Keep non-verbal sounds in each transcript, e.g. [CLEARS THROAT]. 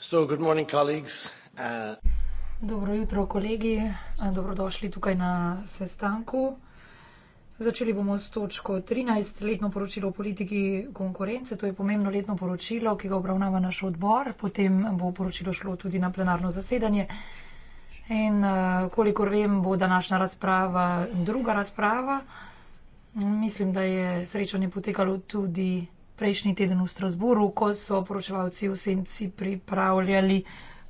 So, good morning, colleagues. Uh... Dobro jutro, kolegi. Eh, dobrodošli tukaj na sestanku. Začeli bomo s točko 13, letno poročilo o politiki konkurence. To je pomembno letno poročilo, ki ga obravnava naš odbor. Potem bo poročilo šlo tudi na plenarno zasedanje. In uh, kolikor vem, bo današnja razprava druga razprava. Mislim, da je srečanje potekalo tudi prejšnji teden v Strasburu, ko so poročevalci v senci pripravljali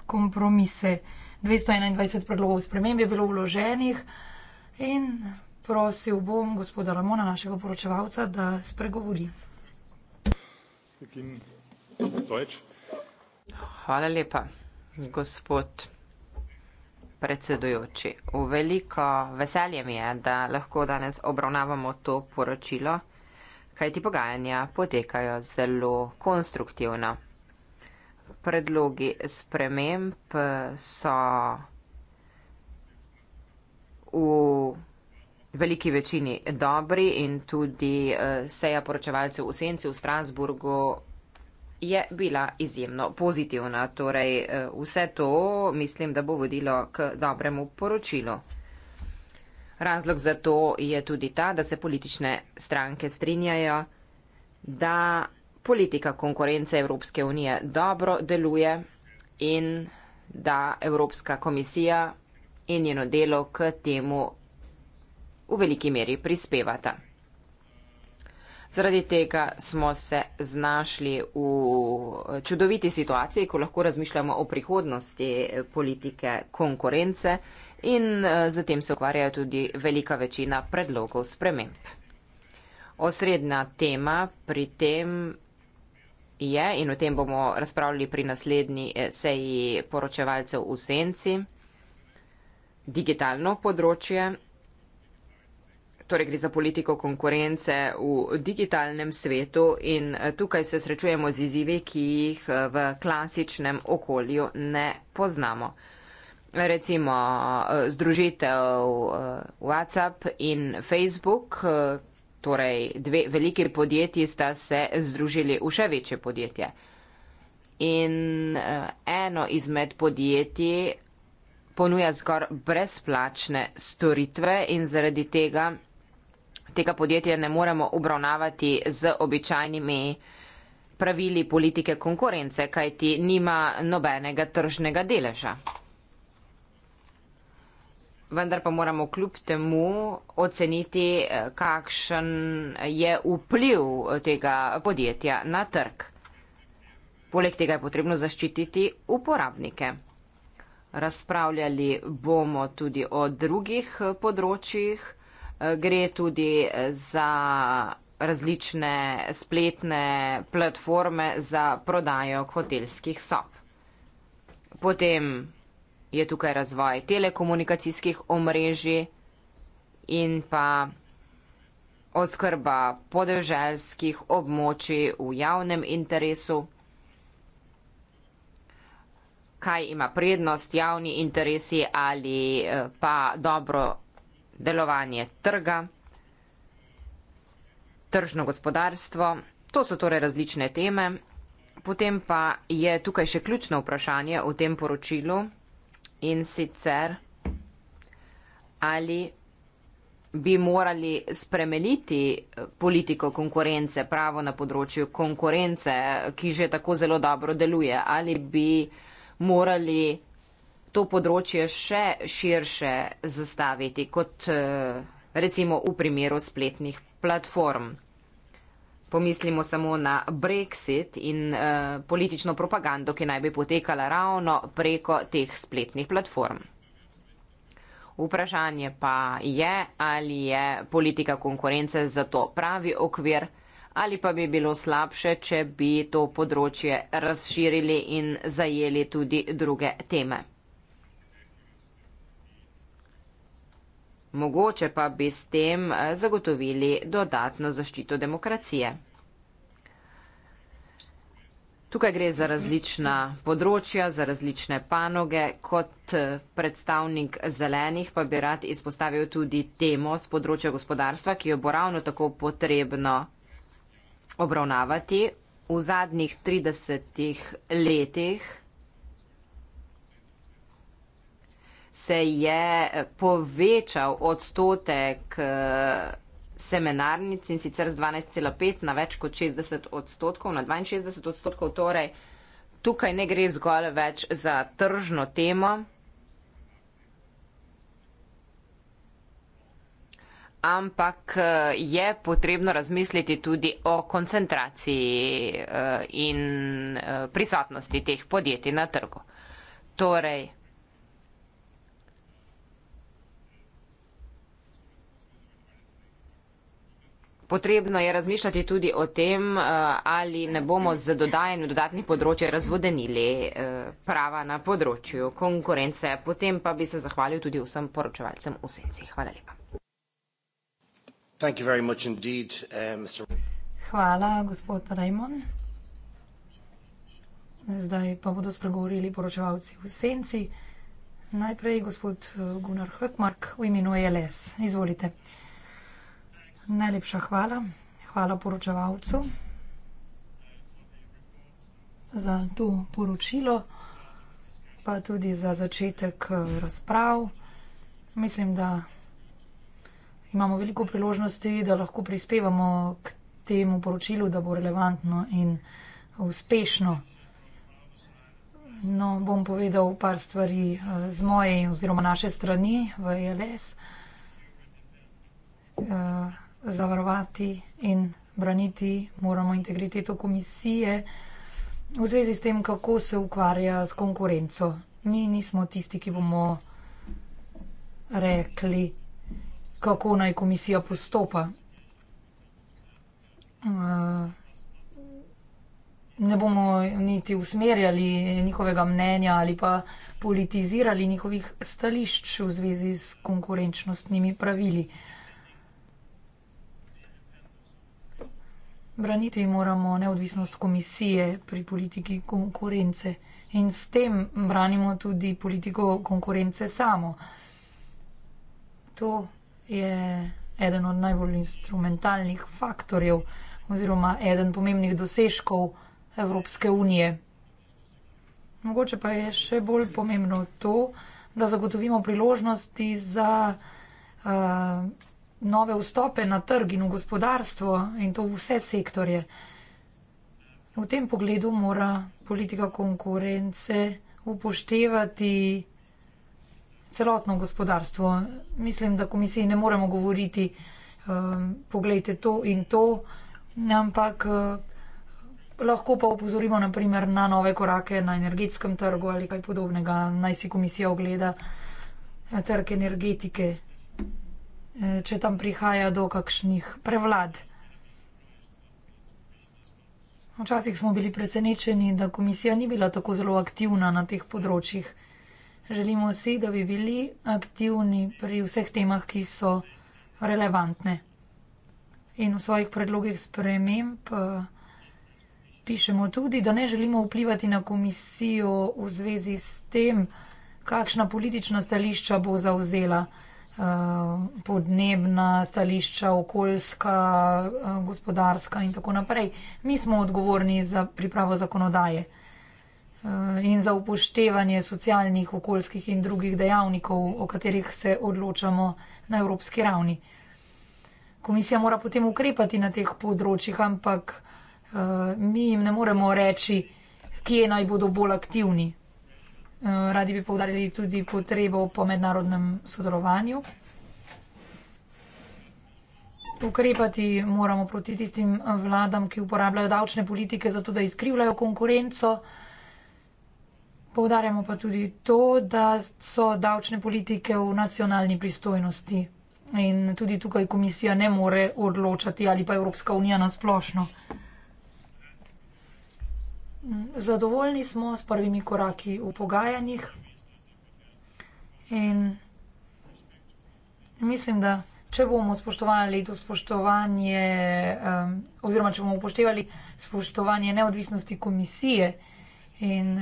kompromise. 221 predlogov sprememb je bilo vloženih in prosil bom gospoda Ramona, našega poročevalca, da spregovori. Hvala lepa, gospod predsedujoči. V veliko veselje mi je, da lahko danes obravnavamo to poročilo kajti pogajanja potekajo zelo konstruktivno. Predlogi sprememb so v veliki večini dobri in tudi eh, seja poročevalcev v Senci v Strasburgu je bila izjemno pozitivna. Torej, eh, vse to mislim, da bo vodilo k dobremu poročilu. Razlog za to je tudi ta, da se politične stranke strinjajo, da politika konkurence Evropske unije dobro deluje in da Evropska komisija in njeno delo k temu v veliki meri prispevata. Zaradi tega smo se znašli v čudoviti situaciji, ko lahko razmišljamo o prihodnosti politike konkurence in eh, za tem se ukvarjajo tudi velika večina predlogov sprememb. Osrednja tema pri tem je, in o tem bomo razpravljali pri naslednji eh, seji poročevalcev v senci, digitalno področje, torej gre za politiko konkurence v digitalnem svetu in eh, tukaj se srečujemo z izzivi, ki jih v klasičnem okolju ne poznamo recimo eh, združitev eh, WhatsApp in Facebook, eh, torej dve veliki podjetji sta se združili v še večje podjetje. In eno izmed podjetij ponuja skor brezplačne storitve in zaradi tega tega podjetja ne moremo obravnavati z običajnimi pravili politike konkurence, kajti nima nobenega tržnega deleža vendar pa moramo kljub temu oceniti, eh, kakšen je vpliv eh, tega podjetja na trg. Poleg tega je potrebno zaščititi uporabnike. Razpravljali bomo tudi o drugih eh, področjih. Gre tudi za različne spletne platforme za prodajo hotelskih sob. Potem je tukaj razvoj telekomunikacijskih omrežij in pa oskrba podeželskih območij v javnem interesu. Kaj ima prednost javni interesi ali eh, pa dobro delovanje trga, tržno gospodarstvo. To so torej različne teme. Potem pa je tukaj še ključno vprašanje v tem poročilu in sicer ali bi morali spremeniti eh, politiko konkurence, pravo na področju konkurence, ki že tako zelo dobro deluje, ali bi morali to področje še širše zastaviti, kot eh, recimo v primeru spletnih platform. Pomislimo samo na Brexit in e, politično propagando, ki naj bi potekala ravno preko teh spletnih platform. Vprašanje pa je, ali je politika konkurence za to pravi okvir ali pa bi bilo slabše, če bi to področje razširili in zajeli tudi druge teme. mogoče pa bi s tem eh, zagotovili dodatno zaščito demokracije. Tukaj gre za različna področja, za različne panoge. Kot eh, predstavnik zelenih pa bi rad izpostavil tudi temo z področja gospodarstva, ki jo bo ravno tako potrebno obravnavati. V zadnjih 30 letih se je eh, povečal odstotek eh, semenarnic in sicer z 12,5 na več kot 60 odstotkov, na 62 odstotkov. Torej, tukaj ne gre zgolj več za tržno temo, ampak eh, je potrebno razmisliti tudi o koncentraciji in prisotnosti teh podjetij na trgu. Torej, Potrebno je razmišljati tudi o tem, eh, ali ne bomo z dodajanjem dodatnih področji razvodenili eh, prava na področju konkurence. Potem pa bi se zahvalil tudi vsem poročevalcem v senci. Hvala lepa. Thank you very much indeed, um, eh, Mr. Hvala, gospod Raymond. Zdaj pa bodo spregovorili poročevalci v senci. Najprej gospod Gunnar Hrtmark v imenu e LS. Izvolite. Najlepša hvala. Hvala poročevalcu za to poročilo, pa tudi za začetek eh, razprav. Mislim, da imamo veliko priložnosti, da lahko prispevamo k temu poročilu, da bo relevantno in uspešno. No, bom povedal par stvari eh, z moje oziroma naše strani v ELS. Eh, zavarovati in braniti moramo integriteto komisije v zvezi s tem, kako se ukvarja s konkurenco. Mi nismo tisti, ki bomo rekli, kako naj komisija postopa. Eh, ne bomo niti usmerjali njihovega mnenja ali pa politizirali njihovih stališč v zvezi s konkurenčnostnimi pravili. Braniti moramo neodvisnost komisije pri politiki konkurence in s tem branimo tudi politiko konkurence samo. To je eden od najbolj instrumentalnih faktorjev oziroma eden pomembnih dosežkov Evropske unije. Mogoče pa je še bolj pomembno to, da zagotovimo priložnosti za uh, nove vstope na trg in v gospodarstvo in to v vse sektorje. V tem pogledu mora politika konkurence upoštevati celotno gospodarstvo. Mislim, da komisiji ne moremo govoriti, um, pogledajte to in to, ampak uh, Lahko pa upozorimo naprimer na nove korake na energetskem trgu ali kaj podobnega. Naj si komisija ogleda uh, trg energetike. Eh, če tam prihaja do kakšnih prevlad. Včasih smo bili presenečeni, da komisija ni bila tako zelo aktivna na teh področjih. Želimo si, da bi bili aktivni pri vseh temah, ki so relevantne. In v svojih predlogih sprememb eh, pišemo tudi, da ne želimo vplivati na komisijo v zvezi s tem, kakšna politična stališča bo zauzela. Eh, podnebna stališča, okoljska, eh, gospodarska in tako naprej. Mi smo odgovorni za pripravo zakonodaje eh, in za upoštevanje socialnih, okoljskih in drugih dejavnikov, o katerih se odločamo na evropski ravni. Komisija mora potem ukrepati na teh področjih, ampak mi jim ne moremo reči, kje naj bodo bolj aktivni. Eh, radi bi povdarjali tudi potrebo po mednarodnem sodelovanju. Ukrepati moramo proti tistim vladam, ki uporabljajo davčne politike zato, da izkrivljajo konkurenco. Povdarjamo pa tudi to, da so davčne politike v nacionalni pristojnosti in tudi tukaj komisija ne more odločati ali pa Evropska unija nasplošno. Zadovoljni smo s prvimi koraki v pogajanjih in mislim, da če bomo spoštovali to spoštovanje, oziroma če bomo upoštevali spoštovanje neodvisnosti komisije in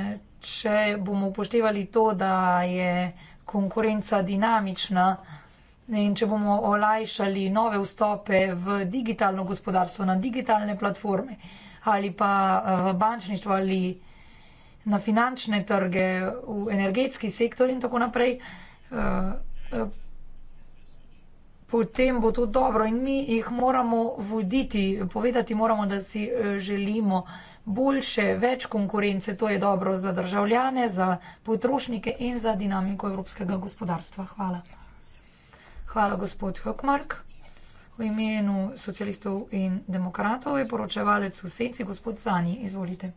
če bomo upoštevali to, da je konkurenca dinamična in če bomo olajšali nove vstope v digitalno gospodarstvo, na digitalne platforme, ali pa eh, v bančništvo ali na finančne trge, v energetski sektor in tako naprej, eh, eh, potem bo to dobro in mi jih moramo voditi, povedati moramo, da si želimo boljše, več konkurence, to je dobro za državljane, za potrošnike in za dinamiko evropskega gospodarstva. Hvala. Hvala, gospod Hökmark. V imenu socialistov in demokratov je poročevalec v senci, gospod Zani. Izvolite.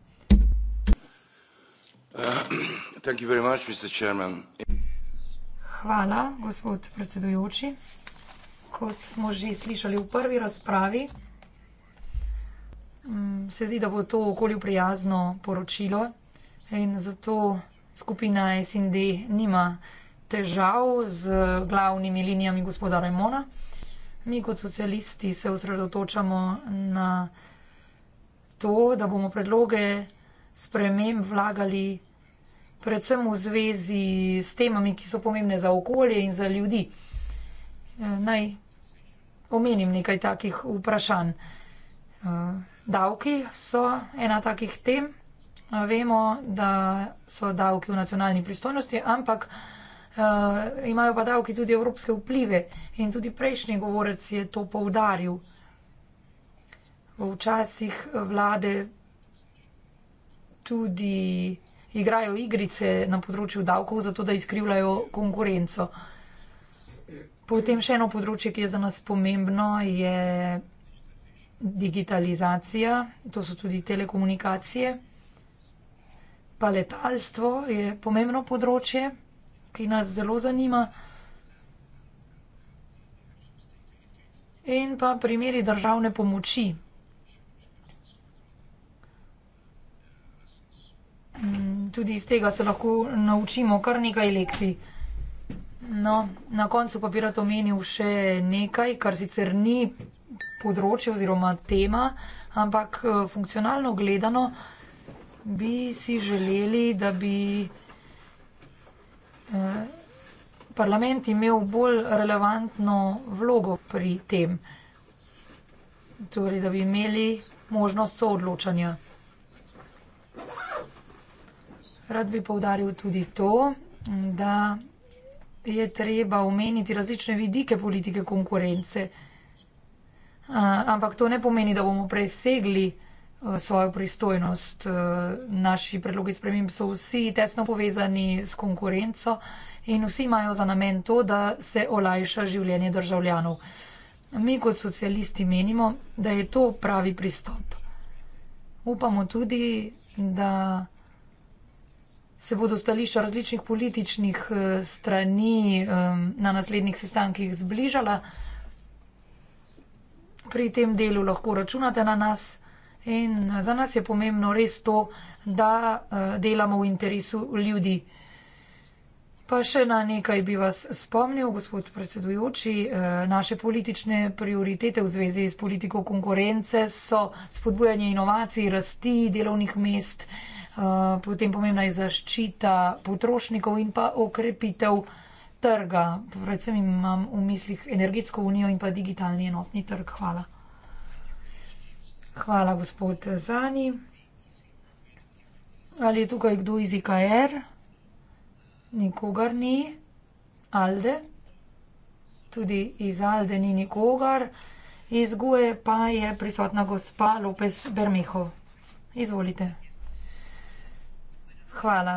Uh, [CLEARS THROAT] Hvala, gospod predsedujoči. Kot smo že slišali v prvi razpravi, mm, se zdi, da bo to okolju prijazno poročilo in zato skupina SND nima težav z glavnimi linijami gospoda Raimona. Mi kot socialisti se osredotočamo na to, da bomo predloge sprememb vlagali predvsem v zvezi s temami, ki so pomembne za okolje in za ljudi. Eh, naj omenim nekaj takih vprašanj. Eh, davki so ena takih tem. Vemo, da so davki v nacionalni pristojnosti, ampak Eh, imajo pa davki tudi evropske vplive in tudi prejšnji govorec je to povdaril. Včasih vlade tudi igrajo igrice na področju davkov, zato da izkrivljajo konkurenco. Potem še eno področje, ki je za nas pomembno, je digitalizacija, to so tudi telekomunikacije. Pa letalstvo je pomembno področje ki nas zelo zanima. In pa primeri državne pomoči. Mm, tudi iz tega se lahko naučimo kar nekaj lekcij. No, na koncu pa bi rad omenil še nekaj, kar sicer ni področje oziroma tema, ampak eh, funkcionalno gledano bi si želeli, da bi Eh, parlament imel bolj relevantno vlogo pri tem. Torej, da bi imeli možnost soodločanja. Rad bi povdaril tudi to, da je treba omeniti različne vidike politike konkurence. Eh, ampak to ne pomeni, da bomo presegli. Eh, svojo pristojnost. Eh, naši predlogi sprememb so vsi tesno povezani s konkurenco in vsi imajo za namen to, da se olajša življenje državljanov. Mi kot socialisti menimo, da je to pravi pristop. Upamo tudi, da se bodo stališča različnih političnih eh, strani na naslednjih sestankih zbližala. Pri tem delu lahko računate na nas. In eh, za nas je pomembno res to, da eh, delamo v interesu ljudi. Pa še na nekaj bi vas spomnil, gospod predsedujoči, eh, naše politične prioritete v zvezi s politiko konkurence so spodbujanje inovacij, rasti delovnih mest, potem pomembna je zaščita potrošnikov in pa okrepitev trga. Predvsem imam v mislih energetsko unijo in pa digitalni enotni trg. Hvala. Hvala, gospod Zani. Ali je tukaj kdo iz IKR? Nikogar ni. Alde? Tudi iz Alde ni nikogar. Iz Gue pa je prisotna gospa Lopez Bermeho. Izvolite. Hvala.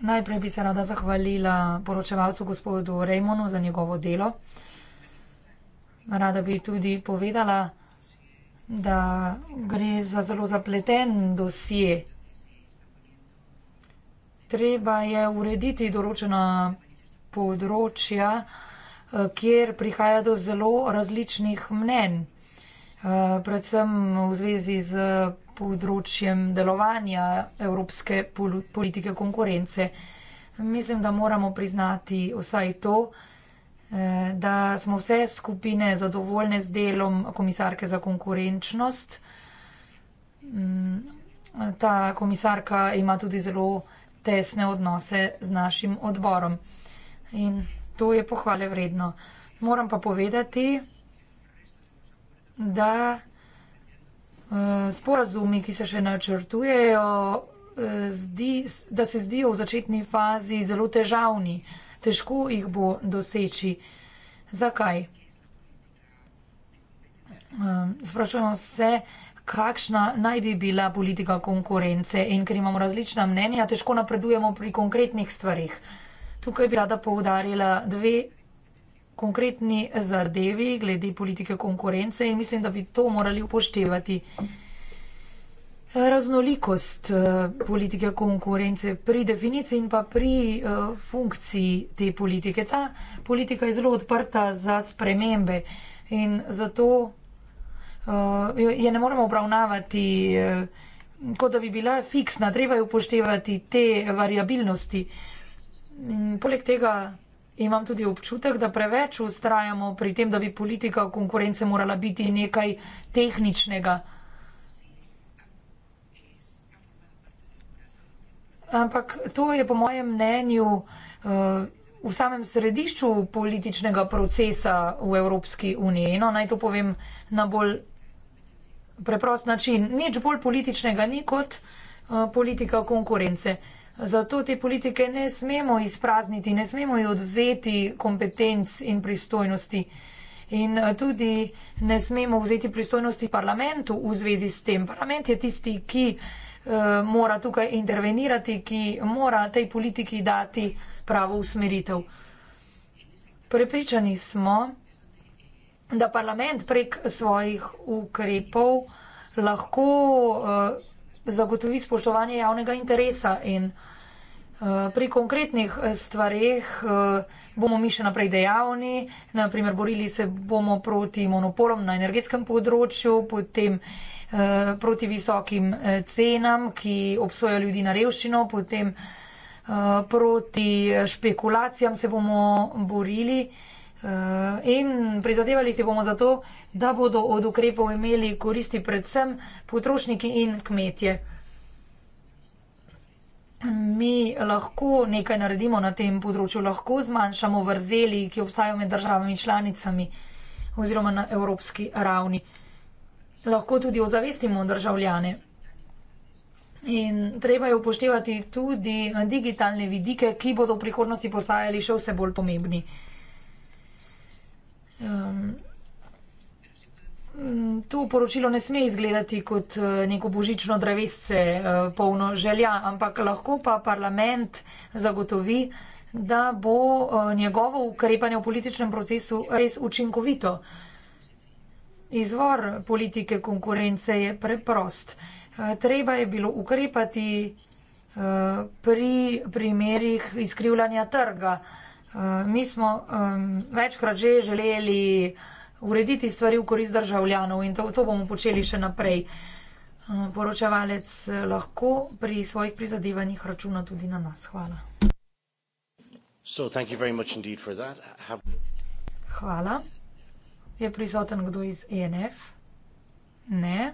Najprej bi se rada zahvalila poročevalcu gospodu Rejmonu za njegovo delo. Rada bi tudi povedala, da da gre za zelo zapleten dosje. Treba je urediti določena področja, eh, kjer prihaja do zelo različnih mnenj, eh, predvsem v zvezi z področjem delovanja evropske politike konkurence. Mislim, da moramo priznati vsaj to, Eh, da smo vse skupine zadovoljne z delom komisarke za konkurenčnost. Mm, ta komisarka ima tudi zelo tesne odnose z našim odborom in to je pohvale vredno. Moram pa povedati, da eh, sporazumi, ki se še načrtujejo, eh, da se zdijo v začetni fazi zelo težavni težko jih bo doseči. Zakaj? Ehm, sprašujemo se, kakšna naj bi bila politika konkurence in ker imamo različna mnenja, težko napredujemo pri konkretnih stvarih. Tukaj bi rada poudarila dve konkretni zadevi glede politike konkurence in mislim, da bi to morali upoštevati raznolikost eh, politike konkurence pri definiciji in pa pri eh, funkciji te politike. Ta politika je zelo odprta za spremembe in zato eh, je ne moremo obravnavati kot da bi bila fiksna, treba je upoštevati te variabilnosti. In poleg tega imam tudi občutek, da preveč ustrajamo pri tem, da bi politika konkurence morala biti nekaj tehničnega. Ampak to je po mojem mnenju eh, v samem središču političnega procesa v Evropski uniji. No, naj to povem na bolj preprost način. Nič bolj političnega ni kot eh, politika konkurence. Zato te politike ne smemo izprazniti, ne smemo ji odzeti kompetenc in pristojnosti. In eh, tudi ne smemo vzeti pristojnosti parlamentu v zvezi s tem. Parlament je tisti, ki uh, Eh, mora tukaj intervenirati, ki mora tej politiki dati pravo usmeritev. Prepričani smo, da parlament prek svojih ukrepov lahko eh, zagotovi spoštovanje javnega interesa in eh, pri konkretnih stvarih bomo mi še naprej dejavni, naprimer borili se bomo proti monopolom na energetskem področju, potem Eh, proti visokim eh, cenam, ki obsojajo ljudi na revščino, potem eh, proti špekulacijam se bomo borili in prizadevali se bomo za to, da bodo od ukrepov imeli koristi predvsem potrošniki in kmetje. Mi lahko nekaj naredimo na tem področju, lahko zmanjšamo vrzeli, ki obstajajo med državami članicami oziroma na evropski ravni lahko tudi ozavestimo državljane. In treba je upoštevati tudi eh, digitalne vidike, ki bodo v prihodnosti postajali še vse bolj pomembni. Um, to poročilo ne sme izgledati kot eh, neko božično drevesce eh, polno želja, ampak lahko pa parlament zagotovi, da bo njegovo ukrepanje v političnem procesu res učinkovito. Izvor politike konkurence je preprost. Eh, treba je bilo ukrepati eh, pri primerih izkrivljanja trga. Eh, mi smo ehm, večkrat že želeli urediti stvari v korist državljanov in to, to bomo počeli še naprej. Poročevalec lahko pri svojih prizadevanjih računa tudi na nas. Hvala. So, Hvala. Je prisoten kdo iz ENF? Ne.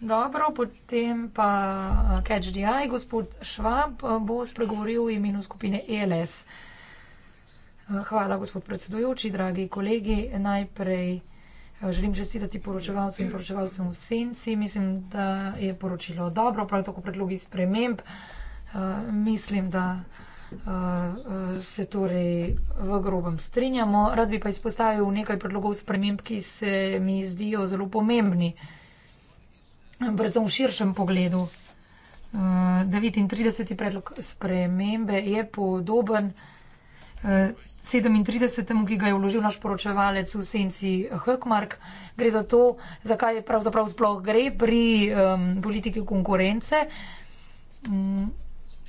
Dobro, potem pa eh, Catch the Eye, gospod Švab eh, bo spregovoril v imenu skupine ELS. Eh, hvala, gospod predsedujoči, dragi kolegi. Najprej želim čestitati poročevalcem in poročevalcem v senci. Mislim, da je poročilo dobro, prav tako predlogi sprememb. Mislim, da. Eh, eh, se torej v grobem strinjamo. Rad bi pa izpostavil nekaj predlogov sprememb, ki se mi zdijo zelo pomembni, predvsem v širšem pogledu. 39. Eh, predlog spremembe je podoben 37. ki ga je vložil naš poročevalec v senci Hökmark. Gre za to, zakaj pravzaprav sploh gre pri um, politiki konkurence. Mm,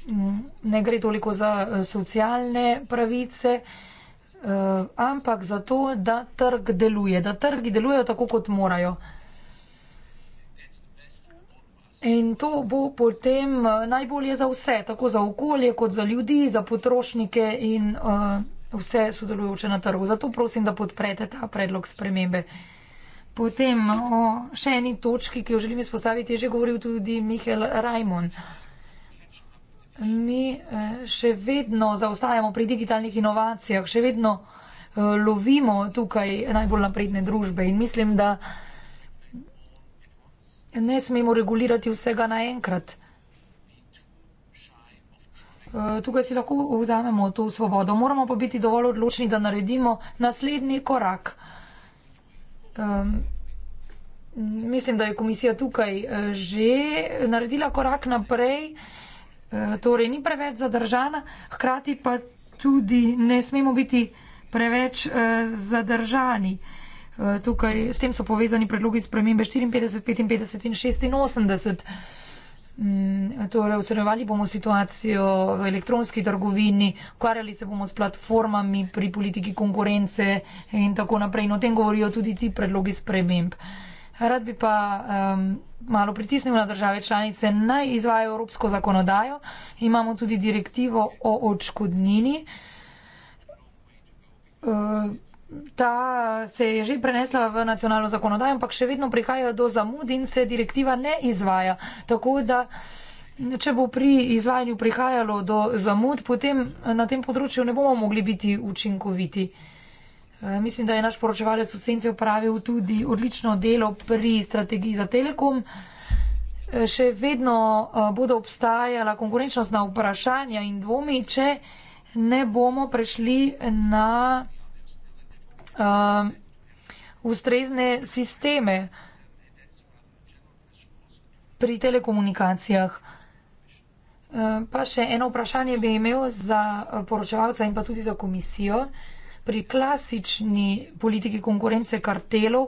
Mm, ne gre toliko za eh, socialne pravice, eh, ampak za to, da trg deluje, da trgi delujejo tako, kot morajo. In to bo potem eh, najbolje za vse, tako za okolje, kot za ljudi, za potrošnike in vse sodelujoče na trgu. Zato prosim, da podprete ta predlog spremembe. Potem o še eni točki, ki jo želim izpostaviti, je že govoril tudi Mihel Rajmon. Mi eh, še vedno zaostajamo pri digitalnih inovacijah, še vedno eh, lovimo tukaj najbolj napredne družbe in mislim, da ne smemo regulirati vsega naenkrat. Eh, tukaj si lahko vzamemo to svobodo. Moramo pa biti dovolj odločni, da naredimo naslednji korak. Mislim, da je komisija tukaj že naredila korak naprej. Eh, torej ni preveč zadržana, hkrati pa tudi ne smemo biti preveč eh, zadržani. Eh, tukaj s tem so povezani predlogi spremembe 54, 55 in 86. Mm, torej, ocenovali bomo situacijo v elektronski trgovini, ukvarjali se bomo s platformami pri politiki konkurence in tako naprej. In no, o tem govorijo tudi ti predlogi sprememb. Rad bi pa um, malo pritisnil na države članice, naj izvajo evropsko zakonodajo. Imamo tudi direktivo o odškodnini. Uh, Ta se je že prenesla v nacionalno zakonodajo, ampak še vedno prihaja do zamud in se direktiva ne izvaja. Tako da, če bo pri izvajanju prihajalo do zamud, potem na tem področju ne bomo mogli biti učinkoviti. Eh, mislim, da je naš poročevalec v Sence upravil tudi odlično delo pri strategiji za telekom. Eh, še vedno eh, bodo obstajala konkurenčnost na vprašanja in dvomi, če ne bomo prešli na uh, ustrezne sisteme pri telekomunikacijah. Pa še eno vprašanje bi imel za poročevalca in pa tudi za komisijo pri klasični politiki konkurence kartelov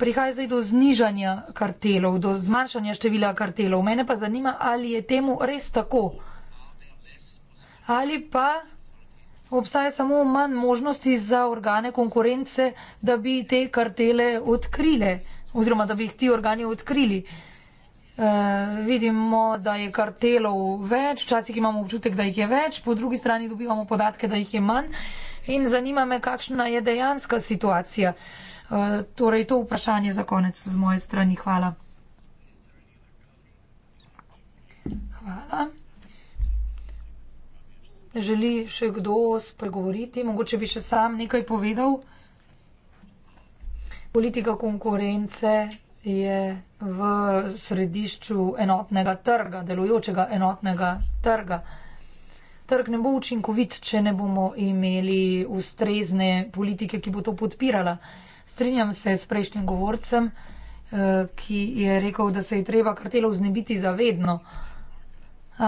prihaja zdaj do znižanja kartelov, do zmanjšanja števila kartelov. Mene pa zanima, ali je temu res tako. Ali pa obstaja samo manj možnosti za organe konkurence, da bi te kartele odkrile, oziroma da bi jih ti organi odkrili. E, vidimo, da je kartelov več, včasih imamo občutek, da jih je več, po drugi strani dobivamo podatke, da jih je manj. In zanima me, kakšna je dejanska situacija. Eh, torej, to vprašanje za konec z moje strani. Hvala. Hvala. Želi še kdo spregovoriti? Mogoče bi še sam nekaj povedal. Politika konkurence je v središču enotnega trga, delujočega enotnega trga trg ne bo učinkovit, če ne bomo imeli ustrezne politike, ki bo to podpirala. Strinjam se s prejšnjim govorcem, eh, ki je rekel, da se je treba kartelov znebiti zavedno.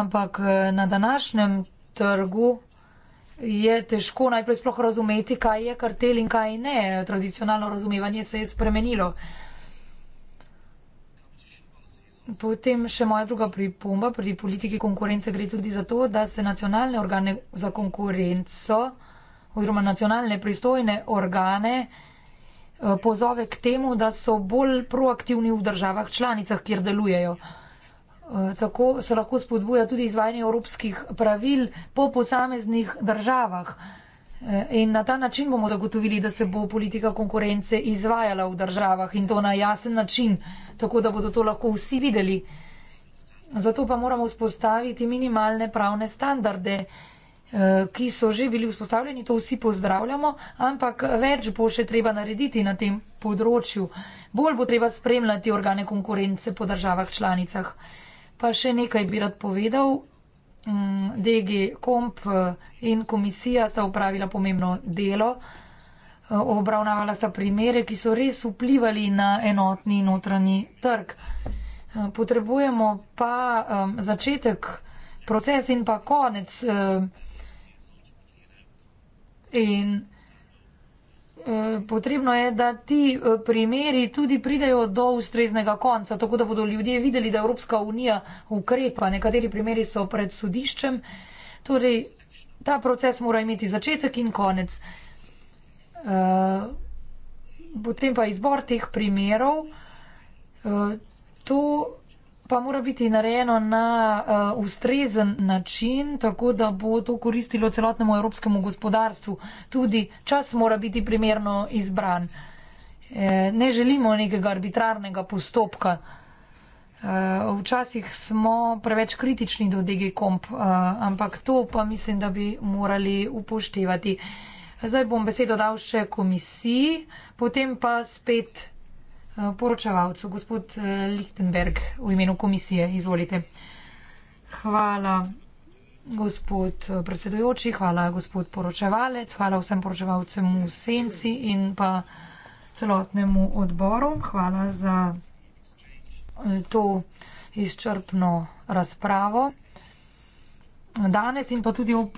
Ampak eh, na današnjem trgu je težko najprej sploh razumeti, kaj je kartel in kaj ne. Tradicionalno razumevanje se je spremenilo. Potem še moja druga pripomba pri politiki konkurence gre tudi za to, da se nacionalne organe za konkurenco oziroma nacionalne pristojne organe eh, pozove k temu, da so bolj proaktivni v državah članicah, kjer delujejo. Eh, tako se lahko spodbuja tudi izvajanje evropskih pravil po posameznih državah. Eh, in na ta način bomo zagotovili, da se bo politika konkurence izvajala v državah in to na jasen način, tako da bodo to lahko vsi videli. Zato pa moramo vzpostaviti minimalne pravne standarde, eh, ki so že bili vzpostavljeni, to vsi pozdravljamo, ampak več bo še treba narediti na tem področju. Bolj bo treba spremljati organe konkurence po državah članicah. Pa še nekaj bi rad povedal, Mm, DG Komp eh, in komisija sta upravila pomembno delo. Eh, obravnavala sta primere, ki so res vplivali na enotni notranji trg. Eh, potrebujemo pa um, začetek, proces in pa konec. Um, in Eh, potrebno je, da ti eh, primeri tudi pridejo do ustreznega konca, tako da bodo ljudje videli, da Evropska unija ukrepa. Nekateri primeri so pred sodiščem. Torej, ta proces mora imeti začetek in konec. Eh, potem pa izbor teh primerov. To pa mora biti narejeno na uh, ustrezen način, tako da bo to koristilo celotnemu evropskemu gospodarstvu. Tudi čas mora biti primerno izbran. E, ne želimo nekega arbitrarnega postopka. E, včasih smo preveč kritični do DG Komp, e, ampak to pa mislim, da bi morali upoštevati. Zdaj bom besedo dal še komisiji, potem pa spet. Eh, poročevalcu, gospod eh, Lichtenberg, v imenu komisije. Izvolite. Hvala, gospod eh, predsedujoči, hvala, gospod poročevalec, hvala vsem poročevalcem v senci in pa celotnemu odboru. Hvala za to izčrpno razpravo danes in pa tudi ob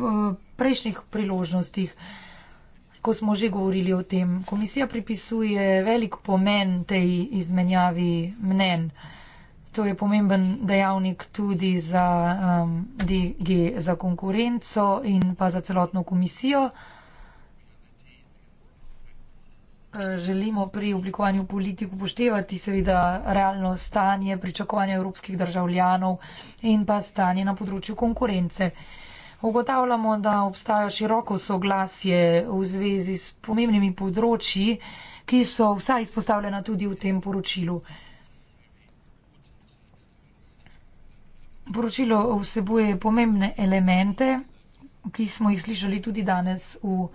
prejšnjih priložnostih ko smo že govorili o tem, komisija pripisuje velik pomen tej izmenjavi mnen. To je pomemben dejavnik tudi za um, DG, za konkurenco in pa za celotno komisijo. Želimo pri oblikovanju politik upoštevati seveda realno stanje, pričakovanje evropskih državljanov in pa stanje na področju konkurence ugotavljamo, da obstaja široko soglasje v zvezi s pomembnimi področji, ki so vsa izpostavljena tudi v tem poročilu. Poročilo vsebuje pomembne elemente, ki smo jih slišali tudi danes v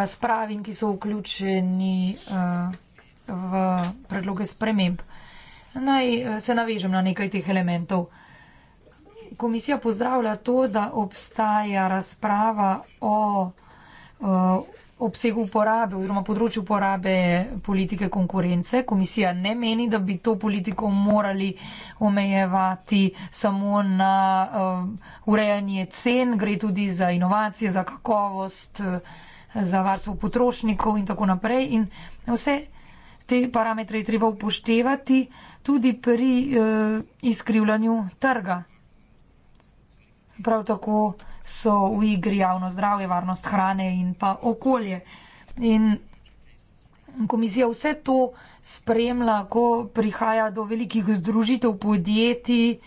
razpravi in ki so vključeni eh, v predloge sprememb. Naj eh, se navežem na nekaj teh elementov komisija pozdravlja to, da obstaja razprava o eh, obsegu uporabe oziroma področju uporabe politike konkurence. Komisija ne meni, da bi to politiko morali omejevati samo na eh, urejanje cen, gre tudi za inovacije, za kakovost, eh, za varstvo potrošnikov in tako naprej. In vse te parametre je treba upoštevati tudi pri eh, izkrivljanju trga prav tako so v igri javno zdravje, varnost hrane in pa okolje. In komisija vse to spremlja, ko prihaja do velikih združitev podjetij,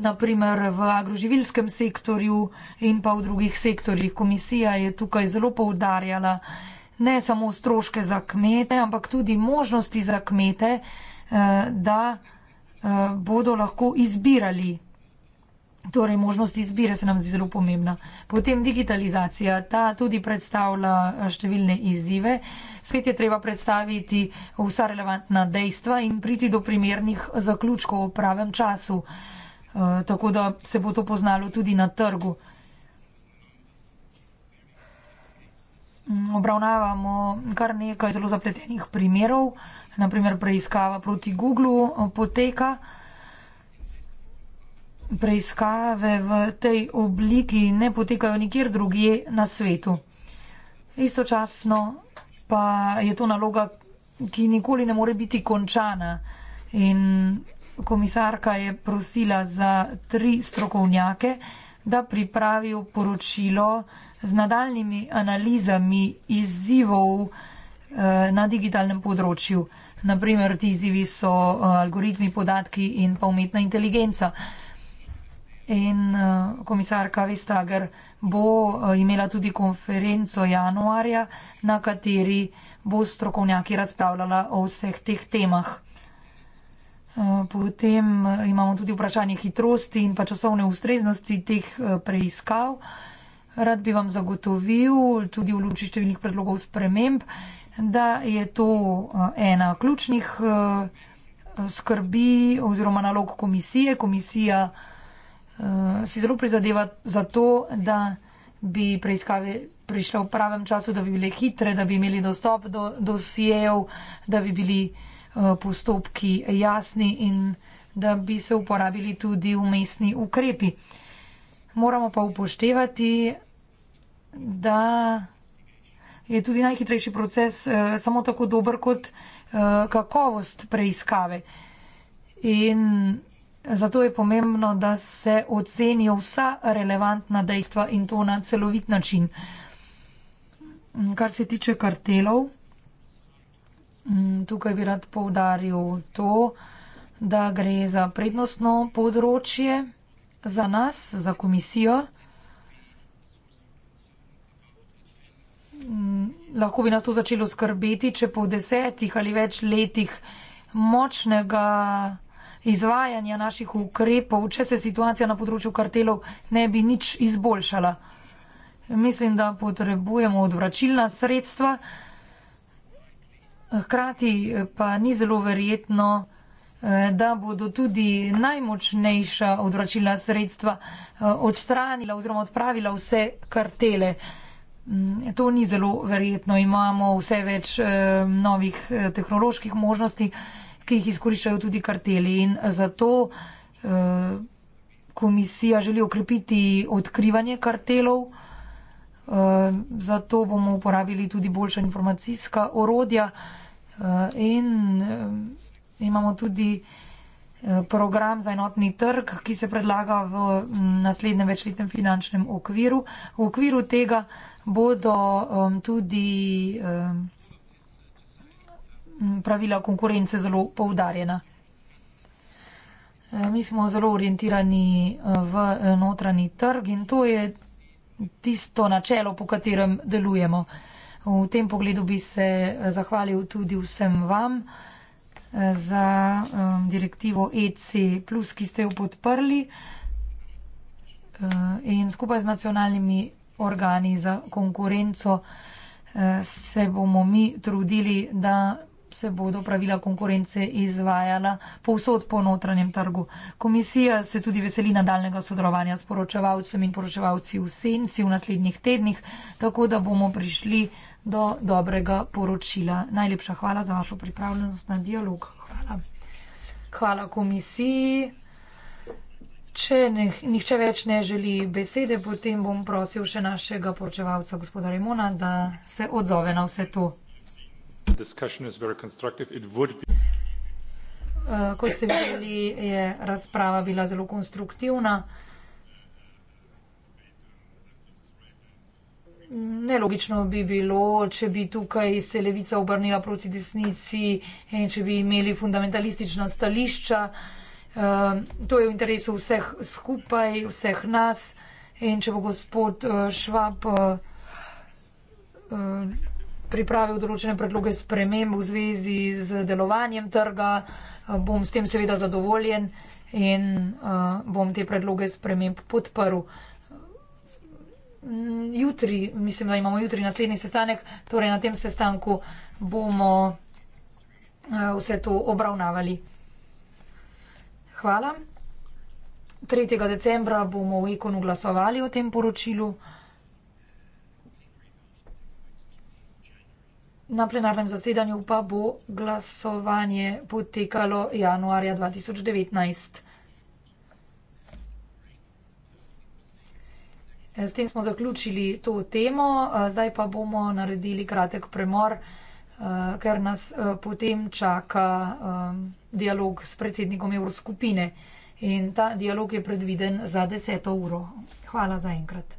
naprimer v agroživilskem sektorju in pa v drugih sektorjih. Komisija je tukaj zelo poudarjala ne samo stroške za kmete, ampak tudi možnosti za kmete, eh, da eh, bodo lahko izbirali Torej, možnost izbire se nam zdi zelo pomembna. Potem digitalizacija, ta tudi predstavlja eh, številne izzive. Spet je treba predstaviti vsa relevantna dejstva in priti do primernih zaključkov v pravem času, eh, tako da se bo to poznalo tudi na trgu. Mm, obravnavamo kar nekaj zelo zapletenih primerov, naprimer preiskava proti Google eh, poteka preiskave v tej obliki ne potekajo nikjer drugje na svetu. Istočasno pa je to naloga, ki nikoli ne more biti končana. In komisarka je prosila za tri strokovnjake, da pripravijo poročilo z nadaljnimi analizami izzivov eh, na digitalnem področju. Naprimer, ti izzivi so eh, algoritmi, podatki in pa umetna inteligenca. In uh, komisarka Vestager bo uh, imela tudi konferenco januarja, na kateri bo strokovnjaki razpravljala o vseh teh temah. Eh, potem imamo tudi vprašanje hitrosti in pa časovne ustreznosti teh preiskav. Rad bi vam zagotovil tudi v luči številnih predlogov sprememb, da je to ena ključnih skrbi oziroma nalog komisije. Komisija uh, uh, si zelo prizadeva za to, da bi preiskave prišle v pravem času, da bi bile hitre, da bi imeli dostop do dosijev, da bi bili uh, postopki jasni in da bi se uporabili tudi umestni ukrepi. Moramo pa upoštevati, da je tudi najhitrejši proces uh, samo tako dober kot uh, kakovost preiskave. In Zato je pomembno, da se ocenijo vsa relevantna dejstva in to na celovit način. Kar se tiče kartelov, tukaj bi rad povdaril to, da gre za prednostno področje za nas, za komisijo. Lahko bi nas to začelo skrbeti, če po desetih ali več letih močnega izvajanja naših ukrepov, če se situacija na področju kartelov ne bi nič izboljšala. Mislim, da potrebujemo odvračilna sredstva, hkrati pa ni zelo verjetno, eh, da bodo tudi najmočnejša odvračilna sredstva eh, odstranila oziroma odpravila vse kartele. Mm, to ni zelo verjetno. Imamo vse več eh, novih tehnoloških možnosti, ki jih izkoriščajo tudi karteli. In zato eh, komisija želi okrepiti odkrivanje kartelov, eh, zato bomo uporabili tudi boljša informacijska orodja eh, in imamo tudi program za enotni trg, ki se predlaga v naslednjem večletnem finančnem okviru. V okviru tega bodo tudi pravila konkurence zelo poudarjena. E, mi smo zelo orientirani e, v notranji trg in to je tisto načelo, po katerem delujemo. V tem pogledu bi se e, zahvalil tudi vsem vam za direktivo EC, ki ste jo podprli in skupaj z nacionalnimi organi za konkurenco se bomo mi trudili, da se bodo pravila konkurence izvajala povsod po notranjem trgu. Komisija se tudi veseli nadaljnega sodelovanja s poročevalcem in poročevalci v senci v naslednjih tednih, tako da bomo prišli do dobrega poročila. Najlepša hvala za vašo pripravljenost na dialog. Hvala. Hvala komisiji. Če ne, nihče več ne želi besede, potem bom prosil še našega poročevalca, gospoda Remona, da se odzove na vse to discussion is very constructive. It would be eh, Kot ste videli, je razprava bila zelo konstruktivna. Nelogično bi bilo, če bi tukaj se levica obrnila proti desnici in če bi imeli fundamentalistična stališča. Eh, to je v interesu vseh skupaj, vseh nas. In če bo gospod eh, Švab pripravil določene predloge sprememb v zvezi z delovanjem trga, bom s tem seveda zadovoljen in eh, bom te predloge sprememb podprl. Jutri, mislim, da imamo jutri naslednji sestanek, torej na tem sestanku bomo eh, vse to obravnavali. Hvala. 3. decembra bomo v Ekonu glasovali o tem poročilu. Na plenarnem zasedanju pa bo glasovanje potekalo januarja 2019. S tem smo zaključili to temo, zdaj pa bomo naredili kratek premor, ker nas potem čaka dialog s predsednikom Evroskupine. In ta dialog je predviden za deseto uro. Hvala za enkrat.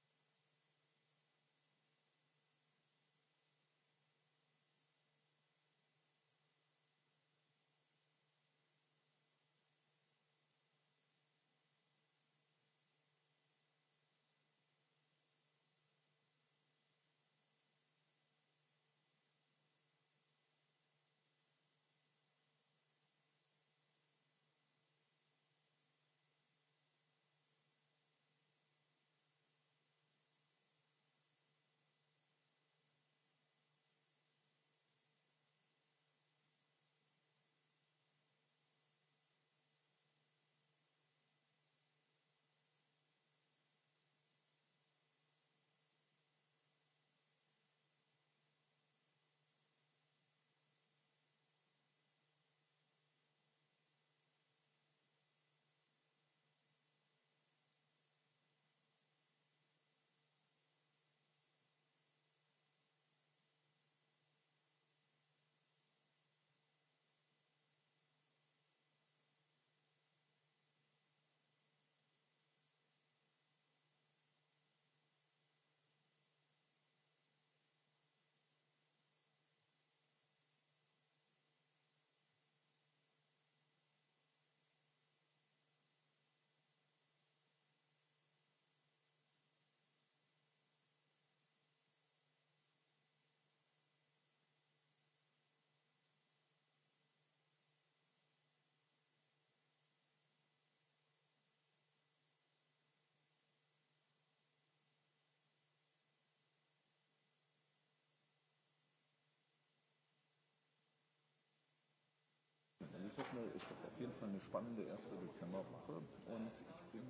Fall, ich habe auf jeden Fall eine spannende erste Dezemberwoche und ich, bin,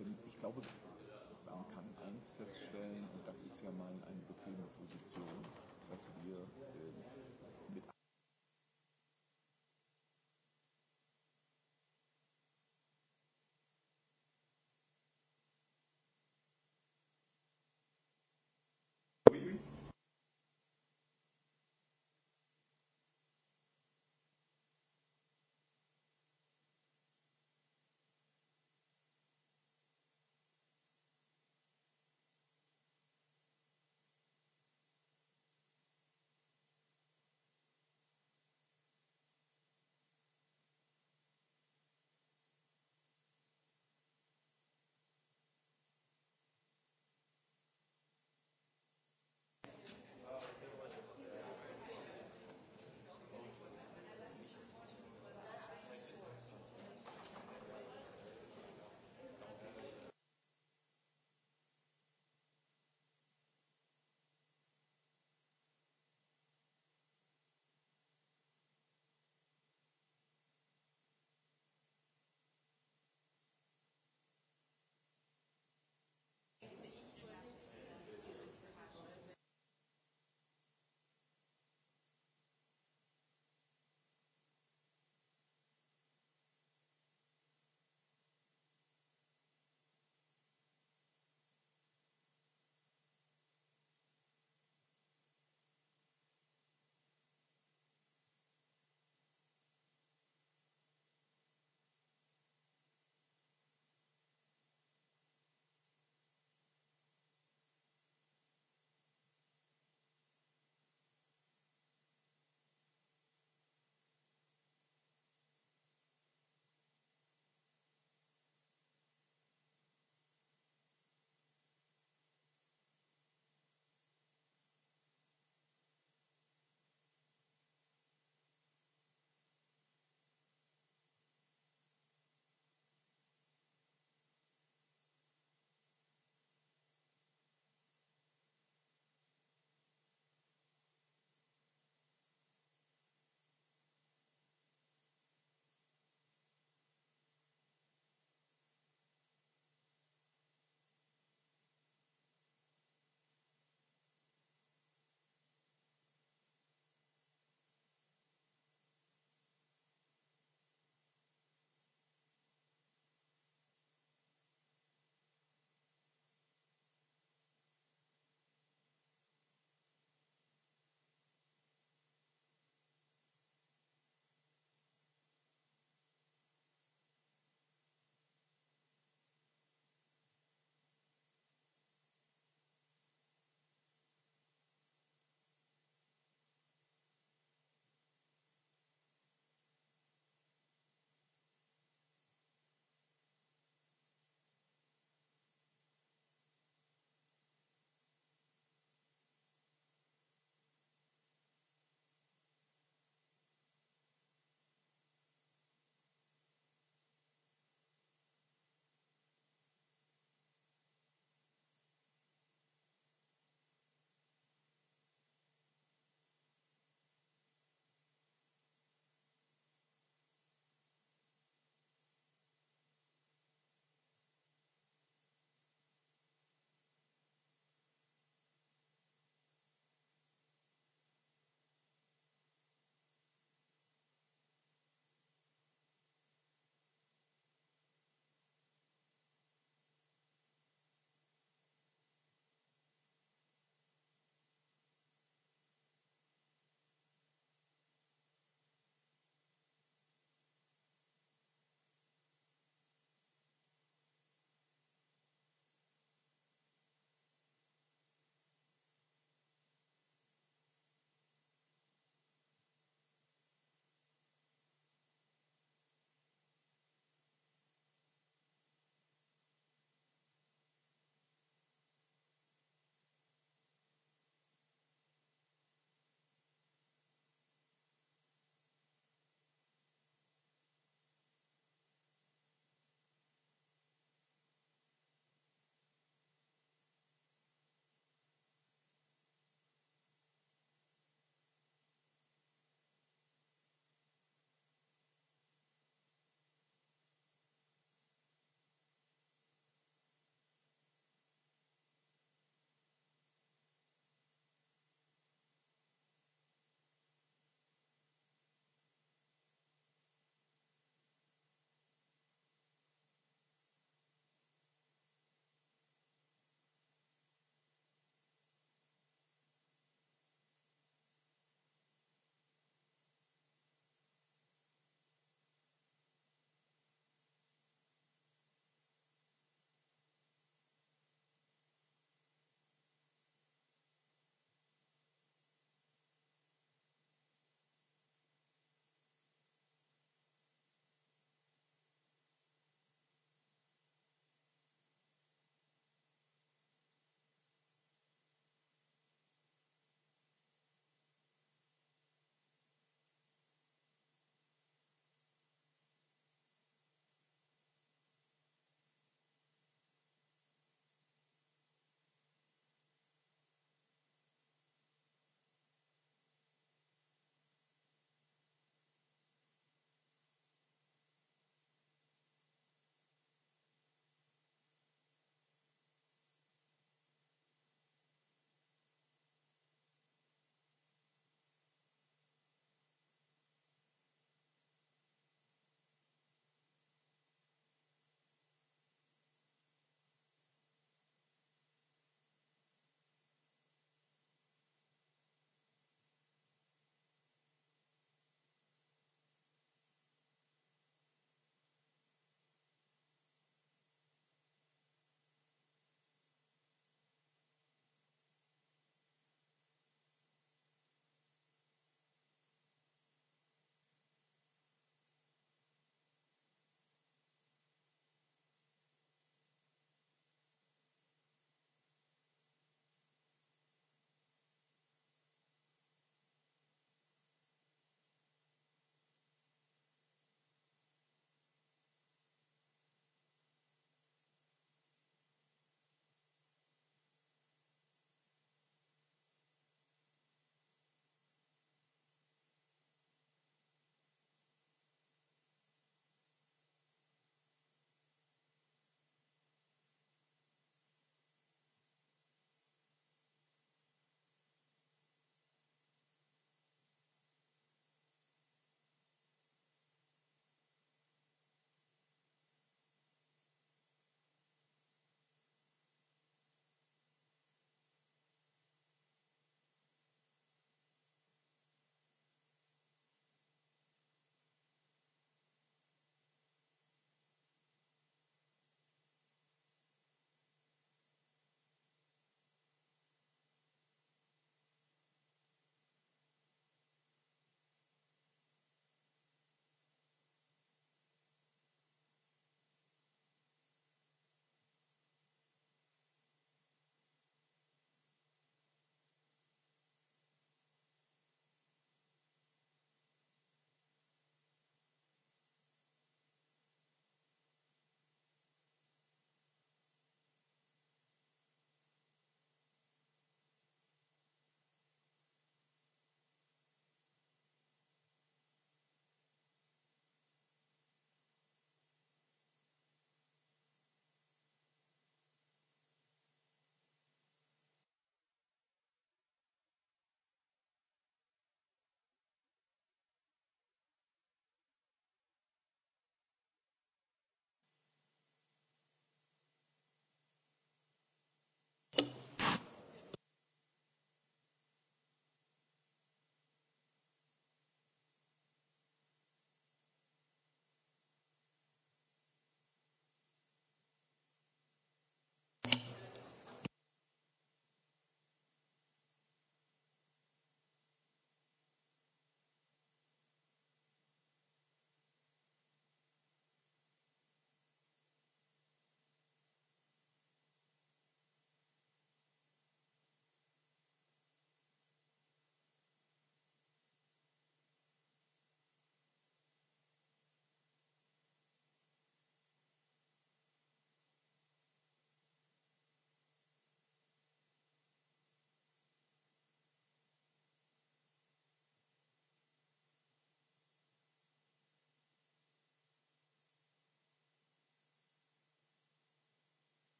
ähm, ich glaube, man kann eins feststellen, und das ist ja mal eine bequeme Position, dass wir ähm,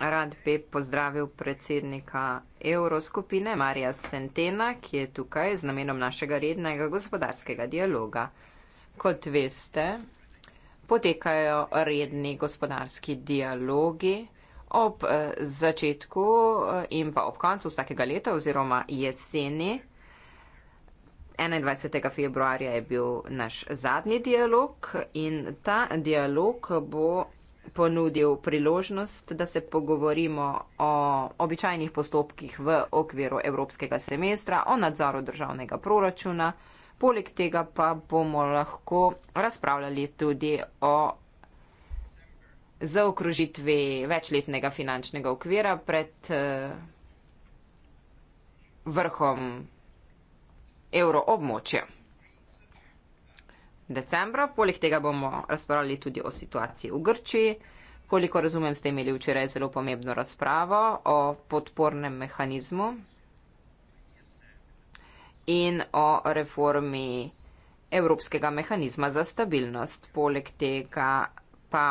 rad bi pozdravil predsednika Euroskupine Marija Sentena, ki je tukaj z namenom našega rednega gospodarskega dialoga. Kot veste, potekajo redni gospodarski dialogi ob eh, začetku eh, in pa ob koncu vsakega leta oziroma jeseni. 21. februarja je bil naš zadnji dialog in ta dialog bo ponudil priložnost, da se pogovorimo o običajnih postopkih v okviru Evropskega semestra, o nadzoru državnega proračuna. Poleg tega pa bomo lahko razpravljali tudi o zaokružitvi večletnega finančnega okvira pred eh, vrhom evroobmočja decembra. Poleg tega bomo razpravljali tudi o situaciji v Grčiji. Koliko razumem, ste imeli včeraj zelo pomembno razpravo o podpornem mehanizmu in o reformi Evropskega mehanizma za stabilnost. Poleg tega pa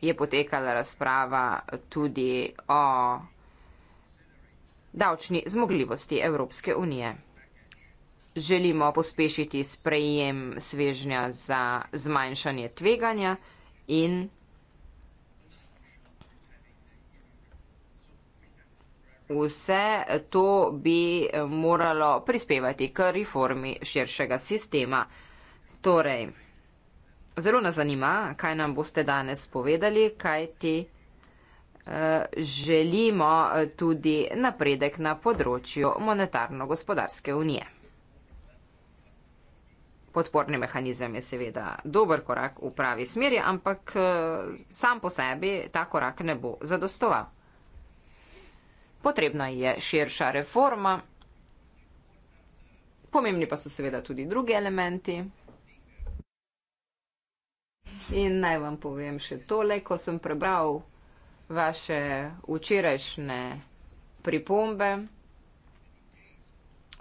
je potekala razprava tudi o davčni zmogljivosti Evropske unije želimo pospešiti sprejem svežnja za zmanjšanje tveganja in vse to bi moralo prispevati k reformi širšega sistema. Torej, zelo nas zanima, kaj nam boste danes povedali, kaj ti. Eh, želimo tudi napredek na področju monetarno-gospodarske unije podporni mehanizem je seveda dober korak v pravi smeri, ampak eh, sam po sebi ta korak ne bo zadostoval. Potrebna je širša reforma, pomembni pa so seveda tudi drugi elementi. In naj vam povem še tole, ko sem prebral vaše včerajšnje pripombe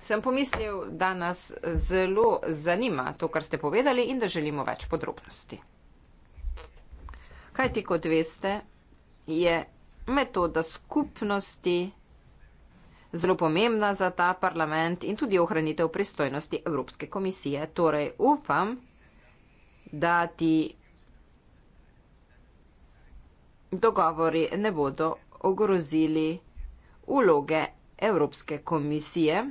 sem pomislil, da nas zelo zanima to, kar ste povedali in da želimo več podrobnosti. Kaj ti kot veste, je metoda skupnosti zelo pomembna za ta parlament in tudi ohranitev pristojnosti Evropske komisije. Torej upam, da ti dogovori ne bodo ogrozili uloge Evropske komisije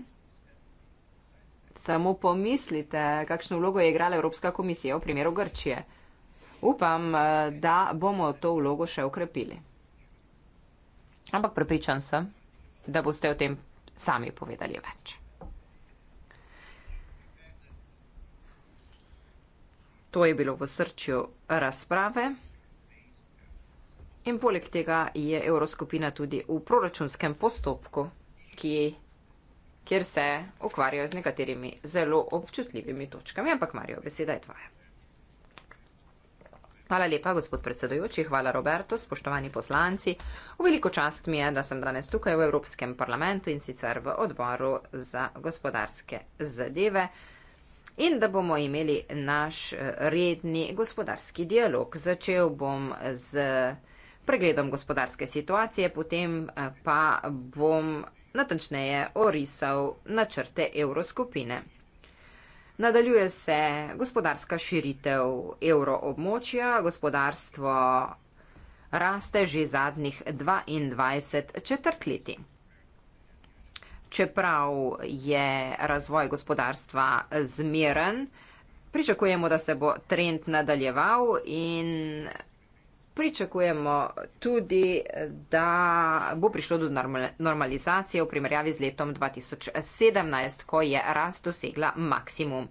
Samo pomislite, kakšno vlogo je igrala Evropska komisija v primeru Grčije. Upam, eh, da bomo to vlogo še ukrepili. Ampak prepričan sem, da boste o tem sami povedali več. To je bilo v srčju razprave. In poleg tega je Evroskupina tudi v proračunskem postopku, ki kjer se ukvarjajo z nekaterimi zelo občutljivimi točkami, ampak Marijo, beseda je tvoja. Hvala lepa, gospod predsedujoči, hvala Roberto, spoštovani poslanci. V veliko čast mi je, da sem danes tukaj v Evropskem parlamentu in sicer v odboru za gospodarske zadeve in da bomo imeli naš eh, redni gospodarski dialog. Začel bom z pregledom gospodarske situacije, potem eh, pa bom natančneje orisal načrte evroskupine. Nadaljuje se gospodarska širitev evroobmočja, gospodarstvo raste že zadnjih 22 četrtleti. Čeprav je razvoj gospodarstva zmeren, pričakujemo, da se bo trend nadaljeval in pričakujemo tudi, da bo prišlo do normalizacije v primerjavi z letom 2017, ko je rast dosegla maksimum.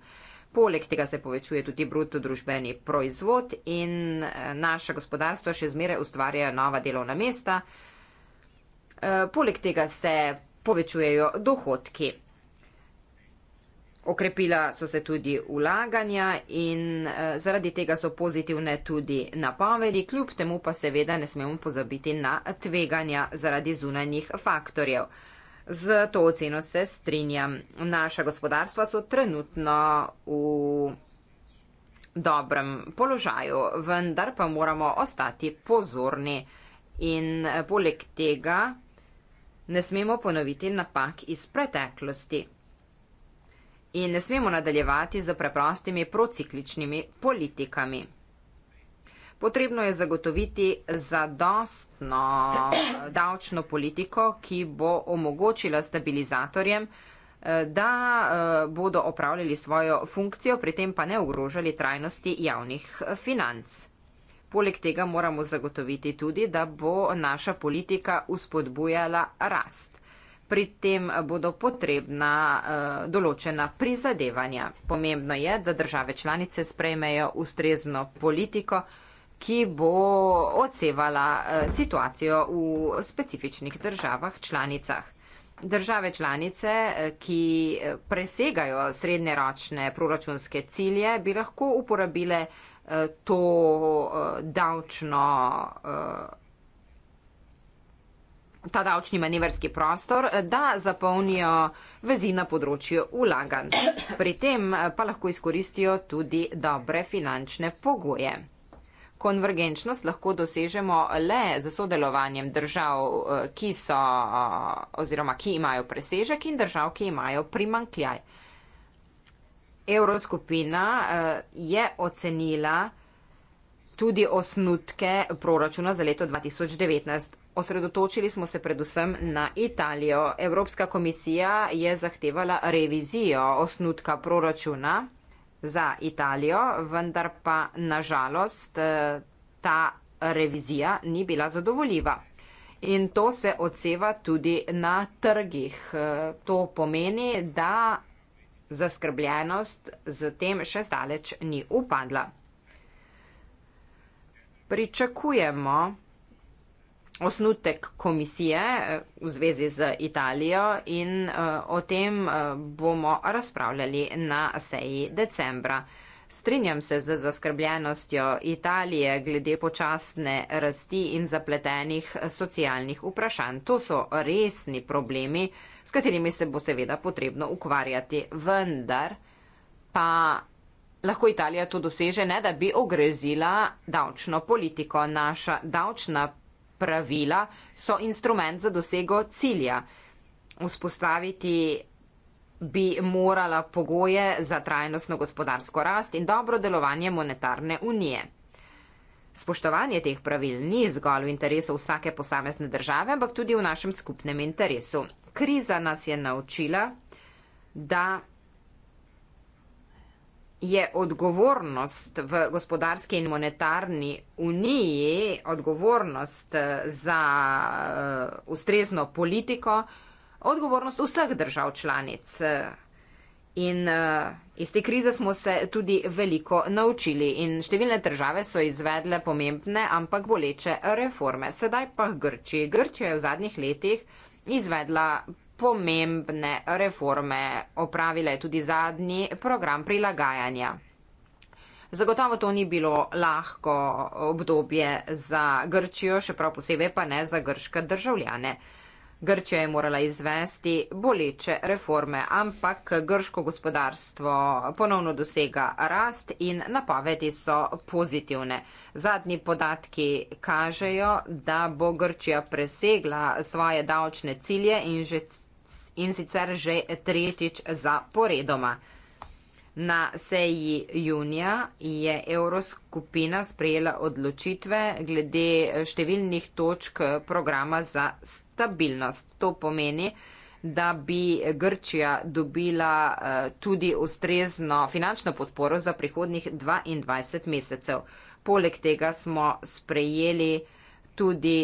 Poleg tega se povečuje tudi bruto družbeni proizvod in eh, naša gospodarstva še zmeraj ustvarjajo nova delovna mesta. Eh, poleg tega se povečujejo dohodki. Okrepila so se tudi ulaganja in eh, zaradi tega so pozitivne tudi napovedi, kljub temu pa seveda ne smemo pozabiti na tveganja zaradi zunanjih faktorjev. Z to oceno se strinjam. Naša gospodarstva so trenutno v dobrem položaju, vendar pa moramo ostati pozorni in eh, poleg tega ne smemo ponoviti napak iz preteklosti in ne smemo nadaljevati z preprostimi procikličnimi politikami. Potrebno je zagotoviti zadostno eh, davčno politiko, ki bo omogočila stabilizatorjem, eh, da eh, bodo opravljali svojo funkcijo, pri tem pa ne ogrožali trajnosti javnih financ. Poleg tega moramo zagotoviti tudi, da bo naša politika uspodbujala rast. Pri tem bodo potrebna uh, določena prizadevanja. Pomembno je, da države članice sprejmejo ustrezno politiko, ki bo odsevala uh, situacijo v specifičnih državah članicah. Države članice, eh, ki presegajo srednjeročne proračunske cilje, bi lahko uporabile uh, to uh, davčno. Uh, ta davčni manevrski prostor, da zapolnijo vezi na področju ulaganj. Pri tem pa lahko izkoristijo tudi dobre finančne pogoje. Konvergenčnost lahko dosežemo le z sodelovanjem držav, ki, so, oziroma, ki imajo presežek in držav, ki imajo primankljaj. Evroskupina je ocenila tudi osnutke proračuna za leto 2019. Osredotočili smo se predvsem na Italijo. Evropska komisija je zahtevala revizijo osnutka proračuna za Italijo, vendar pa nažalost eh, ta revizija ni bila zadovoljiva. In to se odseva tudi na trgih. Eh, to pomeni, da zaskrbljenost z tem še zdaleč ni upadla. Pričakujemo, osnutek komisije eh, v zvezi z Italijo in eh, o tem eh, bomo razpravljali na seji decembra. Strinjam se z zaskrbljenostjo Italije glede počasne rasti in zapletenih socialnih vprašanj. To so resni problemi, s katerimi se bo seveda potrebno ukvarjati. Vendar pa lahko Italija to doseže, ne da bi ogrezila davčno politiko. Naša davčna pravila so instrument za dosego cilja. Vzpostaviti bi morala pogoje za trajnostno gospodarsko rast in dobro delovanje monetarne unije. Spoštovanje teh pravil ni zgolj v interesu vsake posamezne države, ampak tudi v našem skupnem interesu. Kriza nas je naučila, da je odgovornost v gospodarski in monetarni uniji, odgovornost eh, za eh, ustrezno politiko, odgovornost vseh držav članic. Eh. In iz te krize smo se tudi veliko naučili in številne države so izvedle pomembne, ampak boleče reforme. Sedaj pa Grčija. Grčija je v zadnjih letih izvedla pomembne reforme, opravila je tudi zadnji program prilagajanja. Zagotovo to ni bilo lahko obdobje za Grčijo, še prav posebej pa ne za grške državljane. Grčija je morala izvesti boleče reforme, ampak grško gospodarstvo ponovno dosega rast in napovedi so pozitivne. Zadnji podatki kažejo, da bo Grčija presegla svoje davčne cilje in že in sicer že tretjič za poredoma. Na seji junija je Evroskupina sprejela odločitve glede številnih točk programa za stabilnost. To pomeni, da bi Grčija dobila eh, tudi ustrezno finančno podporo za prihodnih 22 mesecev. Poleg tega smo sprejeli tudi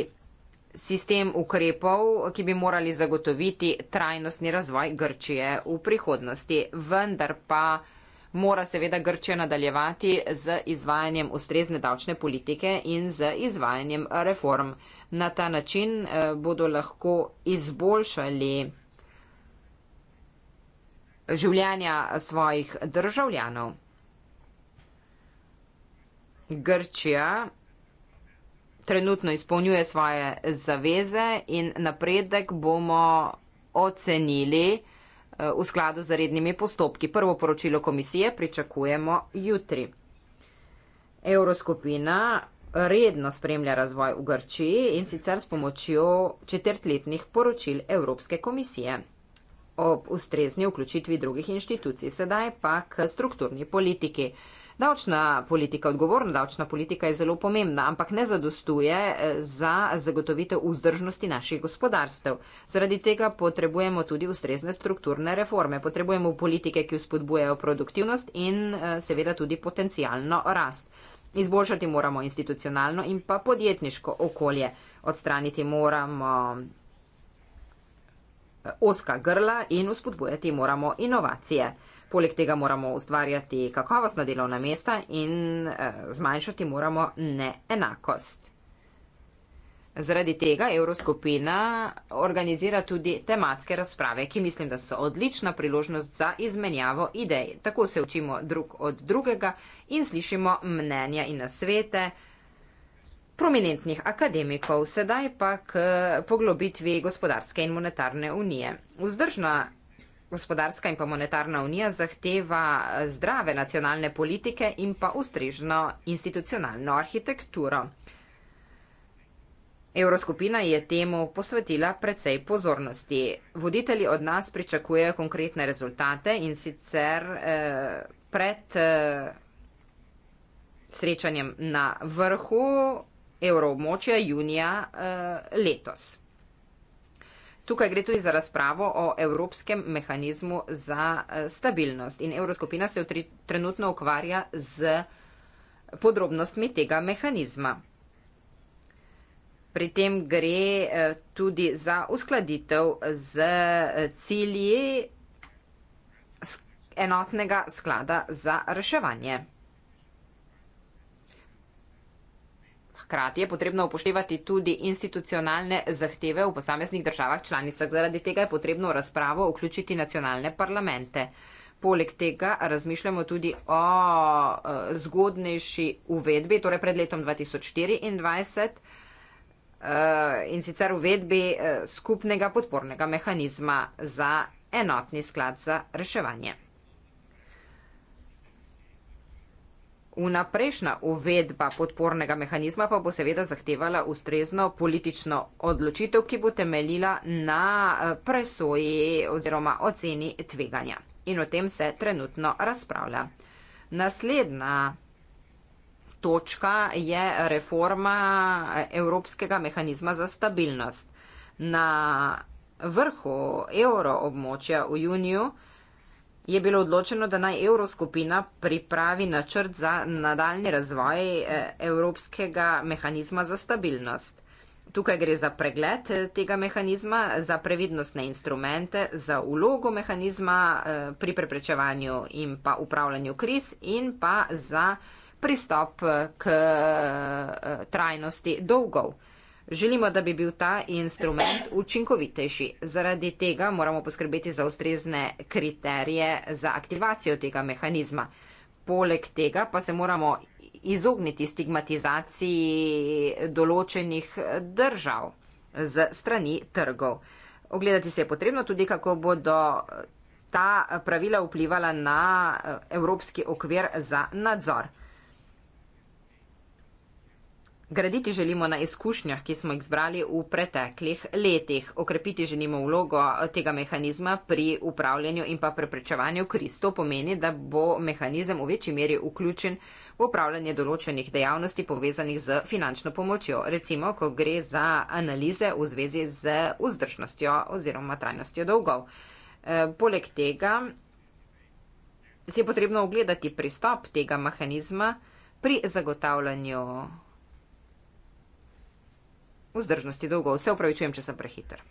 sistem ukrepov, ki bi morali zagotoviti trajnostni razvoj Grčije v prihodnosti. Vendar pa mora seveda Grčija nadaljevati z izvajanjem ustrezne davčne politike in z izvajanjem reform. Na ta način eh, bodo lahko izboljšali življenja svojih državljanov. Grčija trenutno izpolnjuje svoje zaveze in napredek bomo ocenili eh, v skladu z rednimi postopki. Prvo poročilo komisije pričakujemo jutri. Evroskupina redno spremlja razvoj v Grčiji in sicer s pomočjo četrtletnih poročil Evropske komisije ob ustrezni vključitvi drugih inštitucij. Sedaj pa k strukturni politiki. Davčna politika, odgovorna davčna politika je zelo pomembna, ampak ne zadostuje eh, za zagotovitev vzdržnosti naših gospodarstev. Zaradi tega potrebujemo tudi ustrezne strukturne reforme. Potrebujemo politike, ki vzpodbujajo produktivnost in eh, seveda tudi potencijalno rast. Izboljšati moramo institucionalno in pa podjetniško okolje. Odstraniti moramo eh, oska grla in vzpodbujati moramo inovacije. Poleg tega moramo ustvarjati kakovostna delovna mesta in eh, zmanjšati moramo neenakost. Zaradi tega Evroskupina organizira tudi tematske razprave, ki mislim, da so odlična priložnost za izmenjavo idej. Tako se učimo drug od drugega in slišimo mnenja in nasvete prominentnih akademikov, sedaj pa k poglobitvi gospodarske in monetarne unije. Vzdržna Gospodarska in pa monetarna unija zahteva eh, zdrave nacionalne politike in pa ustrežno institucionalno arhitekturo. Evroskupina je temu posvetila precej pozornosti. Voditelji od nas pričakujejo konkretne rezultate in sicer eh, pred eh, srečanjem na vrhu evroobmočja junija eh, letos. Tukaj gre tudi za razpravo o evropskem mehanizmu za eh, stabilnost in Evroskupina se tri, trenutno ukvarja z podrobnostmi tega mehanizma. Pri tem gre eh, tudi za uskladitev z eh, cilji enotnega sklada za reševanje. Hkrati je potrebno upoštevati tudi institucionalne zahteve v posameznih državah članicah. Zaradi tega je potrebno v razpravo vključiti nacionalne parlamente. Poleg tega razmišljamo tudi o e, zgodnejši uvedbi, torej pred letom 2024 e, in sicer uvedbi e, skupnega podpornega mehanizma za enotni sklad za reševanje. Vnaprejšnja uvedba podpornega mehanizma pa bo seveda zahtevala ustrezno politično odločitev, ki bo temeljila na eh, presoji oziroma oceni tveganja. In o tem se trenutno razpravlja. Naslednja točka je reforma eh, Evropskega mehanizma za stabilnost. Na vrhu evroobmočja v juniju je bilo odločeno, da naj Evroskupina pripravi načrt za nadaljni razvoj eh, Evropskega mehanizma za stabilnost. Tukaj gre za pregled eh, tega mehanizma, za previdnostne instrumente, za ulogo mehanizma eh, pri preprečevanju in pa upravljanju kriz in pa za pristop k trajnosti dolgov. Želimo, da bi bil ta instrument učinkovitejši. Zaradi tega moramo poskrbeti za ustrezne kriterije za aktivacijo tega mehanizma. Poleg tega pa se moramo izogniti stigmatizaciji določenih držav z strani trgov. Ogledati se je potrebno tudi, kako bodo ta pravila vplivala na eh, evropski okvir za nadzor. Graditi želimo na izkušnjah, ki smo jih zbrali v preteklih letih. Okrepiti želimo vlogo tega mehanizma pri upravljanju in pa preprečevanju kriz. To pomeni, da bo mehanizem v večji meri vključen v upravljanje določenih dejavnosti povezanih z finančno pomočjo. Recimo, ko gre za analize v zvezi z vzdržnostjo oziroma trajnostjo dolgov. E, poleg tega si je potrebno ogledati pristop tega mehanizma pri zagotavljanju vzdržnosti dolgov. Se upravičujem, če sem prehiter.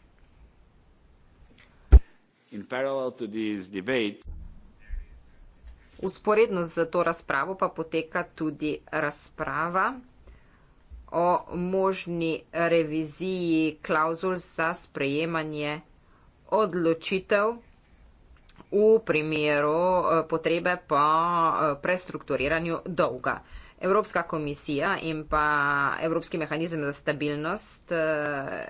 Usporedno z to razpravo pa poteka tudi razprava o možni reviziji klauzul za sprejemanje odločitev v primeru eh, potrebe po eh, prestrukturiranju dolga. Evropska komisija in pa Evropski mehanizem za stabilnost eh,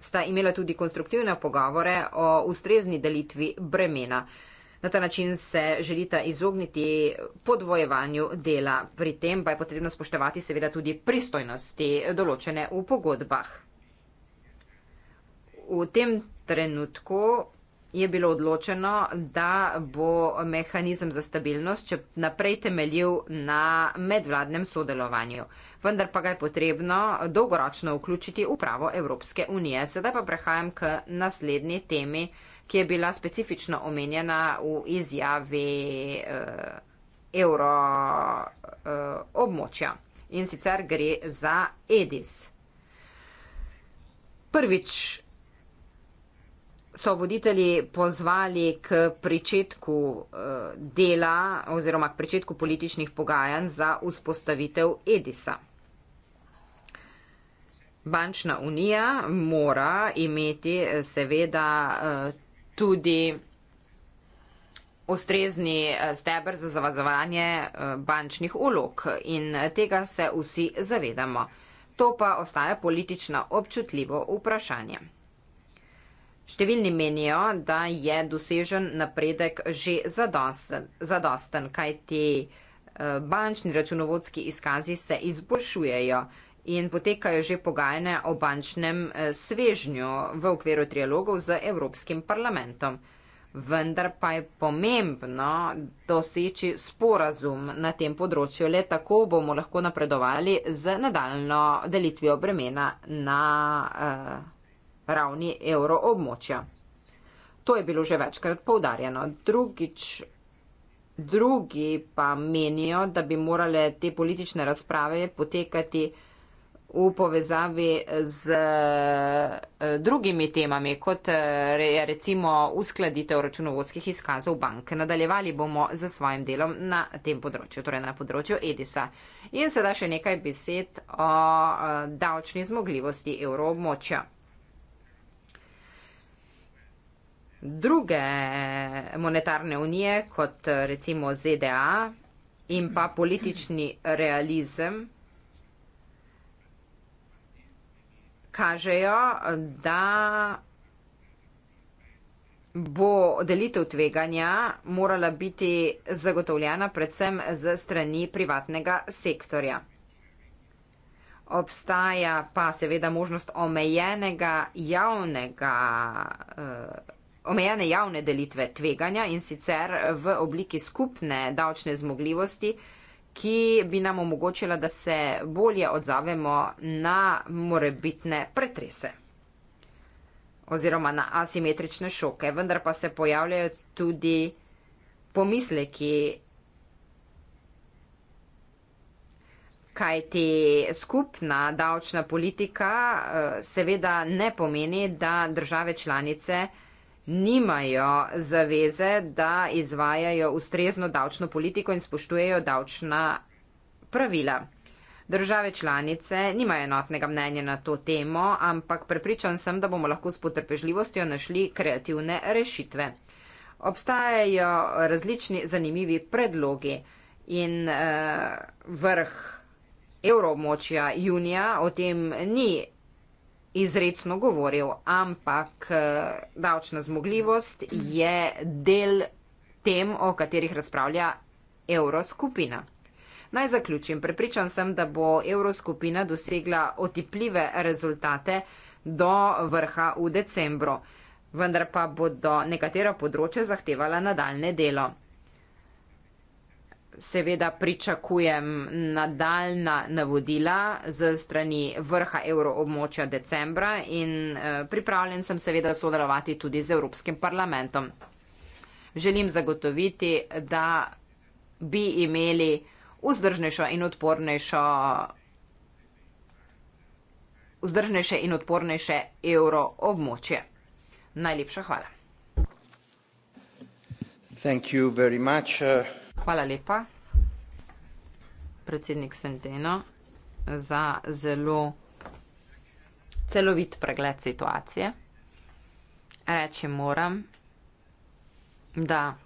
sta imela tudi konstruktivne pogovore o ustrezni delitvi bremena. Na ta način se želita izogniti podvojevanju dela, pri tem pa je potrebno spoštovati seveda tudi pristojnosti, določene v pogodbah. V tem trenutku je bilo odločeno, da bo mehanizem za stabilnost še naprej temeljil na medvladnem sodelovanju. Vendar pa ga je potrebno dolgoročno vključiti v pravo Evropske unije. Sedaj pa prehajam k naslednji temi, ki je bila specifično omenjena v izjavi eh, evro eh, območja. In sicer gre za EDIS. Prvič, so voditelji pozvali k pričetku eh, dela oziroma k pričetku političnih pogajanj za vzpostavitev Edisa. Bančna unija mora imeti eh, seveda eh, tudi ustrezni stebr za zavazovanje bančnih ulog in tega se vsi zavedamo. To pa ostaja politično občutljivo vprašanje. Številni menijo, da je dosežen napredek že zadosten, kaj ti eh, bančni računovodski izkazi se izboljšujejo in potekajo že pogajanja o bančnem eh, svežnju v okviru trialogov z Evropskim parlamentom. Vendar pa je pomembno doseči sporazum na tem področju, le tako bomo lahko napredovali z nadaljno delitvijo bremena na. Uh, ravni evroobmočja. To je bilo že večkrat poudarjeno. Drugič, drugi pa menijo, da bi morale te politične razprave potekati v povezavi z eh, drugimi temami, kot eh, je recimo uskladitev računovodskih izkazov bank. Nadaljevali bomo za svojim delom na tem področju, torej na področju Edisa. In sedaj še nekaj besed o eh, davčni zmogljivosti evroobmočja. druge monetarne unije, kot recimo ZDA in pa politični realizem, kažejo, da bo delitev tveganja morala biti zagotovljena predvsem z strani privatnega sektorja. Obstaja pa seveda možnost omejenega javnega uh, omejene javne delitve tveganja in sicer v obliki skupne davčne zmogljivosti, ki bi nam omogočila, da se bolje odzavemo na morebitne pretrese oziroma na asimetrične šoke. Vendar pa se pojavljajo tudi pomisleki, kaj ti skupna davčna politika eh, seveda ne pomeni, da države članice nimajo zaveze, da izvajajo ustrezno davčno politiko in spoštujejo davčna pravila. Države članice nimajo enotnega mnenja na to temo, ampak prepričan sem, da bomo lahko s potrpežljivostjo našli kreativne rešitve. Obstajajo različni zanimivi predlogi in eh, vrh evroobmočja junija o tem ni izredno govoril, ampak eh, davčna zmogljivost je del tem, o katerih razpravlja evroskupina. Naj zaključim, prepričan sem, da bo evroskupina dosegla otipljive rezultate do vrha v decembru, vendar pa bodo nekatera področja zahtevala nadaljne delo seveda pričakujem nadaljna navodila z strani vrha evroobmočja decembra in eh, pripravljen sem seveda sodelovati tudi z Evropskim parlamentom. Želim zagotoviti, da bi imeli vzdržnejšo in odpornejšo vzdržnejše in odpornejše evroobmočje. Najlepša hvala. Thank you very much. Uh... Hvala lepa, predsednik Senteno, za zelo celovit pregled situacije. Reči moram, da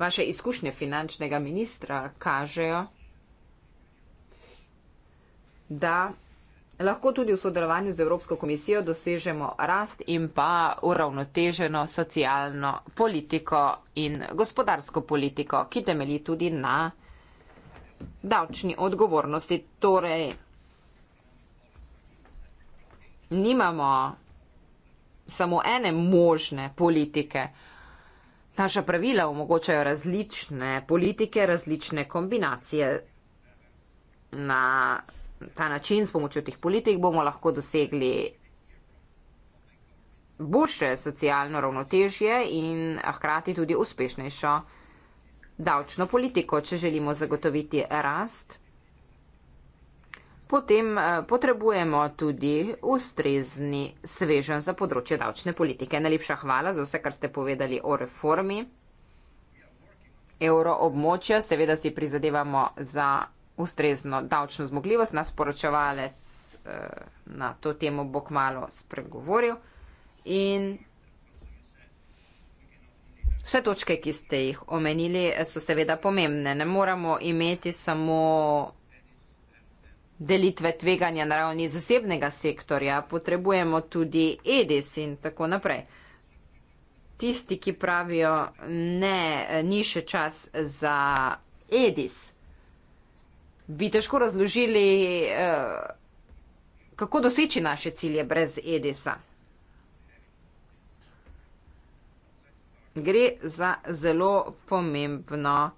vaše izkušnje finančnega ministra kažejo, da lahko tudi v sodelovanju z Evropsko komisijo dosežemo rast in pa uravnoteženo socialno politiko in gospodarsko politiko, ki temeli tudi na davčni odgovornosti. Torej, nimamo samo ene možne politike. Naša pravila omogočajo različne politike, različne kombinacije na ta način, s pomočjo teh politik, bomo lahko dosegli boljše socialno ravnotežje in hkrati tudi uspešnejšo davčno politiko, če želimo zagotoviti rast. Potem eh, potrebujemo tudi ustrezni svežen za področje davčne politike. Najlepša hvala za vse, kar ste povedali o reformi evroobmočja. Seveda si prizadevamo za ustrezno davčno zmogljivost. Nas poročevalec eh, na to temo bo kmalo spregovoril. In vse točke, ki ste jih omenili, eh, so seveda pomembne. Ne moramo imeti samo delitve tveganja na ravni zasebnega sektorja, potrebujemo tudi EDIS in tako naprej. Tisti, ki pravijo, ne, eh, ni še čas za EDIS bi težko razložili, eh, kako doseči naše cilje brez Edisa. Gre za zelo pomembno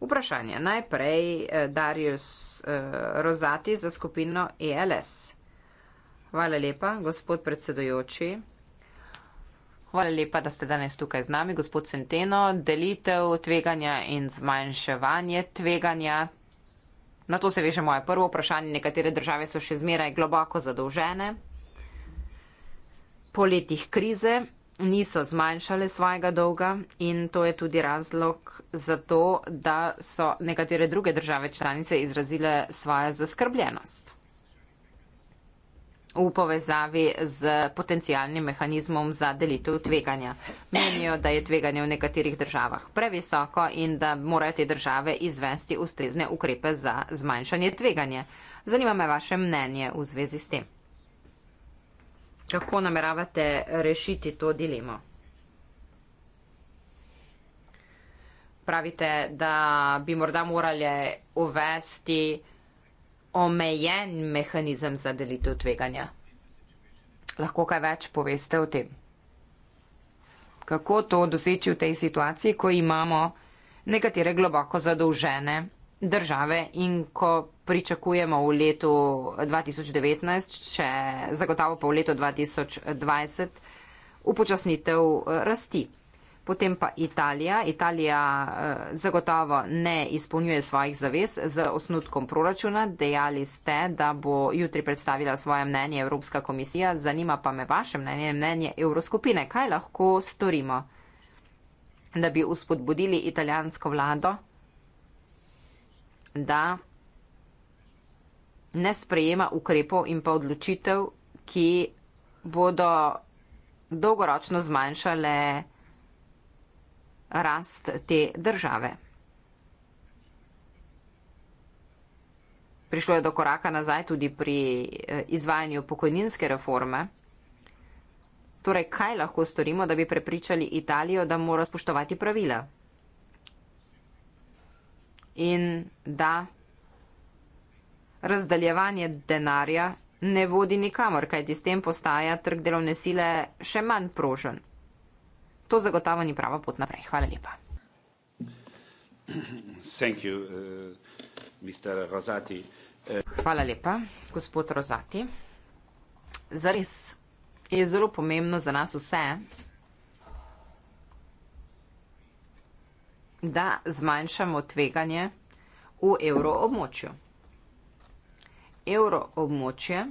vprašanje. Najprej eh, Darius eh, Rozati za skupino ELS. Hvala lepa, gospod predsedujoči. Hvala lepa, da ste danes tukaj z nami, gospod Centeno. Delitev tveganja in zmanjševanje tveganja, Na to se veže moje prvo vprašanje. Nekatere države so še zmeraj globoko zadolžene. Po letih krize niso zmanjšale svojega dolga in to je tudi razlog za to, da so nekatere druge države članice izrazile svojo zaskrbljenost v povezavi z potencijalnim mehanizmom za delitev tveganja. Menijo, da je tveganje v nekaterih državah previsoko in da morajo te države izvesti ustrezne ukrepe za zmanjšanje tveganja. Zanima me vaše mnenje v zvezi s tem. Kako nameravate rešiti to dilemo? Pravite, da bi morda morali uvesti omejen mehanizem za delitev tveganja. Lahko kaj več poveste o tem? Kako to doseči v tej situaciji, ko imamo nekatere globoko zadolžene države in ko pričakujemo v letu 2019, če zagotavo pa v letu 2020, upočasnitev eh, rasti? Potem pa Italija. Italija eh, zagotovo ne izpolnjuje svojih zavez z osnutkom proračuna. Dejali ste, da bo jutri predstavila svoje mnenje Evropska komisija. Zanima pa me vaše mnenje, mnenje Evroskupine. Kaj lahko storimo, da bi uspodbudili italijansko vlado, da ne sprejema ukrepov in pa odločitev, ki bodo dolgoročno zmanjšale rast te države. Prišlo je do koraka nazaj tudi pri eh, izvajanju pokojninske reforme. Torej, kaj lahko storimo, da bi prepričali Italijo, da mora spoštovati pravila in da razdaljevanje denarja ne vodi nikamor, kajti s tem postaja trg delovne sile še manj prožen. To zagotovo ni prava pot naprej. Hvala lepa. You, uh, uh. Hvala lepa, gospod Rozati. Zares je zelo pomembno za nas vse, da zmanjšamo tveganje v evroobmočju. Evroobmočje.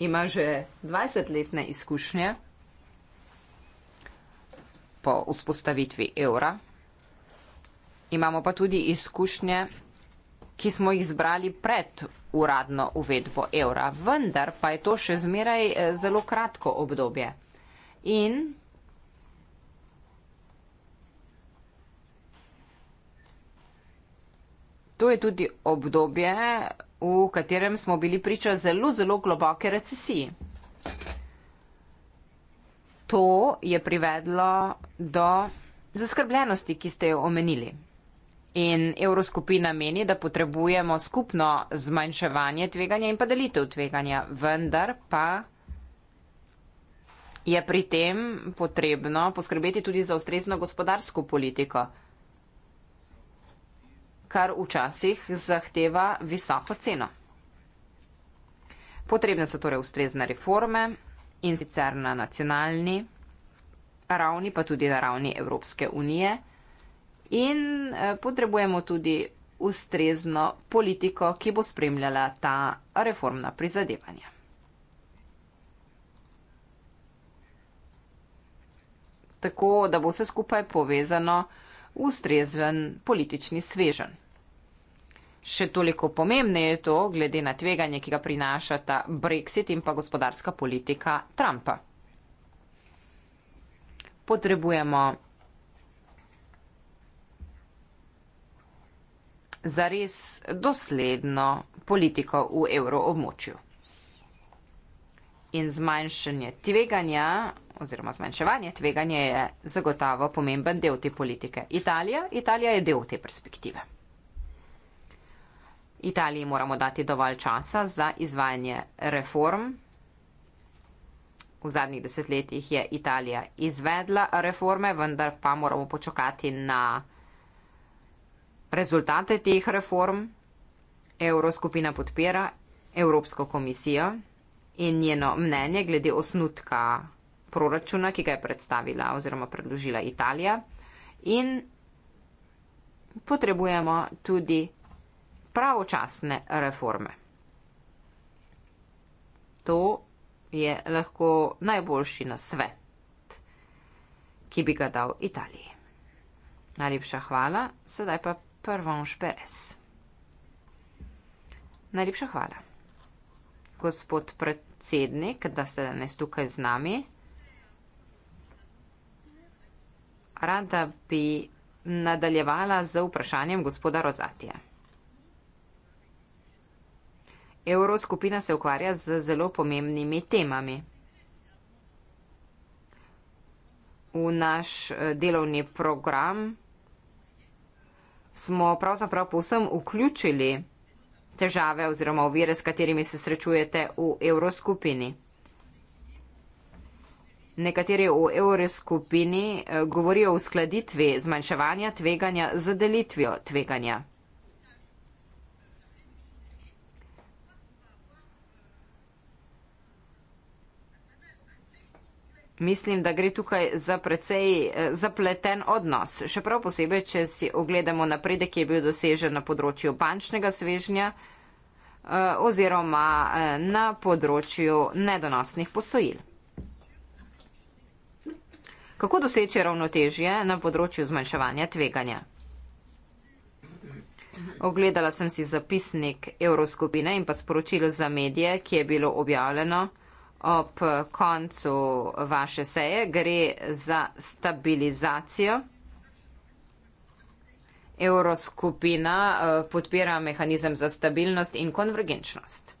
ima že 20-letne izkušnje po vzpostavitvi evra. Imamo pa tudi izkušnje, ki smo jih zbrali pred uradno uvedbo evra, vendar pa je to še zmeraj eh, zelo kratko obdobje. In to je tudi obdobje, v katerem smo bili priča zelo, zelo globoke recesiji. To je privedlo do zaskrbljenosti, ki ste jo omenili. In Evroskupina meni, da potrebujemo skupno zmanjševanje tveganja in pa delitev tveganja, vendar pa je pri tem potrebno poskrbeti tudi za ustrezno gospodarsko politiko kar včasih zahteva visoko ceno. Potrebne so torej ustrezne reforme in sicer na nacionalni ravni, pa tudi na ravni Evropske unije. In eh, potrebujemo tudi ustrezno politiko, ki bo spremljala ta reformna prizadevanja. Tako, da bo vse skupaj povezano ustrezen politični svežen. Še toliko pomembneje je to, glede na tveganje, ki ga prinašata Brexit in pa gospodarska politika Trumpa. Potrebujemo zares dosledno politiko v evroobmočju in zmanjšanje tveganja oziroma zmanjševanje tveganja je zagotovo pomemben del te politike. Italija, Italija je del te perspektive. Italiji moramo dati dovolj časa za izvajanje reform. V zadnjih desetletjih je Italija izvedla reforme, vendar pa moramo počakati na rezultate teh reform. Evroskupina podpira Evropsko komisijo in njeno mnenje glede osnutka proračuna, ki ga je predstavila oziroma predložila Italija. In potrebujemo tudi pravočasne reforme. To je lahko najboljši na svet, ki bi ga dal Italiji. Najlepša hvala, sedaj pa prvo šperes. Najlepša hvala gospod predsednik, da ste danes tukaj z nami. Rada bi nadaljevala z vprašanjem gospoda Rozatija. Evroskupina se ukvarja z zelo pomembnimi temami. V naš eh, delovni program smo pravzaprav povsem vključili težave oziroma ovire, s katerimi se srečujete v evroskupini. Nekateri v evroskupini eh, govorijo o uskladitvi zmanjševanja tveganja z delitvijo tveganja. Mislim, da gre tukaj za precej eh, zapleten odnos. Še prav posebej, če si ogledamo napredek, ki je bil dosežen na področju bančnega svežnja eh, oziroma eh, na področju nedonosnih posojil. Kako doseči ravnotežje na področju zmanjševanja tveganja? Ogledala sem si zapisnik Evroskupine in pa sporočilo za medije, ki je bilo objavljeno ob koncu vaše seje. Gre za stabilizacijo. Evroskupina eh, podpira mehanizem za stabilnost in konvergenčnost.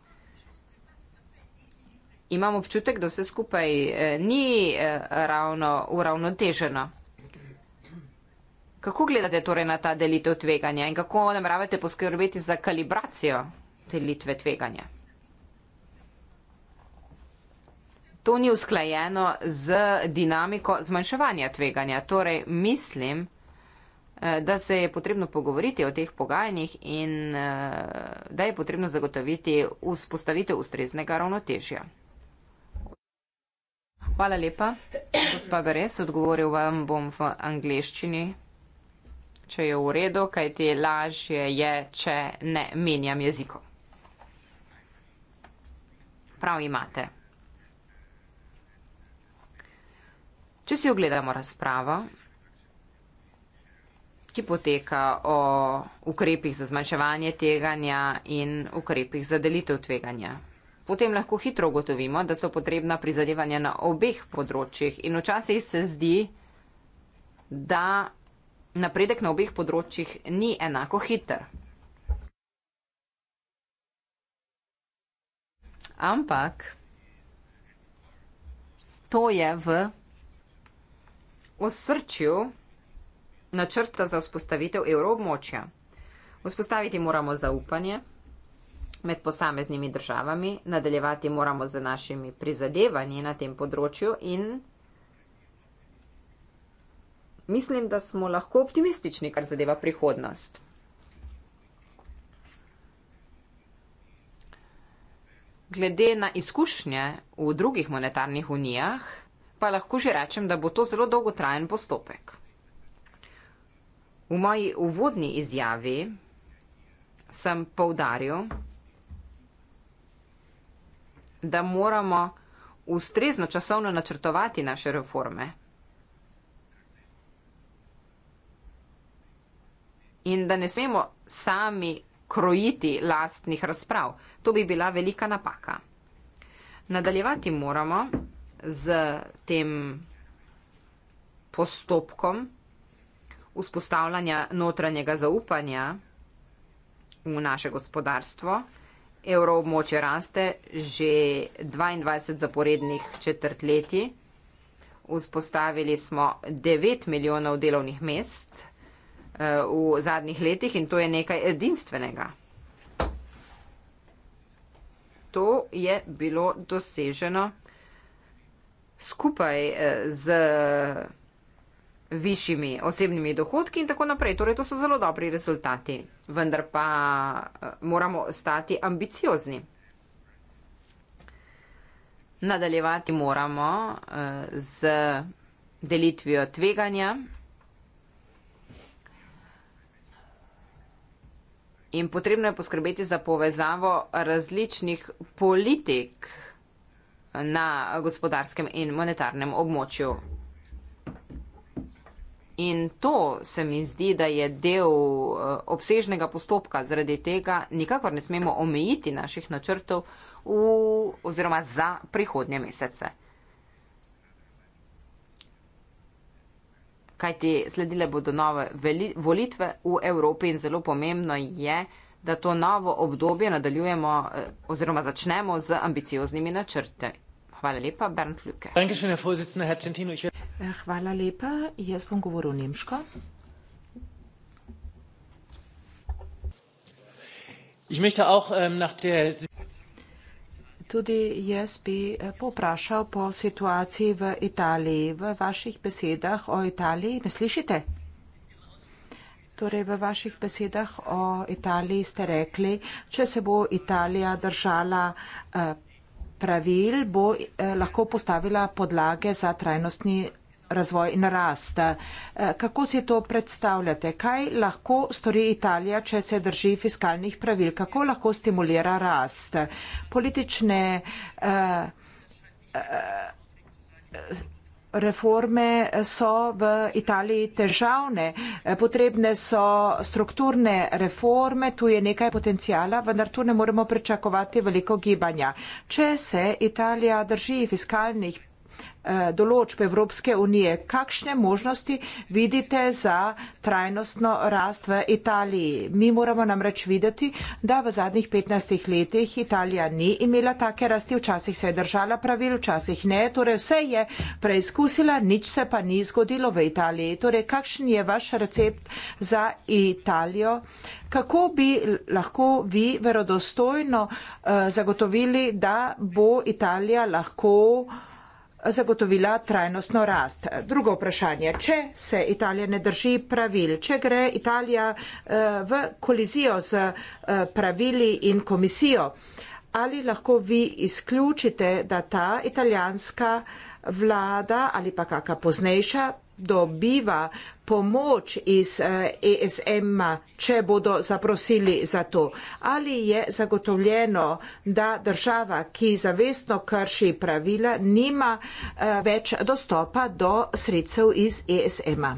Imam občutek, da vse skupaj eh, ni eh, ravno uravnoteženo. Kako gledate torej na ta delitev tveganja in kako namravate poskrbeti za kalibracijo delitve tveganja? to ni usklajeno z dinamiko zmanjševanja tveganja. Torej, mislim, eh, da se je potrebno pogovoriti o teh pogajanjih in eh, da je potrebno zagotoviti vzpostavitev ustreznega ravnotežja. Hvala lepa, gospa Beres, odgovoril vam bom v angleščini, če je v redu, kaj ti lažje je, če ne menjam jezikov. Prav imate. Če si ogledamo razpravo, ki poteka o ukrepih za zmanjševanje tveganja in ukrepih za delitev tveganja, potem lahko hitro ugotovimo, da so potrebna prizadevanja na obeh področjih in včasih se zdi, da napredek na obeh področjih ni enako hiter. Ampak to je v osrčju načrta za vzpostavitev evroobmočja. Vzpostaviti moramo zaupanje med posameznimi državami, nadaljevati moramo z našimi prizadevanji na tem področju in mislim, da smo lahko optimistični, kar zadeva prihodnost. Glede na izkušnje v drugih monetarnih unijah, pa lahko že rečem, da bo to zelo dolgotrajen postopek. V moji uvodni izjavi sem povdaril, da moramo ustrezno časovno načrtovati naše reforme in da ne smemo sami krojiti lastnih razprav. To bi bila velika napaka. Nadaljevati moramo z tem postopkom vzpostavljanja notranjega zaupanja v naše gospodarstvo. Evroobmočje raste že 22 zaporednih četrtletji. Vzpostavili smo 9 milijonov delovnih mest eh, v zadnjih letih in to je nekaj edinstvenega. To je bilo doseženo skupaj eh, z višjimi osebnimi dohodki in tako naprej. Torej, to so zelo dobri rezultati, vendar pa eh, moramo stati ambiciozni. Nadaljevati moramo eh, z delitvijo tveganja in potrebno je poskrbeti za povezavo različnih politik na gospodarskem in monetarnem območju. In to se mi zdi, da je del eh, obsežnega postopka, zaradi tega nikakor ne smemo omejiti naših načrtov v, oziroma za prihodnje mesece. Kaj ti sledile bodo nove volitve v Evropi in zelo pomembno je, da to novo obdobje nadaljujemo eh, oziroma začnemo z ambicioznimi načrte. Hvala lepa, Bernd Lüke. Eh, hvala lepa, jaz bom govoril nemško. Ähm, Tudi jaz bi eh, povprašal po situaciji v Italiji. V vaših besedah o Italiji me slišite? Torej, v vaših besedah o Italiji ste rekli, če se bo Italija držala eh, pravil, bo eh, lahko postavila podlage za trajnostni razvoj in rast. Eh, kako si to predstavljate? Kaj lahko stori Italija, če se drži fiskalnih pravil? Kako lahko stimulira rast? Politične. Uh, uh, reforme so v Italiji težavne. Eh, potrebne so strukturne reforme, tu je nekaj potencijala, vendar tu ne moremo pričakovati veliko gibanja. Če se Italija drži fiskalnih Eh, določb Evropske unije. Kakšne možnosti vidite za trajnostno rast v Italiji? Mi moramo namreč videti, da v zadnjih 15 letih Italija ni imela take rasti, včasih se je držala pravil, včasih ne. Torej vse je preizkusila, nič se pa ni zgodilo v Italiji. Torej, kakšen je vaš recept za Italijo? Kako bi lahko vi verodostojno uh, zagotovili, da bo Italija lahko uh, zagotovila trajnostno rast. Drugo vprašanje, če se Italija ne drži pravil, če gre Italija eh, v kolizijo z eh, pravili in komisijo, ali lahko vi izključite, da ta italijanska vlada ali pa kakšna poznejša dobiva pomoč iz ESM-a, eh, e če bodo zaprosili za to. Ali je zagotovljeno, da država, ki zavestno krši pravila, nima eh, več dostopa do sredstev iz ESM-a?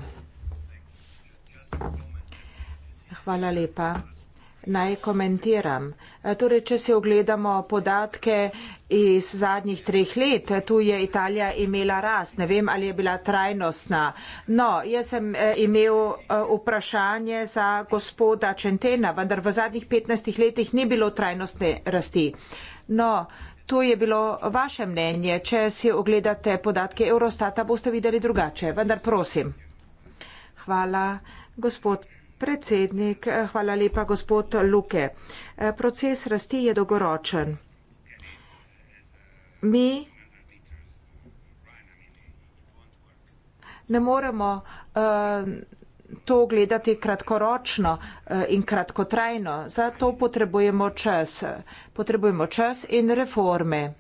Hvala lepa. Naj komentiram. Eh, torej, če si ogledamo podatke iz zadnjih treh let. Tu je Italija imela rast, ne vem, ali je bila trajnostna. No, jaz sem eh, imel eh, vprašanje za gospoda Čentena, vendar v zadnjih 15 letih ni bilo trajnostne rasti. No, To je bilo vaše mnenje. Če si ogledate podatke Eurostata, boste videli drugače. Vendar prosim. Hvala, gospod predsednik. Eh, hvala lepa, gospod Luke. Proces rasti je dogoročen mi ne moremo eh, to gledati kratkoročno eh, in kratkotrajno. Zato potrebujemo čas. Potrebujemo čas in reforme.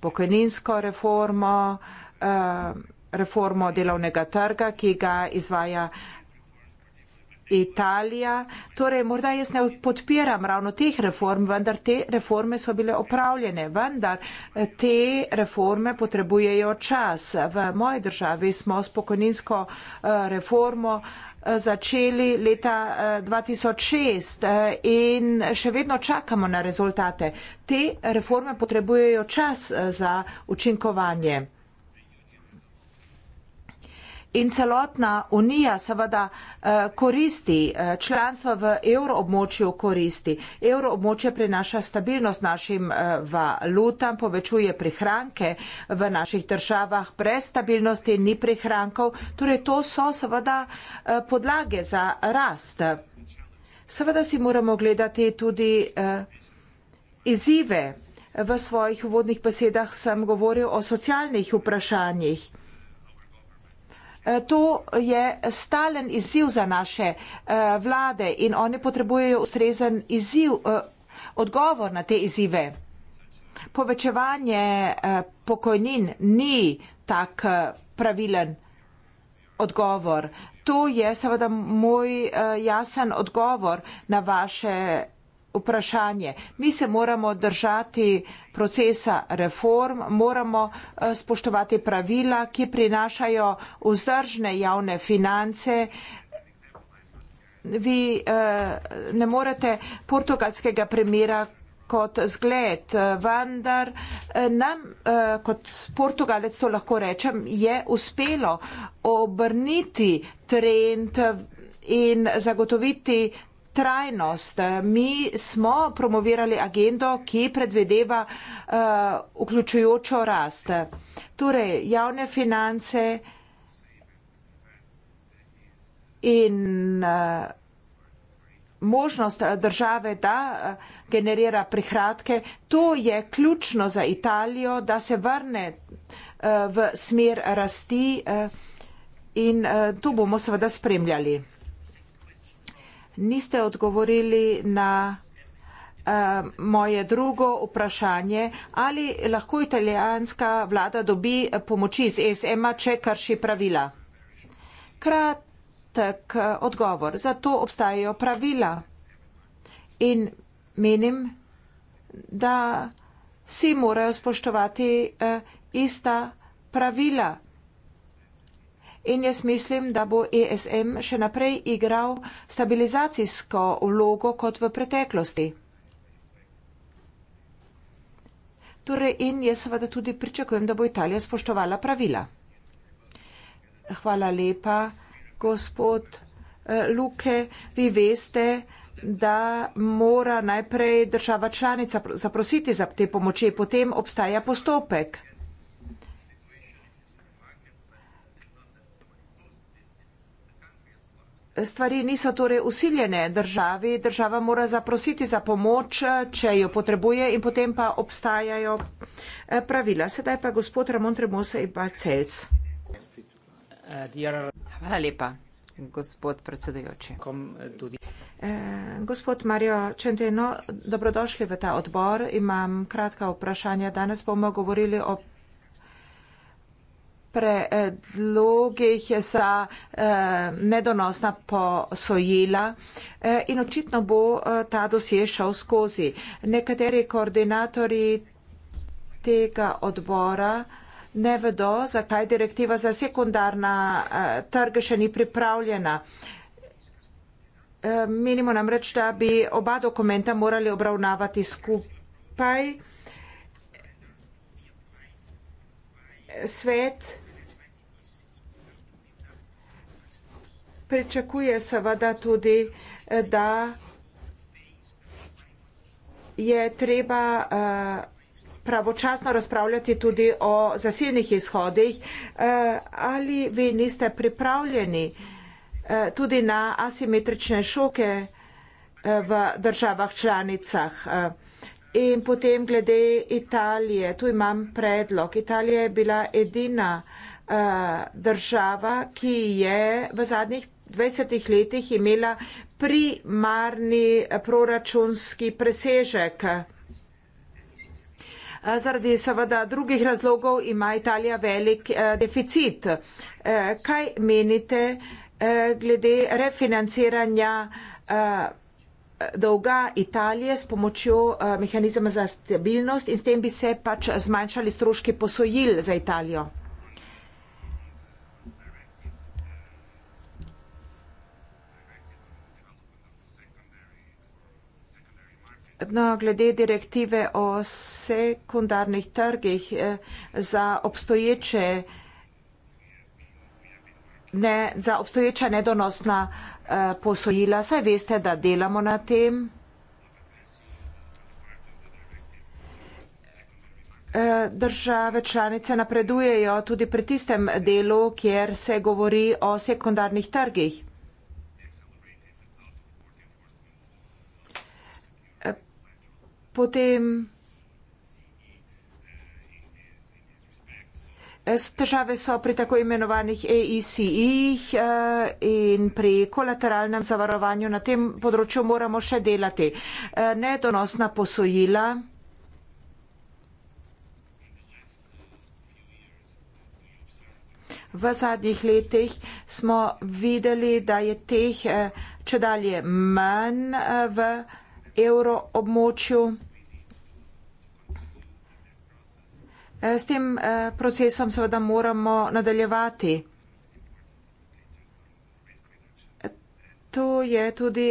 Pokojninsko reformo, eh, reformo delovnega trga, ki ga izvaja Italija. Torej, morda jaz ne podpiram ravno teh reform, vendar te reforme so bile opravljene, vendar eh, te reforme potrebujejo čas. V moji državi smo s pokojninsko eh, reformo eh, začeli leta 2006 in še vedno čakamo na rezultate. Te reforme potrebujejo čas za učinkovanje in celotna unija seveda eh, koristi, eh, članstva v evroobmočju koristi. Evroobmočje prinaša stabilnost našim eh, valutam, povečuje prihranke v naših državah, brez stabilnosti ni prihrankov, torej to so seveda podlage za rast. Seveda si moramo gledati tudi izzive. V svojih uvodnih besedah sem govoril o socialnih vprašanjih. Eh, to je stalen izziv za naše eh, vlade in oni potrebujejo ustrezen izziv, eh, odgovor na te izzive. Povečevanje pokojnin ni tak pravilen odgovor. To je seveda moj jasen odgovor na vaše vprašanje. Mi se moramo držati procesa reform, moramo eh, spoštovati pravila, ki prinašajo vzdržne javne finance. Vi eh, ne morete portugalskega primera kot zgled, eh, vendar nam kot portugalec to lahko rečem, je uspelo obrniti trend in zagotoviti trajnost. Mi smo promovirali agendo, ki predvedeva uh, eh, vključujočo rast. Torej, javne finance in uh, možnost države, da eh, generira prihratke, to je ključno za Italijo, da se vrne uh, v smer rasti uh, in uh, to bomo seveda spremljali niste odgovorili na uh, moje drugo vprašanje, ali lahko italijanska vlada dobi eh, pomoči iz ESM-a, če krši pravila. Kratek eh, odgovor. Zato obstajajo pravila. In menim, da vsi morajo spoštovati uh, ista pravila in jaz mislim, da bo ESM še naprej igral stabilizacijsko vlogo kot v preteklosti. Torej in jaz seveda tudi pričakujem, da bo Italija spoštovala pravila. Hvala lepa, gospod eh, Luke. Vi veste, da mora najprej država članica zaprositi za te pomoči, potem obstaja postopek. Stvari niso torej usiljene državi, država mora zaprositi za pomoč, če jo potrebuje in potem pa obstajajo eh, pravila. Sedaj pa gospod Ramon Tremose in pa Celc. Hvala lepa, gospod predsedujoči. Eh, eh, gospod Mario Centeno, dobrodošli v ta odbor. Imam kratka vprašanja. Danes bomo govorili o predlogih za nedonosna eh, posojila eh, in očitno bo eh, ta dosje šel skozi. Nekateri koordinatori tega odbora ne vedo, zakaj direktiva za sekundarna trge še ni pripravljena. Menimo namreč, da bi oba dokumenta morali obravnavati skupaj. Svet pričakuje seveda tudi, da je treba eh, pravočasno razpravljati tudi o zasilnih izhodih. Eh, ali vi niste pripravljeni eh, tudi na asimetrične šoke v državah članicah? In potem glede Italije, tu imam predlog. Italija je bila edina država, ki je v zadnjih 20 letih imela primarni proračunski presežek. Zaradi seveda drugih razlogov ima Italija velik eh, deficit. Eh, kaj menite eh, glede refinanciranja dolga Italije s pomočjo mehanizma za stabilnost in s tem bi se pač zmanjšali stroški posojil za Italijo? No, glede direktive o sekundarnih trgih eh, za obstoječe, ne, za obstoječa nedonosna eh, posojila, saj veste, da delamo na tem. Eh, države članice napredujejo tudi pri tistem delu, kjer se govori o sekundarnih trgih. potem eh, težave so pri tako imenovanih AECI-jih eh, in pri kolateralnem zavarovanju na tem področju moramo še delati. Eh, nedonosna posojila. V zadnjih letih smo videli, da je teh če dalje manj v evro območju. E, s tem e, procesom seveda moramo nadaljevati. To je tudi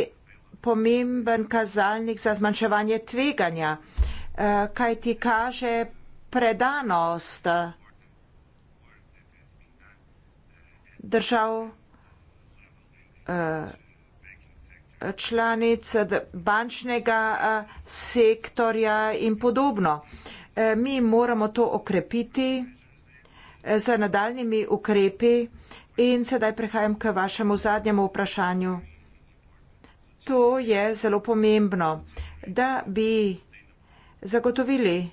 pomemben kazalnik za zmanjševanje tveganja, e, kaj ti kaže predanost držav članic bančnega sektorja in podobno. E, mi moramo to okrepiti e, z nadaljnimi ukrepi in sedaj prehajam k vašemu zadnjemu vprašanju. To je zelo pomembno, da bi zagotovili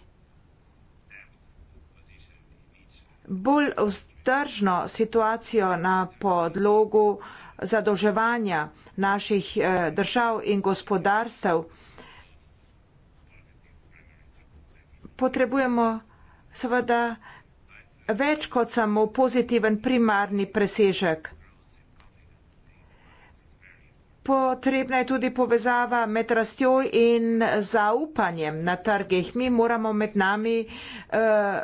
bolj vzdržno situacijo na podlogu zadolževanja naših eh, držav in gospodarstev, potrebujemo seveda več kot samo pozitiven primarni presežek. Potrebna je tudi povezava med rastjo in zaupanjem na trgih. Mi moramo med nami uh,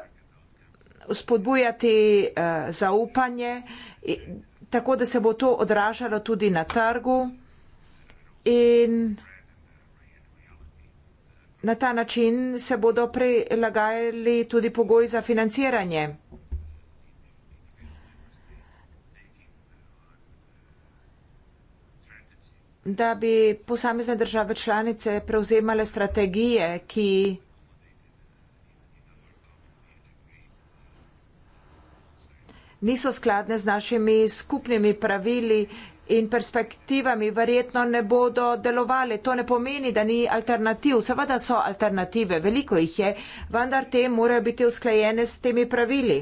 spodbujati uh, zaupanje. In, tako da se bo to odražalo tudi na trgu in na ta način se bodo prilagajali tudi pogoji za financiranje. da bi posamezne države članice prevzemale strategije, ki niso skladne z našimi skupnimi pravili in perspektivami, verjetno ne bodo delovali. To ne pomeni, da ni alternativ. Seveda so alternative, veliko jih je, vendar te morajo biti usklajene s temi pravili.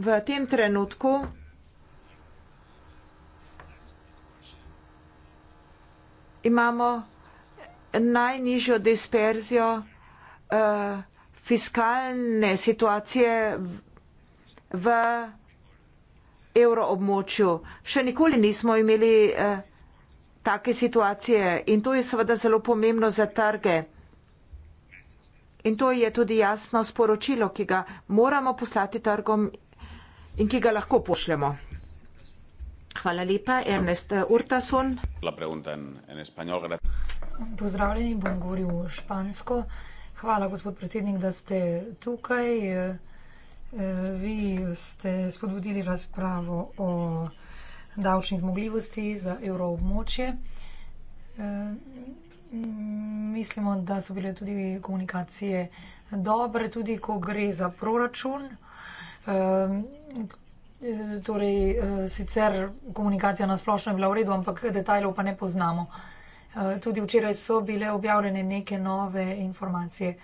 V tem trenutku. Imamo najnižjo disperzijo uh, fiskalne situacije v evroobmočju. Še nikoli nismo imeli eh, take situacije in to je seveda zelo pomembno za trge. In to je tudi jasno sporočilo, ki ga moramo poslati trgom in ki ga lahko pošljemo. Hvala lepa, Ernest Urtason. Pozdravljeni, bom govoril špansko. Hvala, gospod predsednik, da ste tukaj. Vi ste spodbudili razpravo o davčni zmogljivosti za evroobmočje. Mislimo, da so bile tudi komunikacije dobre, tudi ko gre za proračun. Torej, sicer komunikacija na splošno je bila v redu, ampak detajlov pa ne poznamo. Tudi včeraj so bile objavljene neke nove informacije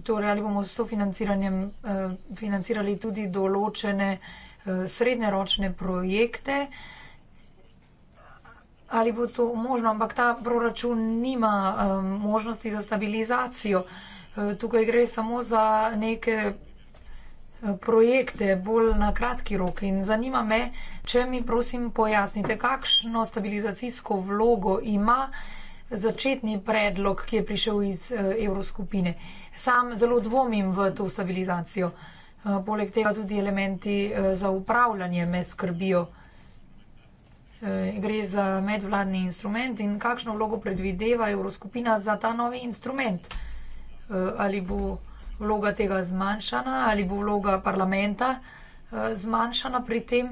torej ali bomo sofinanciranjem eh, financirali tudi določene eh, srednjeročne projekte, ali bo to možno, ampak ta proračun nima eh, možnosti za stabilizacijo. Eh, tukaj gre samo za neke eh, projekte bolj na kratki rok in zanima me, če mi prosim pojasnite, kakšno stabilizacijsko vlogo ima začetni predlog, ki je prišel iz eh, evroskupine. Eh, Sam zelo dvomim v to stabilizacijo. Eh, poleg tega tudi elementi eh, za upravljanje me skrbijo. Eh, gre za medvladni instrument in kakšno vlogo predvideva Evroskupina za ta novi instrument? Ali bo vloga tega zmanjšana, ali bo vloga parlamenta zmanjšana pri tem?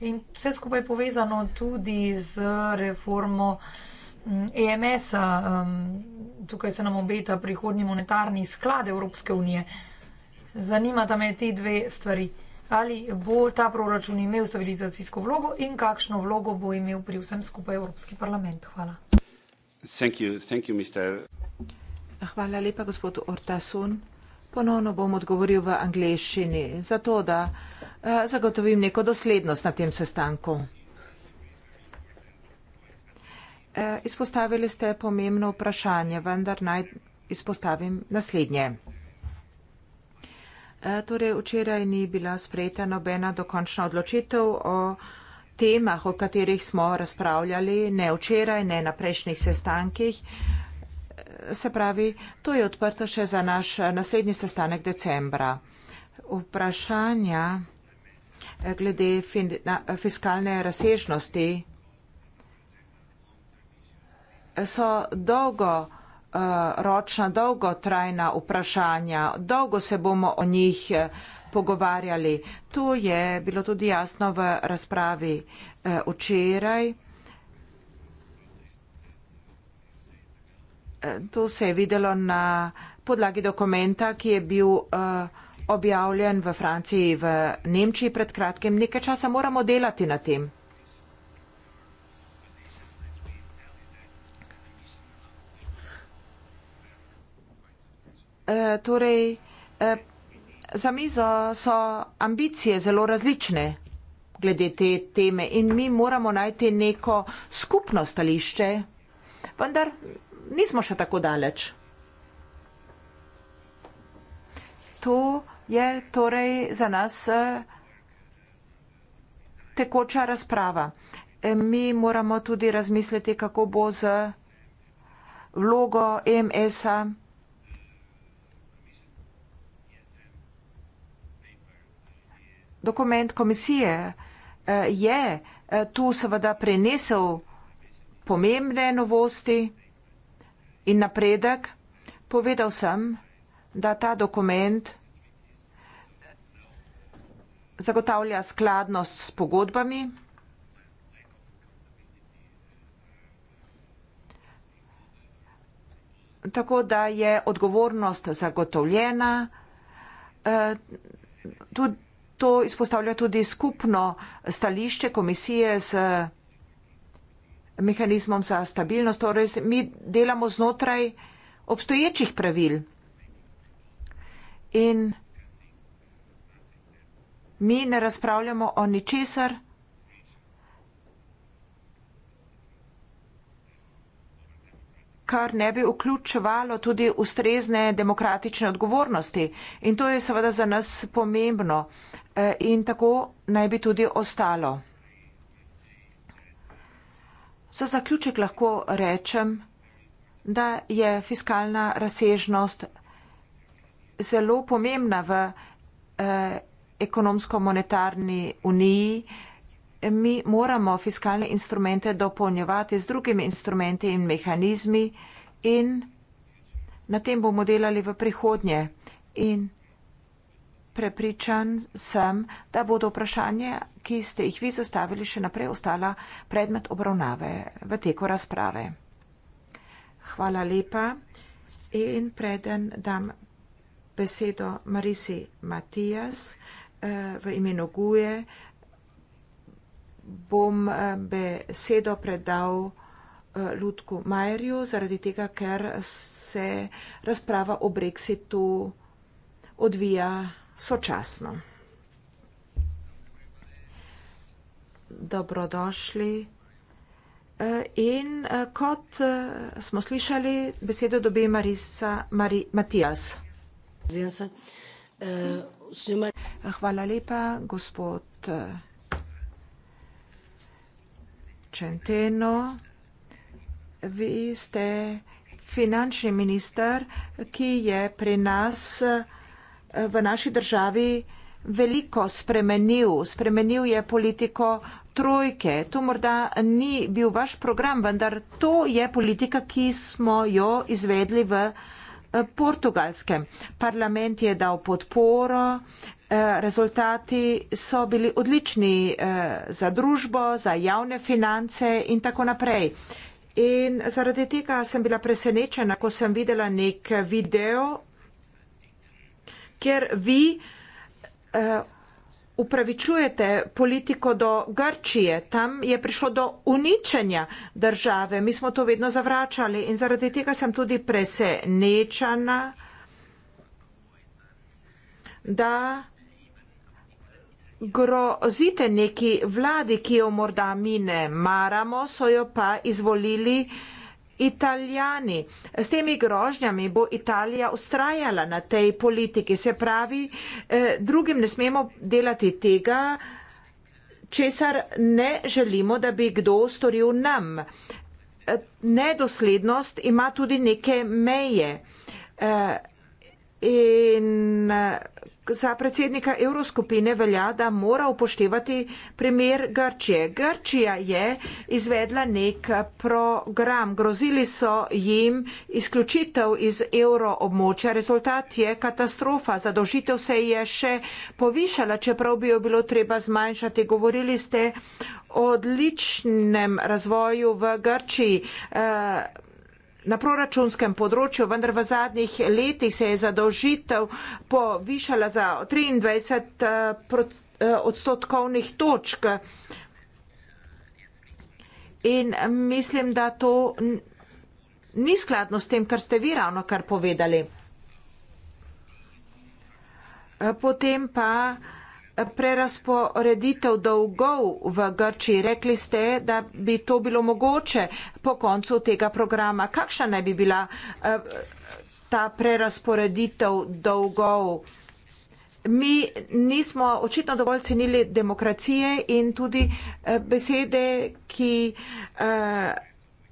In vse skupaj povezano tudi z reformo mm, EMS-a tukaj se nam obeta prihodnji monetarni sklad Evropske unije. Zanimata me te dve stvari. Ali bo ta proračun imel stabilizacijsko vlogo in kakšno vlogo bo imel pri vsem skupaj Evropski parlament? Hvala. Thank you. Thank you, Hvala lepa, gospod Ortasun. Ponovno bom odgovoril v angleščini, zato da uh, zagotovim neko doslednost na tem sestanku. Eh, izpostavili ste pomembno vprašanje, vendar naj izpostavim naslednje. Eh, torej, včeraj ni bila sprejeta nobena dokončna odločitev o temah, o katerih smo razpravljali, ne včeraj, ne na prejšnjih sestankih. Eh, se pravi, to je odprto še za naš naslednji sestanek decembra. Vprašanja glede fiskalne razsežnosti so dolgo eh, ročna, dolgotrajna vprašanja, dolgo se bomo o njih eh, pogovarjali. To je bilo tudi jasno v razpravi eh, včeraj. To se je videlo na podlagi dokumenta, ki je bil objavljen v Franciji, v Nemčiji pred kratkim. Nekaj časa moramo delati na tem. Eh, torej, eh, za mizo so ambicije zelo različne glede te teme in mi moramo najti neko skupno stališče, vendar nismo še tako daleč. To je torej za nas eh, tekoča razprava. Mi moramo tudi razmisliti, kako bo z vlogo EMS-a dokument komisije eh, je eh, tu seveda prenesel pomembne novosti in napredek. Povedal sem, da ta dokument zagotavlja skladnost s pogodbami, tako da je odgovornost zagotovljena. Eh, tudi To izpostavlja tudi skupno stališče komisije z mehanizmom za stabilnost. Torej, mi delamo znotraj obstoječih pravil in mi ne razpravljamo o ničesar. kar ne bi vključevalo tudi ustrezne demokratične odgovornosti. In to je seveda za nas pomembno. Eh, in tako naj bi tudi ostalo. Za zaključek lahko rečem, da je fiskalna razsežnost zelo pomembna v eh, ekonomsko-monetarni uniji. Mi moramo fiskalne instrumente dopolnjevati z drugimi instrumenti in mehanizmi in na tem bomo delali v prihodnje. In prepričan sem, da bodo vprašanje, ki ste jih vi zastavili, še naprej ostala predmet obravnave v teku razprave. Hvala lepa in preden dam besedo Marisi Matijas eh, v imenu Guje, bom eh, besedo predal eh, Ludku Majerju, zaradi tega, ker se razprava o Brexitu odvija sočasno. Dobrodošli. Eh, in eh, kot eh, smo slišali, besedo dobi Marisa Mari, Matijas. Hvala lepa, gospod Čenteno. Vi ste finančni minister, ki je pri nas v naši državi veliko spremenil. Spremenil je politiko trojke. To morda ni bil vaš program, vendar to je politika, ki smo jo izvedli v eh, portugalskem. Parlament je dal podporo, eh, rezultati so bili odlični eh, za družbo, za javne finance in tako naprej. In zaradi tega sem bila presenečena, ko sem videla nek video kjer vi uh, upravičujete politiko do Grčije. Tam je prišlo do uničenja države. Mi smo to vedno zavračali in zaradi tega sem tudi presenečena, da grozite neki vladi, ki jo morda mi ne maramo, so jo pa izvolili. Uh, Italijani. S temi grožnjami bo Italija ustrajala na tej politiki. Se pravi, eh, drugim ne smemo delati tega, česar ne želimo, da bi kdo storil nam. Eh, nedoslednost ima tudi neke meje. Eh, in za predsednika Evroskupine velja, da mora upoštevati primer Grčije. Grčija je izvedla nek program, grozili so jim izključitev iz evroobmočja. Rezultat je katastrofa, zadožitev se je še povišala, čeprav bi jo bilo treba zmanjšati. Govorili ste o odličnem razvoju v Grčiji. Uh, na proračunskem področju, vendar v zadnjih letih se je zadolžitev povišala za 23 eh, eh, odstotkovnih točk. In mislim, da to ni skladno s tem, kar ste vi ravno kar povedali. Eh, potem pa prerasporeditev dolgov v Grčiji. Rekli ste, da bi to bilo mogoče po koncu tega programa. Kakšna naj bi bila eh, ta prerasporeditev dolgov? Mi nismo očitno dovolj cenili demokracije in tudi eh, besede, ki eh,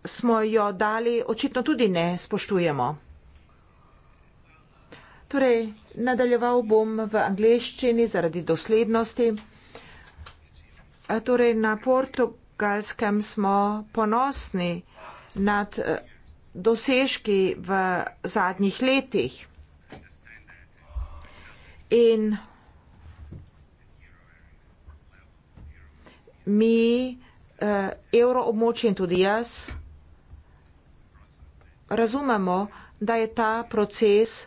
smo jo dali, očitno tudi ne spoštujemo. Torej, nadaljeval bom v angleščini zaradi doslednosti. Torej, na portugalskem smo ponosni nad eh, dosežki v zadnjih letih. In mi, eh, evroobmočje in tudi jaz, razumemo, da je ta proces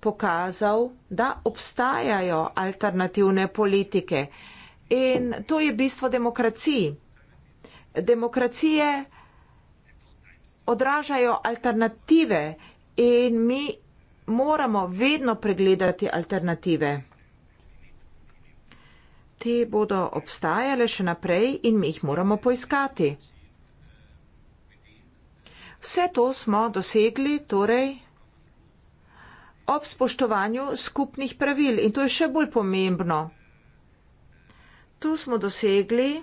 pokazal, da obstajajo alternativne politike. In to je bistvo demokracije. Demokracije odražajo alternative in mi moramo vedno pregledati alternative. Te bodo obstajale še naprej in mi jih moramo poiskati. Vse to smo dosegli, torej ob spoštovanju skupnih pravil. In to je še bolj pomembno. Tu smo dosegli eh,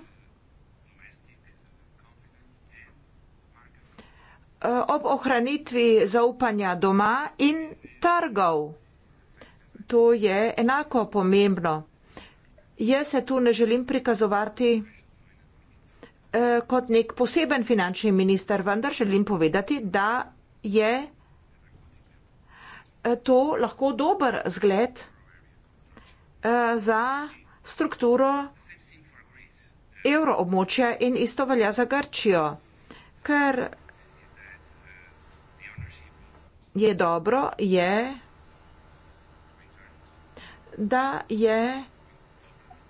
ob ohranitvi zaupanja doma in trgov. To je enako pomembno. Jaz se tu ne želim prikazovati eh, kot nek poseben finančni minister, vendar želim povedati, da je to lahko dober zgled eh, za strukturo evroobmočja in isto velja za Grčijo, ker je dobro, je, da je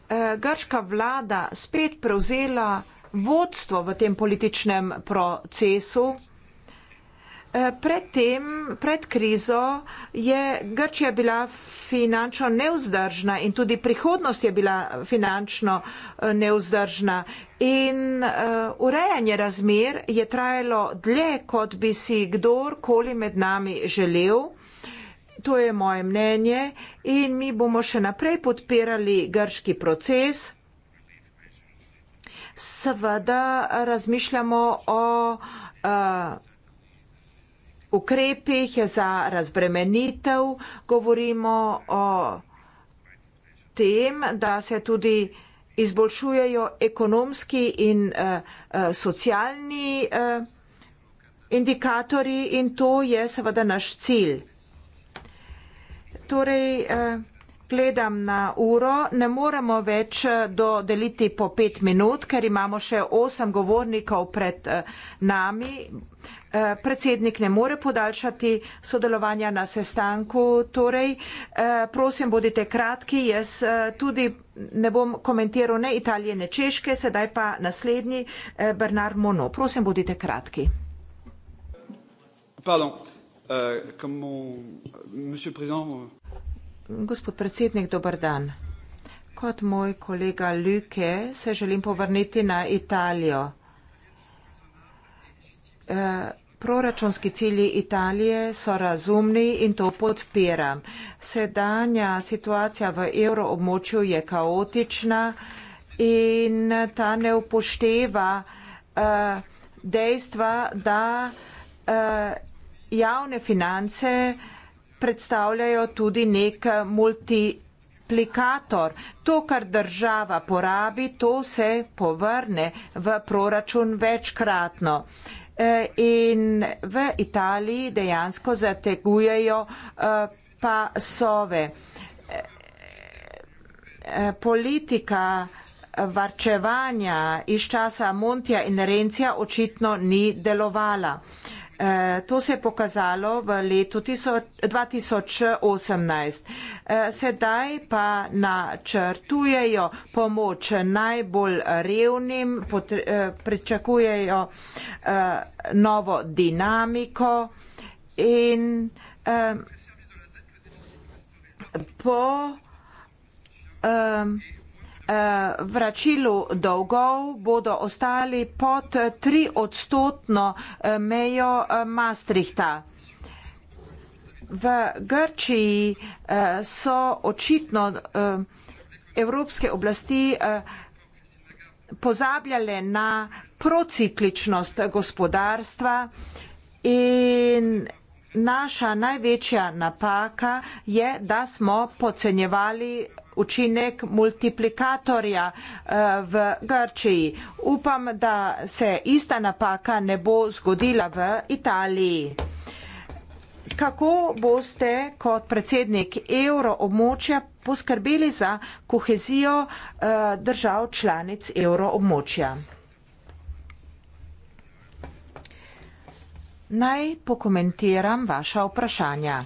eh, grška vlada spet prevzela vodstvo v tem političnem procesu. Pred, tem, pred krizo je Grčija bila finančno neuzdržna in tudi prihodnost je bila finančno eh, neuzdržna. In uh, urejanje razmer je trajalo dlje, kot bi si kdorkoli med nami želel. To je moje mnenje in mi bomo še naprej podpirali grški proces. Seveda razmišljamo o. Uh, ukrepih za razbremenitev, govorimo o tem, da se tudi izboljšujejo ekonomski in uh, socialni uh, indikatorji in to je seveda naš cilj. Torej, uh, gledam na uro, ne moramo več dodeliti po pet minut, ker imamo še osem govornikov pred uh, nami, Eh, predsednik ne more podaljšati sodelovanja na sestanku. Torej, eh, prosim, bodite kratki, jaz eh, tudi ne bom komentiral ne Italije, ne Češke, sedaj pa naslednji Bernard Mono. Prosim, bodite kratki. Pardon. Gospod predsednik, dober dan. Kot moj kolega Luke se želim povrniti na Italijo. Proračunski cilji Italije so razumni in to podpiram. Sedanja situacija v evroobmočju je kaotična in ta ne upošteva uh, dejstva, da uh, javne finance predstavljajo tudi nek multiplikator. To, kar država porabi, to se povrne v proračun večkratno. Uh, E, in v Italiji dejansko zategujejo e, pasove. E, politika varčevanja iz časa Montija in Rencija očitno ni delovala. Eh, to se je pokazalo v letu 2018. Eh, sedaj pa načrtujejo pomoč najbolj revnim, eh, pričakujejo novo dinamiko in po. Eh, vračilu dolgov bodo ostali pod tri odstotno eh, mejo eh, Maastrichta. V Grčiji so očitno evropske oblasti pozabljale na procikličnost gospodarstva in naša največja napaka je, da smo pocenjevali učinek multiplikatorja eh, v Grčiji. Upam, da se ista napaka ne bo zgodila v Italiji. Kako boste kot predsednik euroobmočja poskrbeli za kohezijo eh, držav članic euroobmočja? Naj pokomentiram vaša vprašanja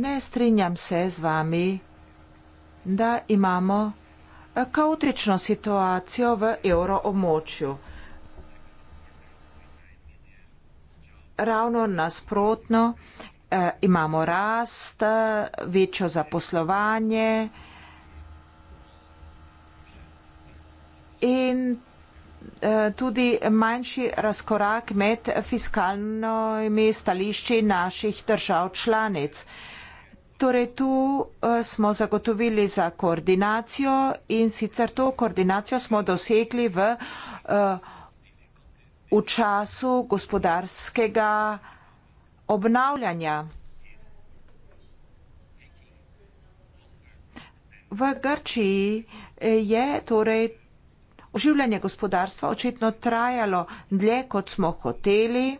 ne strinjam se z vami, da imamo eh, kaotično situacijo v evroobmočju. Ravno nasprotno, eh, imamo rast, eh, večjo zaposlovanje in tudi manjši razkorak med fiskalnimi stališči naših držav članic. Torej, tu eh, smo zagotovili za koordinacijo in sicer to koordinacijo smo dosegli v, eh, v času gospodarskega obnavljanja. V Grčiji eh, je torej oživljanje gospodarstva očitno trajalo dlje, kot smo hoteli.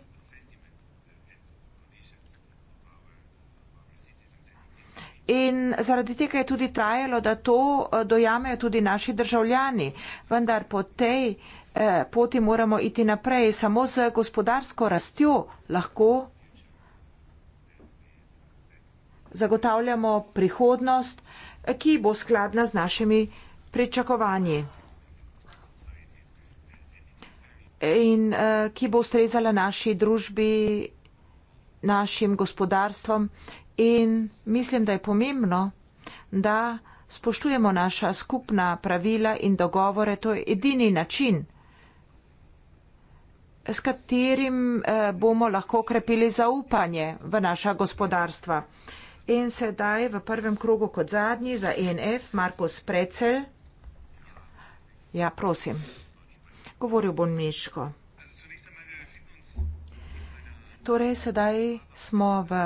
In zaradi tega je tudi trajalo, da to eh, dojamejo tudi naši državljani. Vendar po tej eh, poti moramo iti naprej. Samo z gospodarsko rastjo lahko zagotavljamo prihodnost, eh, ki bo skladna z našimi pričakovanji in ki bo ustrezala naši družbi, našim gospodarstvom In mislim, da je pomembno, da spoštujemo naša skupna pravila in dogovore. To je edini način, s katerim eh, bomo lahko krepili zaupanje v naša gospodarstva. In sedaj v prvem krogu kot zadnji za e NF Markus Precel. Ja, prosim. Govoril bom miško. Torej, sedaj smo v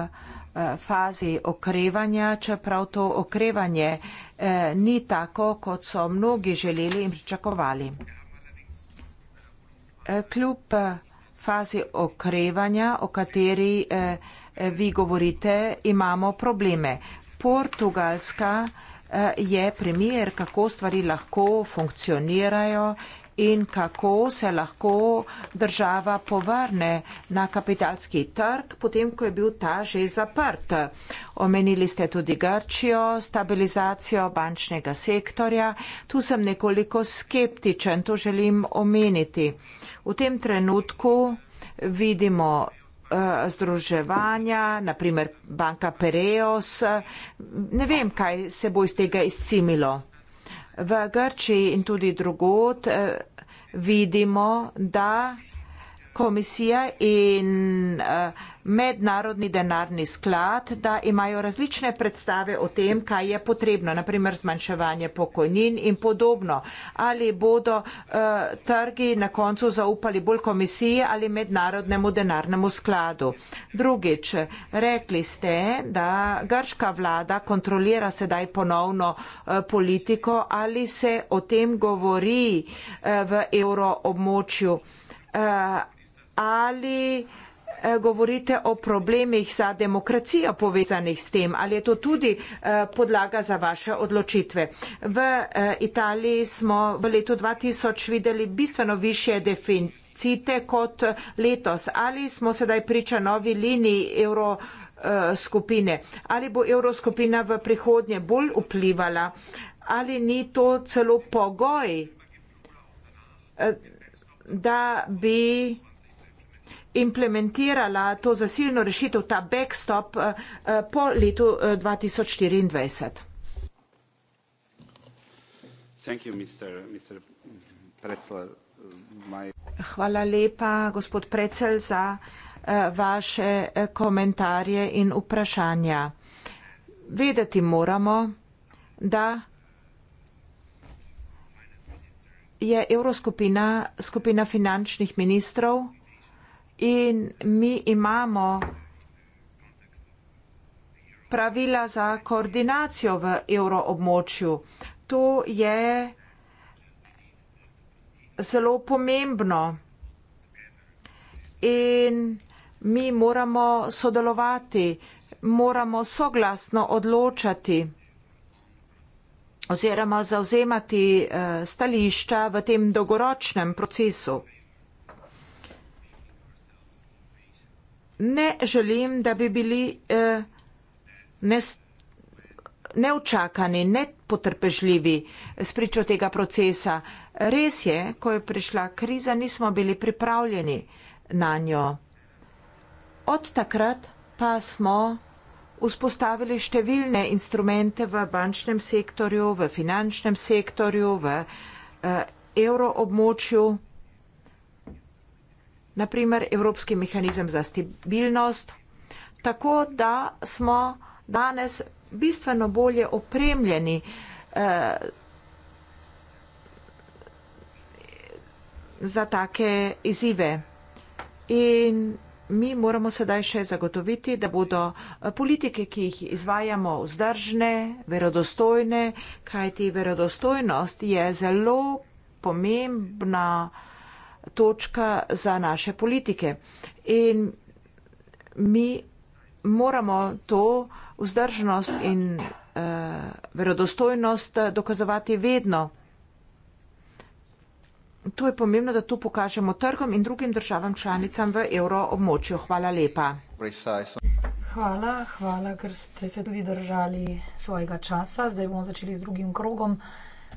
fazi okrevanja, čeprav to okrevanje eh, ni tako, kot so mnogi želeli in pričakovali. Eh, kljub eh, fazi okrevanja, o kateri vi govorite, imamo probleme. Portugalska je primer, kako stvari lahko funkcionirajo in kako se lahko država povrne na kapitalski trg, potem, ko je bil ta že zaprt. Omenili ste tudi Grčijo, stabilizacijo bančnega sektorja. Tu sem nekoliko skeptičen, to želim omeniti. V tem trenutku vidimo eh, združevanja, naprimer banka Pereos. Ne vem, kaj se bo iz tega izcimilo. V Grčiji in tudi drugod eh, vidimo, da komisija in uh, mednarodni denarni sklad, da imajo različne predstave o tem, kaj je potrebno, naprimer zmanjševanje pokojnin in podobno. Ali bodo uh, trgi na koncu zaupali bolj komisiji ali mednarodnemu denarnemu skladu. Drugič, rekli ste, da grška vlada kontrolira sedaj ponovno uh, politiko ali se o tem govori uh, v evroobmočju. Uh, ali Eh, govorite o problemih za demokracijo povezanih s tem? Ali je to tudi eh, podlaga za vaše odločitve? V eh, Italiji smo v letu 2000 videli bistveno više deficite kot letos. Ali smo sedaj priča novi liniji evro skupine? Ali bo evroskupina v prihodnje bolj vplivala? Ali ni to celo pogoj, da bi implementirala to zasilno rešitev, ta backstop eh, eh, po letu 2024. Eh, Thank you, Mr. Mr. Pretzler, my... Hvala lepa, gospod Precel, za uh, vaše komentarje in vprašanja. Vedeti moramo, da je Evroskupina skupina finančnih ministrov In mi imamo pravila za koordinacijo v evroobmočju. To je zelo pomembno. In mi moramo sodelovati, moramo soglasno odločati oziroma zauzemati eh, stališča v tem dolgoročnem procesu. ne želim, da bi bili neočakani, eh, ne potrpežljivi spričo tega procesa. Res je, ko je prišla kriza, nismo bili pripravljeni na njo. Od takrat pa smo vzpostavili številne instrumente v bančnem sektorju, v finančnem sektorju, v eh, evroobmočju naprimer Evropski mehanizem za stabilnost, tako da smo danes bistveno bolje opremljeni eh, za take izzive. In mi moramo sedaj še zagotoviti, da bodo eh, politike, ki jih izvajamo, vzdržne, verodostojne, kajti verodostojnost je zelo pomembna točka za naše politike. In mi moramo to vzdržnost in uh, verodostojnost dokazovati vedno. To je pomembno, da to pokažemo trgom in drugim državam članicam v evroobmočju. Hvala lepa. Hvala, hvala, ker ste se tudi držali svojega časa. Zdaj bomo začeli z drugim krogom.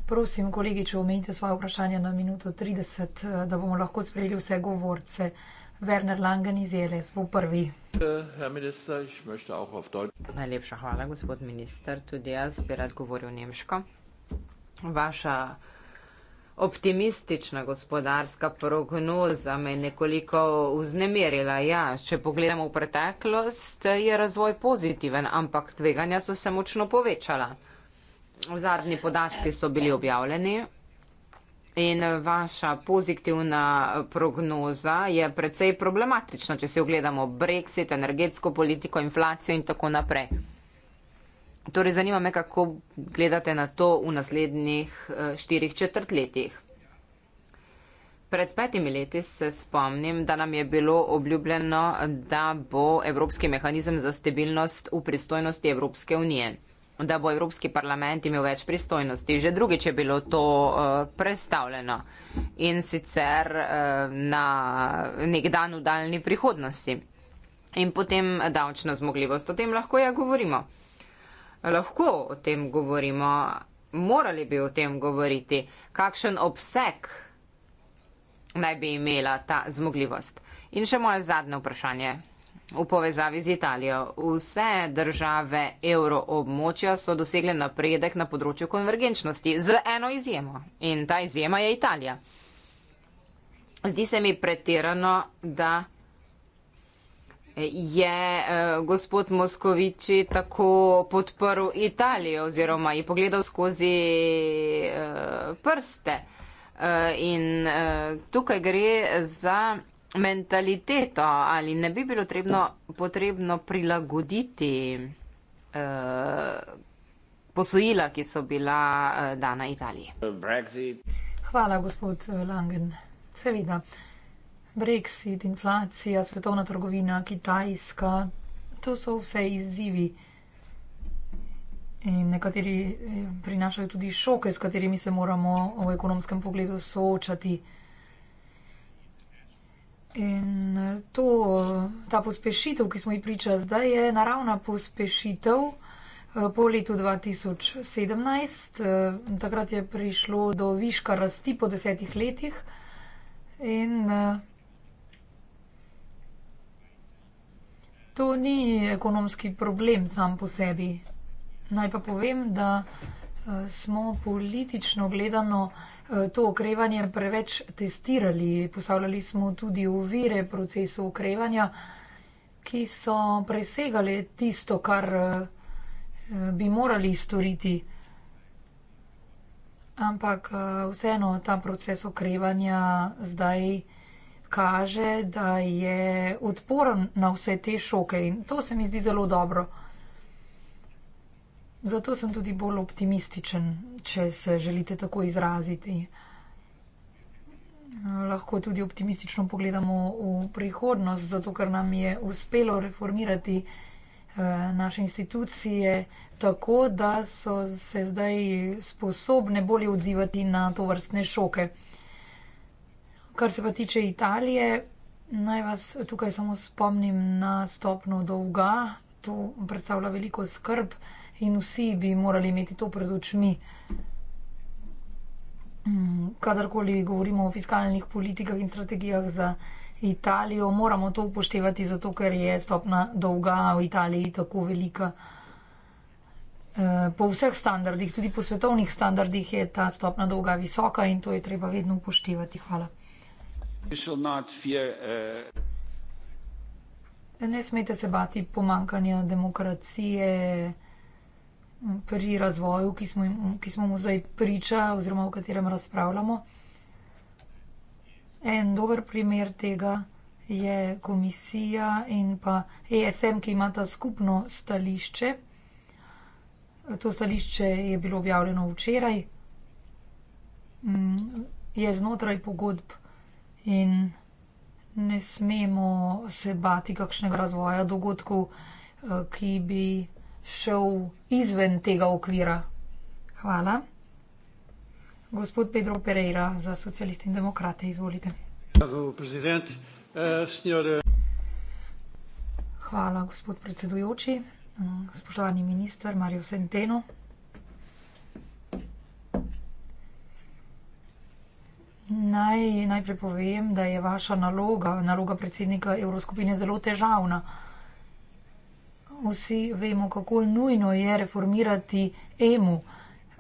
Prosim, kolegiče, omejite svoje vprašanje na minuto 30, eh, da bomo lahko sprejeli vse govorce. Werner Langen iz ELS bo prvi. Najlepša hvala, gospod minister. Tudi jaz bi rad govoril nemško. Vaša optimistična gospodarska prognoza me je nekoliko vznemirila. Ja, če pogledamo v preteklost, je razvoj pozitiven, ampak tveganja so se močno povečala zadnji podatki so bili objavljeni. In vaša pozitivna prognoza je precej problematična, če si ogledamo Brexit, energetsko politiko, inflacijo in tako naprej. Torej, zanima me, kako gledate na to v naslednjih eh, štirih četrtletjih. Pred petimi leti se spomnim, da nam je bilo obljubljeno, da bo evropski mehanizem za stabilnost v pristojnosti Evropske unije da bo Evropski parlament imel več pristojnosti. Že drugič je bilo to uh, eh, predstavljeno in sicer uh, na nek dan v daljni prihodnosti. In potem davčna zmogljivost. O tem lahko ja govorimo. Lahko o tem govorimo, morali bi o tem govoriti, kakšen obseg naj bi imela ta zmogljivost. In še moje zadnje vprašanje v povezavi z Italijo. Vse države evroobmočja so dosegle napredek na področju konvergenčnosti z eno izjemo in ta izjema je Italija. Zdi se mi pretirano, da je eh, gospod Moskoviči tako podprl Italijo oziroma ji pogledal skozi eh, prste. Eh, in tukaj gre za mentaliteto ali ne bi bilo trebno, potrebno prilagoditi uh, posojila, ki so bila uh, dana Italiji. Brexit. Hvala, gospod eh, Langen. Seveda, Brexit, inflacija, svetovna trgovina, Kitajska, to so vse izzivi. In nekateri prinašajo tudi šoke, s katerimi se moramo v ekonomskem pogledu soočati. In eh, to, eh, ta pospešitev, ki smo ji priča zdaj, je naravna pospešitev eh, po letu 2017. Takrat je prišlo do viška rasti po desetih letih. In to ni ekonomski problem sam po sebi. Naj pa povem, da smo politično gledano eh, to okrevanje preveč testirali. Postavljali smo tudi ovire procesu okrevanja, ki so presegali tisto, kar eh, bi morali storiti. Ampak eh, vseeno ta proces okrevanja zdaj kaže, da je odporen na vse te šoke in to se mi zdi zelo dobro. Zato sem tudi bolj optimističen, če se želite tako izraziti. Lahko tudi optimistično pogledamo v prihodnost, zato ker nam je uspelo reformirati eh, naše institucije tako, da so se zdaj sposobne bolje odzivati na to vrstne šoke. Kar se pa tiče Italije, naj vas tukaj samo spomnim na stopno dolga, to predstavlja veliko skrb in vsi bi morali imeti to pred očmi. Mm, kadarkoli govorimo o fiskalnih politikah in strategijah za Italijo, moramo to upoštevati, zato ker je stopna dolga v Italiji tako velika. Eh, po vseh standardih, tudi po svetovnih standardih, je ta stopna dolga visoka in to je treba vedno upoštevati. Hvala. Eh, ne smete se bati pomankanja demokracije pri razvoju, ki smo, ki smo mu zdaj priča, oziroma o katerem razpravljamo. En dober primer tega je komisija in pa ESM, ki imata skupno stališče. To stališče je bilo objavljeno včeraj, mm, je znotraj pogodb in ne smemo se bati kakšnega razvoja dogodkov, eh, ki bi šel izven tega okvira. Hvala. Gospod Pedro Pereira za socialiste in demokrate, izvolite. Hvala, gospod predsedujoči. Spoštovani minister Mario Centeno. Naj najprej povem, da je vaša naloga, naloga predsednika Evroskupine, zelo težavna vsi vemo, kako nujno je reformirati EMU,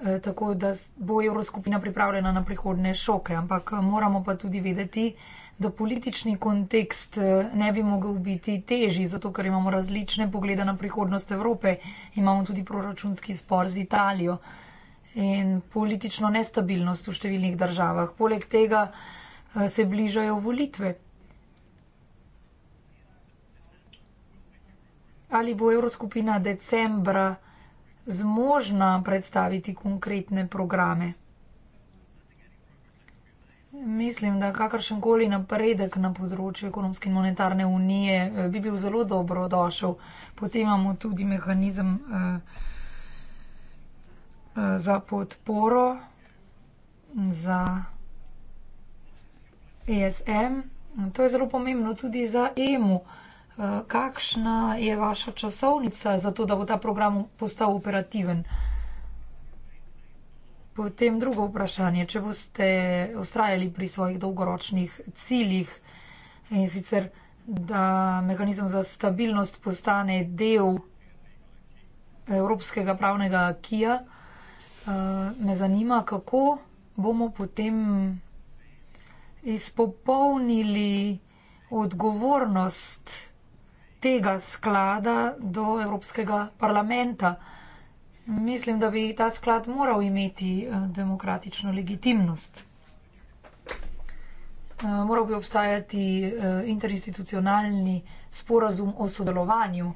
eh, tako da bo Evroskupina pripravljena na prihodne šoke. Ampak eh, moramo pa tudi vedeti, da politični kontekst eh, ne bi mogel biti težji, zato ker imamo različne poglede na prihodnost Evrope. Imamo tudi proračunski spor z Italijo in politično nestabilnost v številnih državah. Poleg tega se bližajo volitve. ali bo Evroskupina decembra zmožna predstaviti konkretne programe. Mislim, da kakršen koli napredek na področju ekonomske in monetarne unije eh, bi bil zelo dobro došel. Potem imamo tudi mehanizem eh, eh, za podporo za ESM. To je zelo pomembno tudi za EMU. Eh, kakšna je vaša časovnica za to, da bo ta program postal operativen? Potem drugo vprašanje, če boste ustrajali pri svojih dolgoročnih ciljih in sicer, da mehanizem za stabilnost postane del evropskega pravnega akija, eh, me zanima, kako bomo potem izpopolnili odgovornost vsega, tega sklada do Evropskega parlamenta. Mislim, da bi ta sklad moral imeti eh, demokratično legitimnost. Eh, moral bi obstajati eh, interinstitucionalni sporazum o sodelovanju,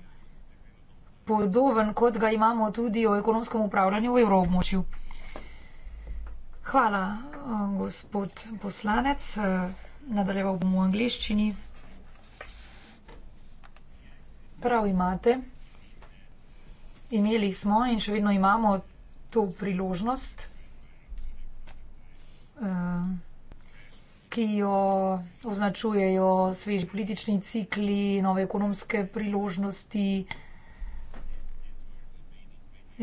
podoben kot ga imamo tudi o ekonomskem upravljanju v evroobmočju. Hvala, gospod poslanec. Nadaljeval bom v angliščini. Prav imate. Imeli smo in še vedno imamo to priložnost, eh, ki jo označujejo sveži politični cikli, nove ekonomske priložnosti.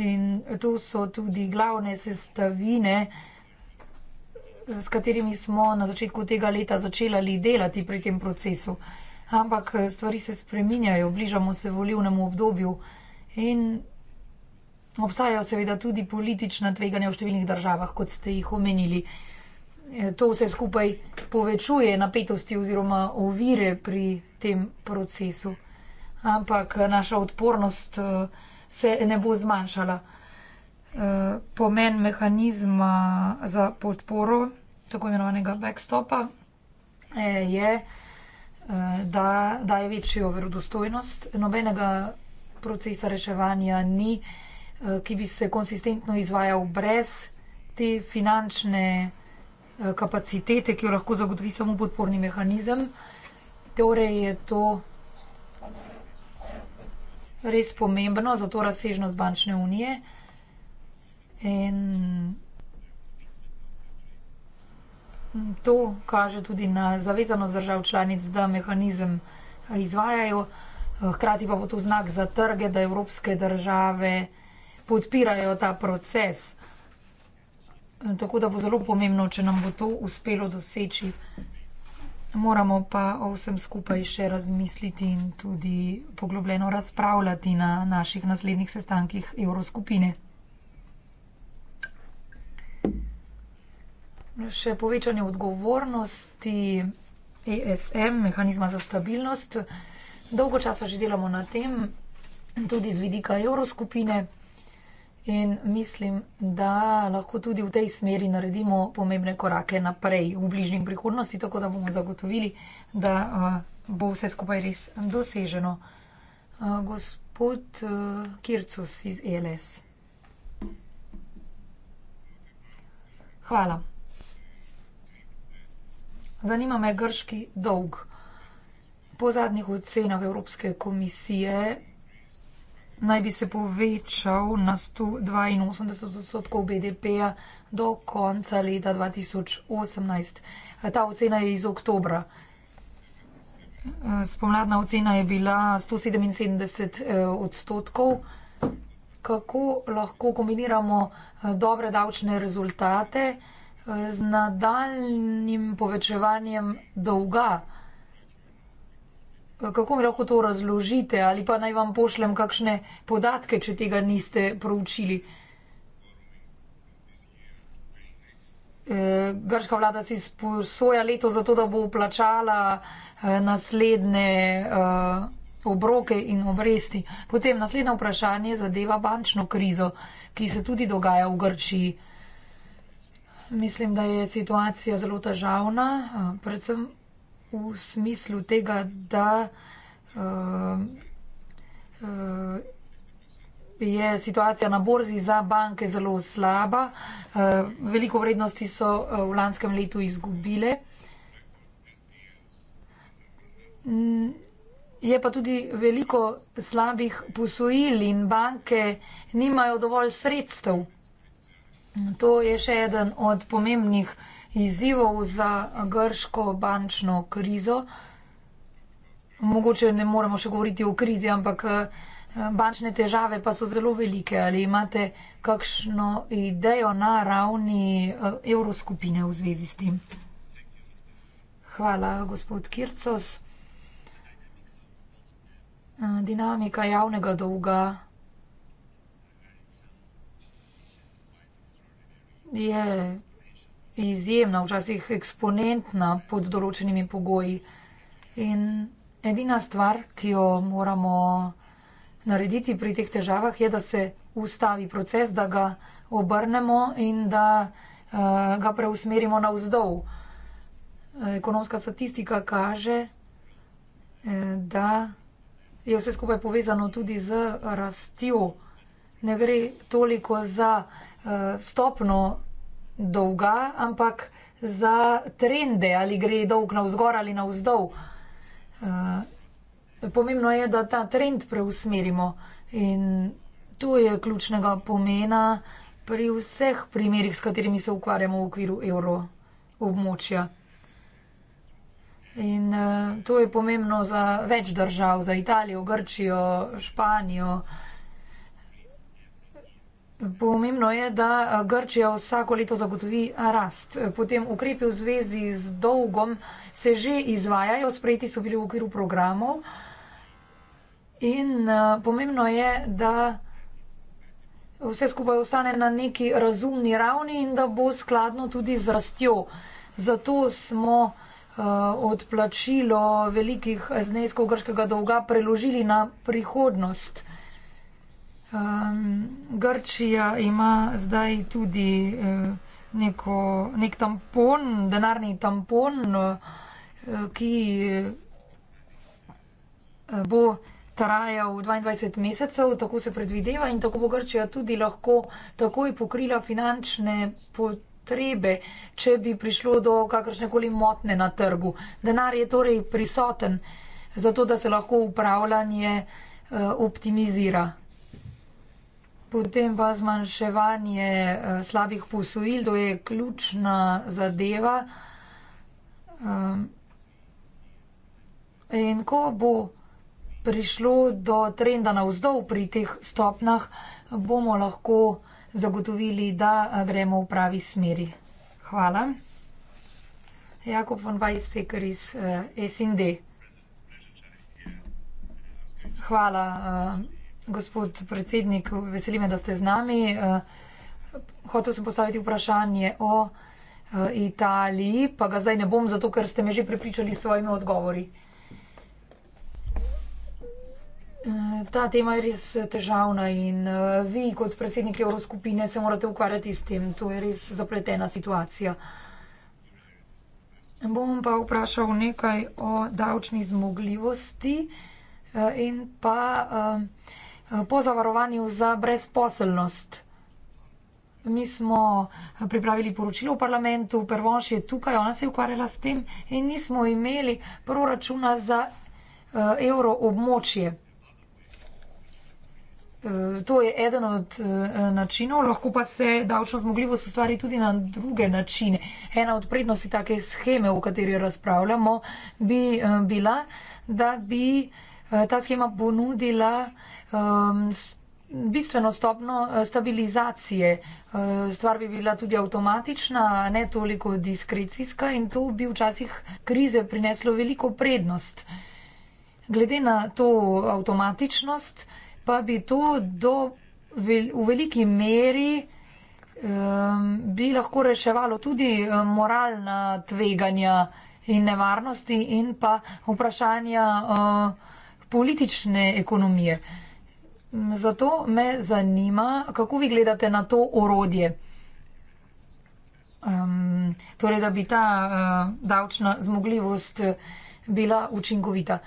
In to so tudi glavne sestavine, s katerimi smo na začetku tega leta začeli delati pri tem procesu ampak eh, stvari se spreminjajo, bližamo se volivnemu obdobju in obstajajo seveda tudi politična tveganja v številnih državah, kot ste jih omenili. Eh, to vse skupaj povečuje napetosti oziroma ovire pri tem procesu. Ampak eh, naša odpornost se ne bo zmanjšala. Pomen mehanizma za podporo, tako imenovanega backstopa, je, da da daje večjo verodostojnost. Nobenega procesa reševanja ni, eh, ki bi se konsistentno izvajal brez te finančne eh, kapacitete, ki jo lahko zagotovi samo podporni mehanizem. Torej je to res pomembno za to razsežnost bančne unije. In To kaže tudi na zavezanost držav članic, da mehanizem eh, izvajajo. Eh, hkrati pa bo to znak za trge, da evropske države podpirajo ta proces. Eh, tako da bo zelo pomembno, če nam bo to uspelo doseči. Moramo pa o vsem skupaj še razmisliti in tudi poglobljeno razpravljati na naših naslednjih sestankih Evroskupine. še povečanje odgovornosti ESM, mehanizma za stabilnost. Dolgo časa že delamo na tem, tudi z vidika evroskupine in mislim, da lahko tudi v tej smeri naredimo pomembne korake naprej v bližnjem prihodnosti, tako da bomo zagotovili, da eh, bo vse skupaj res doseženo. Eh, gospod eh, Kircus iz ELS. Hvala. Zanima me grški dolg. Po zadnjih ocenah Evropske komisije naj bi se povečal na 182 odstotkov BDP-ja do konca leta 2018. Ta ocena je iz oktobra. Spomladna ocena je bila 177 eh, odstotkov. Kako lahko kombiniramo eh, dobre davčne rezultate? z nadaljnim povečevanjem dolga. Kako mi lahko to razložite, ali pa naj vam pošljem kakšne podatke, če tega niste proučili? E, grška vlada si sposoja leto za to, da bo plačala e, naslednje e, obroke in obresti. Potem naslednje vprašanje zadeva bančno krizo, ki se tudi dogaja v Grčiji. Mislim, da je situacija zelo težavna, eh, predvsem v smislu tega, da eh, eh, je situacija na borzi za banke zelo slaba. Veliko vrednosti so v lanskem letu izgubile. Je pa tudi veliko slabih posojil in banke nimajo dovolj sredstev. To je še eden od pomembnih izzivov za grško bančno krizo. Mogoče ne moremo še govoriti o krizi, ampak eh, bančne težave pa so zelo velike. Ali imate kakšno idejo na ravni eh, evroskupine v zvezi s tem? Hvala, gospod Kircos. Eh, dinamika javnega dolga. je izjemna, včasih eksponentna pod določenimi pogoji. In edina stvar, ki jo moramo narediti pri teh težavah, je, da se ustavi proces, da ga obrnemo in da uh, ga preusmerimo navzdol. Eh, ekonomska statistika kaže, eh, da je vse skupaj povezano tudi z rastjo. Ne gre toliko za Eh, stopno dolga, ampak za trende, ali gre dolg navzgor ali navzdol. Eh, pomembno je, da ta trend preusmerimo in to je ključnega pomena pri vseh primerih, s katerimi se ukvarjamo v okviru evro območja. In eh, to je pomembno za več držav, za Italijo, Grčijo, Španijo, Pomembno je, da eh, Grčija vsako leto zagotovi eh, rast. Potem ukrepi v zvezi z dolgom se že izvajajo, sprejeti so bili v okviru programov. In eh, pomembno je, da vse skupaj ostane na neki razumni ravni in da bo skladno tudi z rastjo. Zato smo odplačilo velikih zneskov grškega dolga preložili na prihodnost. Um, Grčija ima zdaj tudi uh, neko, nek tampon, denarni tampon, uh, ki uh, bo trajal 22 mesecev, tako se predvideva in tako bo Grčija tudi lahko takoj pokrila finančne potrebe, če bi prišlo do kakršnekoli motne na trgu. Denar je torej prisoten, zato da se lahko upravljanje uh, optimizira. Potem pa zmanjševanje eh, slabih posojil, to je ključna zadeva. Ehm, in ko bo prišlo do trenda navzdol pri teh stopnah, bomo lahko zagotovili, da eh, gremo v pravi smeri. Hvala. Jakob von Weizsäcker iz eh, SND. Hvala gospod predsednik, veseli me, da ste z nami. Eh, hotel sem postaviti vprašanje o eh, Italiji, pa ga zdaj ne bom, zato ker ste me že prepričali s svojimi odgovori. Eh, ta tema je res težavna in vi kot predsednik Evroskupine se morate ukvarjati s tem. To je res zapletena situacija. Bom pa vprašal nekaj o davčni zmogljivosti in pa uh, Eh, po zavarovanju za brezposelnost. Mi smo eh, pripravili poročilo v parlamentu, Prvonš je tukaj, ona se je ukvarjala s tem in nismo imeli proračuna za eh, evro območje. To je eden od načinov, lahko pa se davčno zmogljivost ustvari tudi na druge načine. Ena od prednosti take scheme, o kateri razpravljamo, bi bila, da bi Eh, ta schema bo nudila um, bistveno stopno eh, stabilizacije. Eh, stvar bi bila tudi avtomatična, ne toliko diskrecijska in to bi včasih krize prineslo veliko prednost. Glede na to avtomatičnost pa bi to do, v veliki meri um, bi lahko reševalo tudi moralna tveganja in nevarnosti in pa vprašanja. Uh, politične ekonomije. Zato me zanima, kako vi gledate na to orodje. Um, torej, da bi ta uh, davčna zmogljivost eh, bila učinkovita.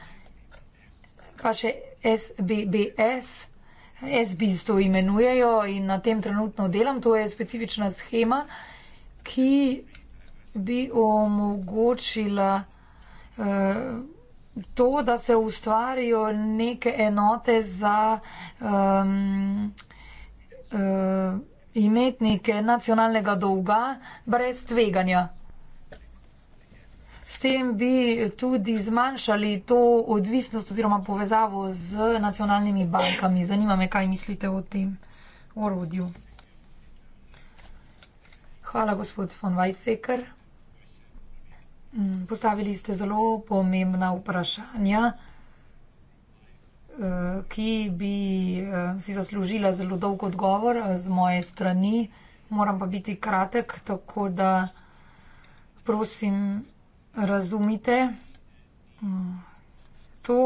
Pa še SBBS, SBS to imenujejo in na tem trenutno delam. To je specifična schema, ki bi omogočila. Uh, to, da se ustvarijo neke enote za um, uh, imetnike nacionalnega dolga brez tveganja. S tem bi tudi zmanjšali to odvisnost oziroma povezavo z nacionalnimi bankami. Zanima me, kaj mislite o tem orodju. Hvala, gospod von Weizsäcker. Mm, postavili ste zelo pomembna vprašanja, eh, ki bi eh, si zaslužila zelo dolg odgovor eh, z moje strani. Moram pa biti kratek, tako da prosim razumite mm, to.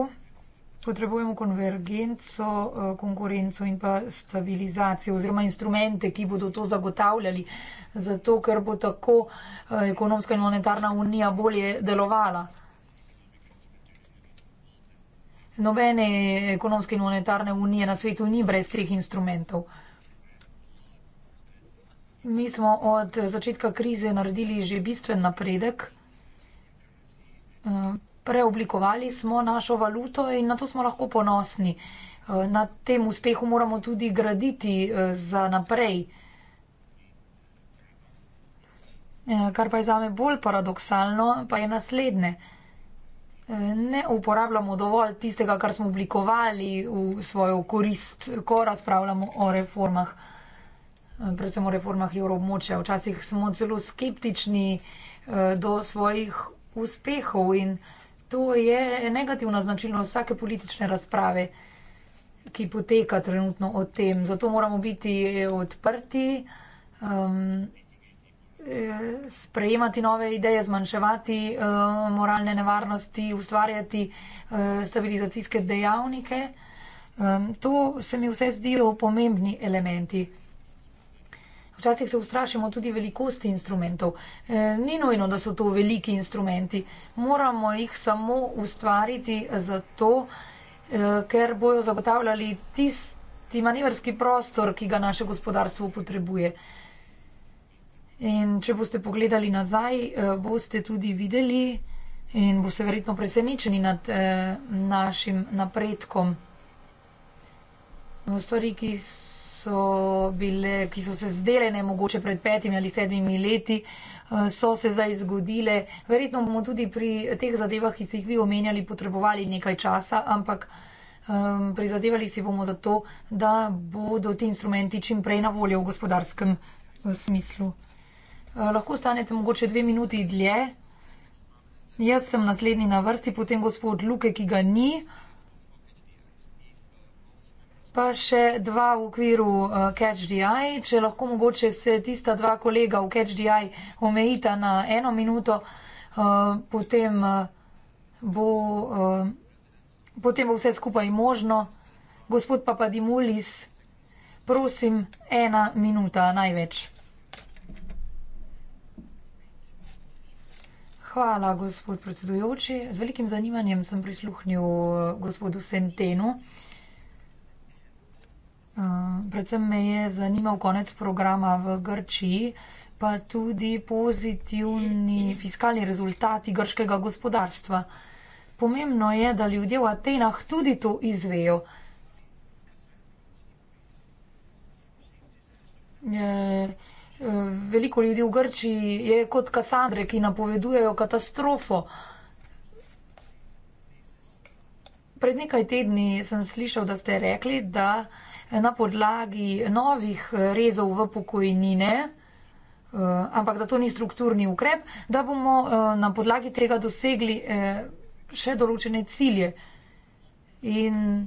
Potrebujemo konvergenco, eh, konkurenco in pa stabilizacijo oziroma instrumente, ki bodo to zagotavljali, zato ker bo tako eh, ekonomska in monetarna unija bolje delovala. Nobene ekonomske in monetarne unije na svetu ni brez treh instrumentov. Mi smo od začetka krize naredili že bistven napredek. Uh, preoblikovali smo našo valuto in na to smo lahko ponosni. Eh, na tem uspehu moramo tudi graditi eh, za naprej. Eh, kar pa je za me bolj paradoksalno, pa je naslednje. Ne uporabljamo dovolj tistega, kar smo oblikovali v svojo korist, ko razpravljamo o reformah, predvsem o reformah evroobmočja. Včasih smo celo skeptični do svojih uspehov in uspehov to je negativna značilnost vsake politične razprave, ki poteka trenutno o tem. Zato moramo biti eh, odprti, um, eh, sprejemati nove ideje, zmanjševati um, moralne nevarnosti, ustvarjati um, stabilizacijske dejavnike. Um, to se mi vse zdijo pomembni elementi. Včasih se ustrašimo tudi velikosti instrumentov. E, ni nujno, da so to veliki instrumenti. Moramo jih samo ustvariti zato, e, ker bojo zagotavljali tisti manevrski prostor, ki ga naše gospodarstvo potrebuje. In če boste pogledali nazaj, e, boste tudi videli in boste verjetno presenečeni nad e, našim napredkom. Stvari, ki so so, bile, ki so se zdele ne mogoče pred petimi ali sedmimi leti, eh, so se zdaj zgodile. Verjetno bomo tudi pri teh zadevah, ki ste jih vi omenjali, potrebovali nekaj časa, ampak um, prizadevali si bomo za to, da bodo ti instrumenti čim prej na voljo v gospodarskem eh, smislu. Eh, lahko stanete mogoče dve minuti dlje. Jaz sem naslednji na vrsti, potem gospod Luke, ki ga ni. Pa še dva v okviru uh, eh, CatchDI. Če lahko mogoče se tista dva kolega v CatchDI omejita na eno minuto, uh, potem, uh, bo, uh, potem bo vse skupaj možno. Gospod Papadimulis, prosim, ena minuta največ. Hvala, gospod predsedujoči. Z velikim zanimanjem sem prisluhnil gospodu Sentenu. Eh, predvsem me je zanimal konec programa v Grčiji, pa tudi pozitivni fiskalni rezultati grškega gospodarstva. Pomembno je, da ljudje v Atenah tudi to izvejo. E, veliko ljudi v Grčiji je kot Kasandre, ki napovedujejo katastrofo. Pred nekaj tedni sem slišal, da ste rekli, da na podlagi novih rezov v pokojnine, eh, ampak da to ni strukturni ukrep, da bomo eh, na podlagi tega dosegli eh, še določene cilje. In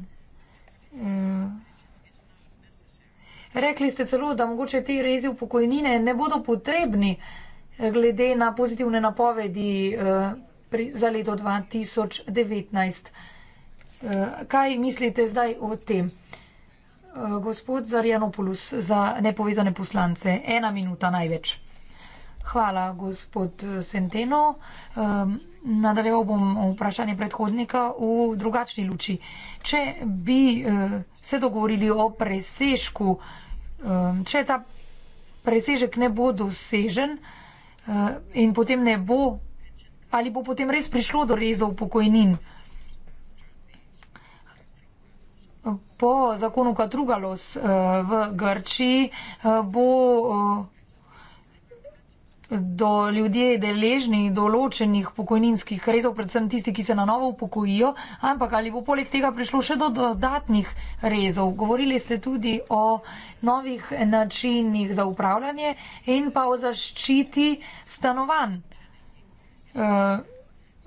rekli ste celo, da mogoče te rezi v pokojnine ne bodo potrebni glede na pozitivne napovedi za leto 2019. Kaj mislite zdaj o tem? Eh, gospod Zarjanopoulos za nepovezane poslance. Ena minuta največ. Hvala, gospod Senteno. Eh, nadaljeval bom vprašanje predhodnika v drugačni luči. Če bi eh, se dogovorili o presežku, če ta presežek ne bo dosežen in potem ne bo, ali bo potem res prišlo do rezov pokojnin? po zakonu Katrugalos eh, v Grčiji eh, bo eh, do ljudje deležni določenih pokojninskih rezov, predvsem tisti, ki se na novo upokojijo, ampak ali bo poleg tega prišlo še do dodatnih rezov. Govorili ste tudi o novih načinih za upravljanje in pa o zaščiti stanovanj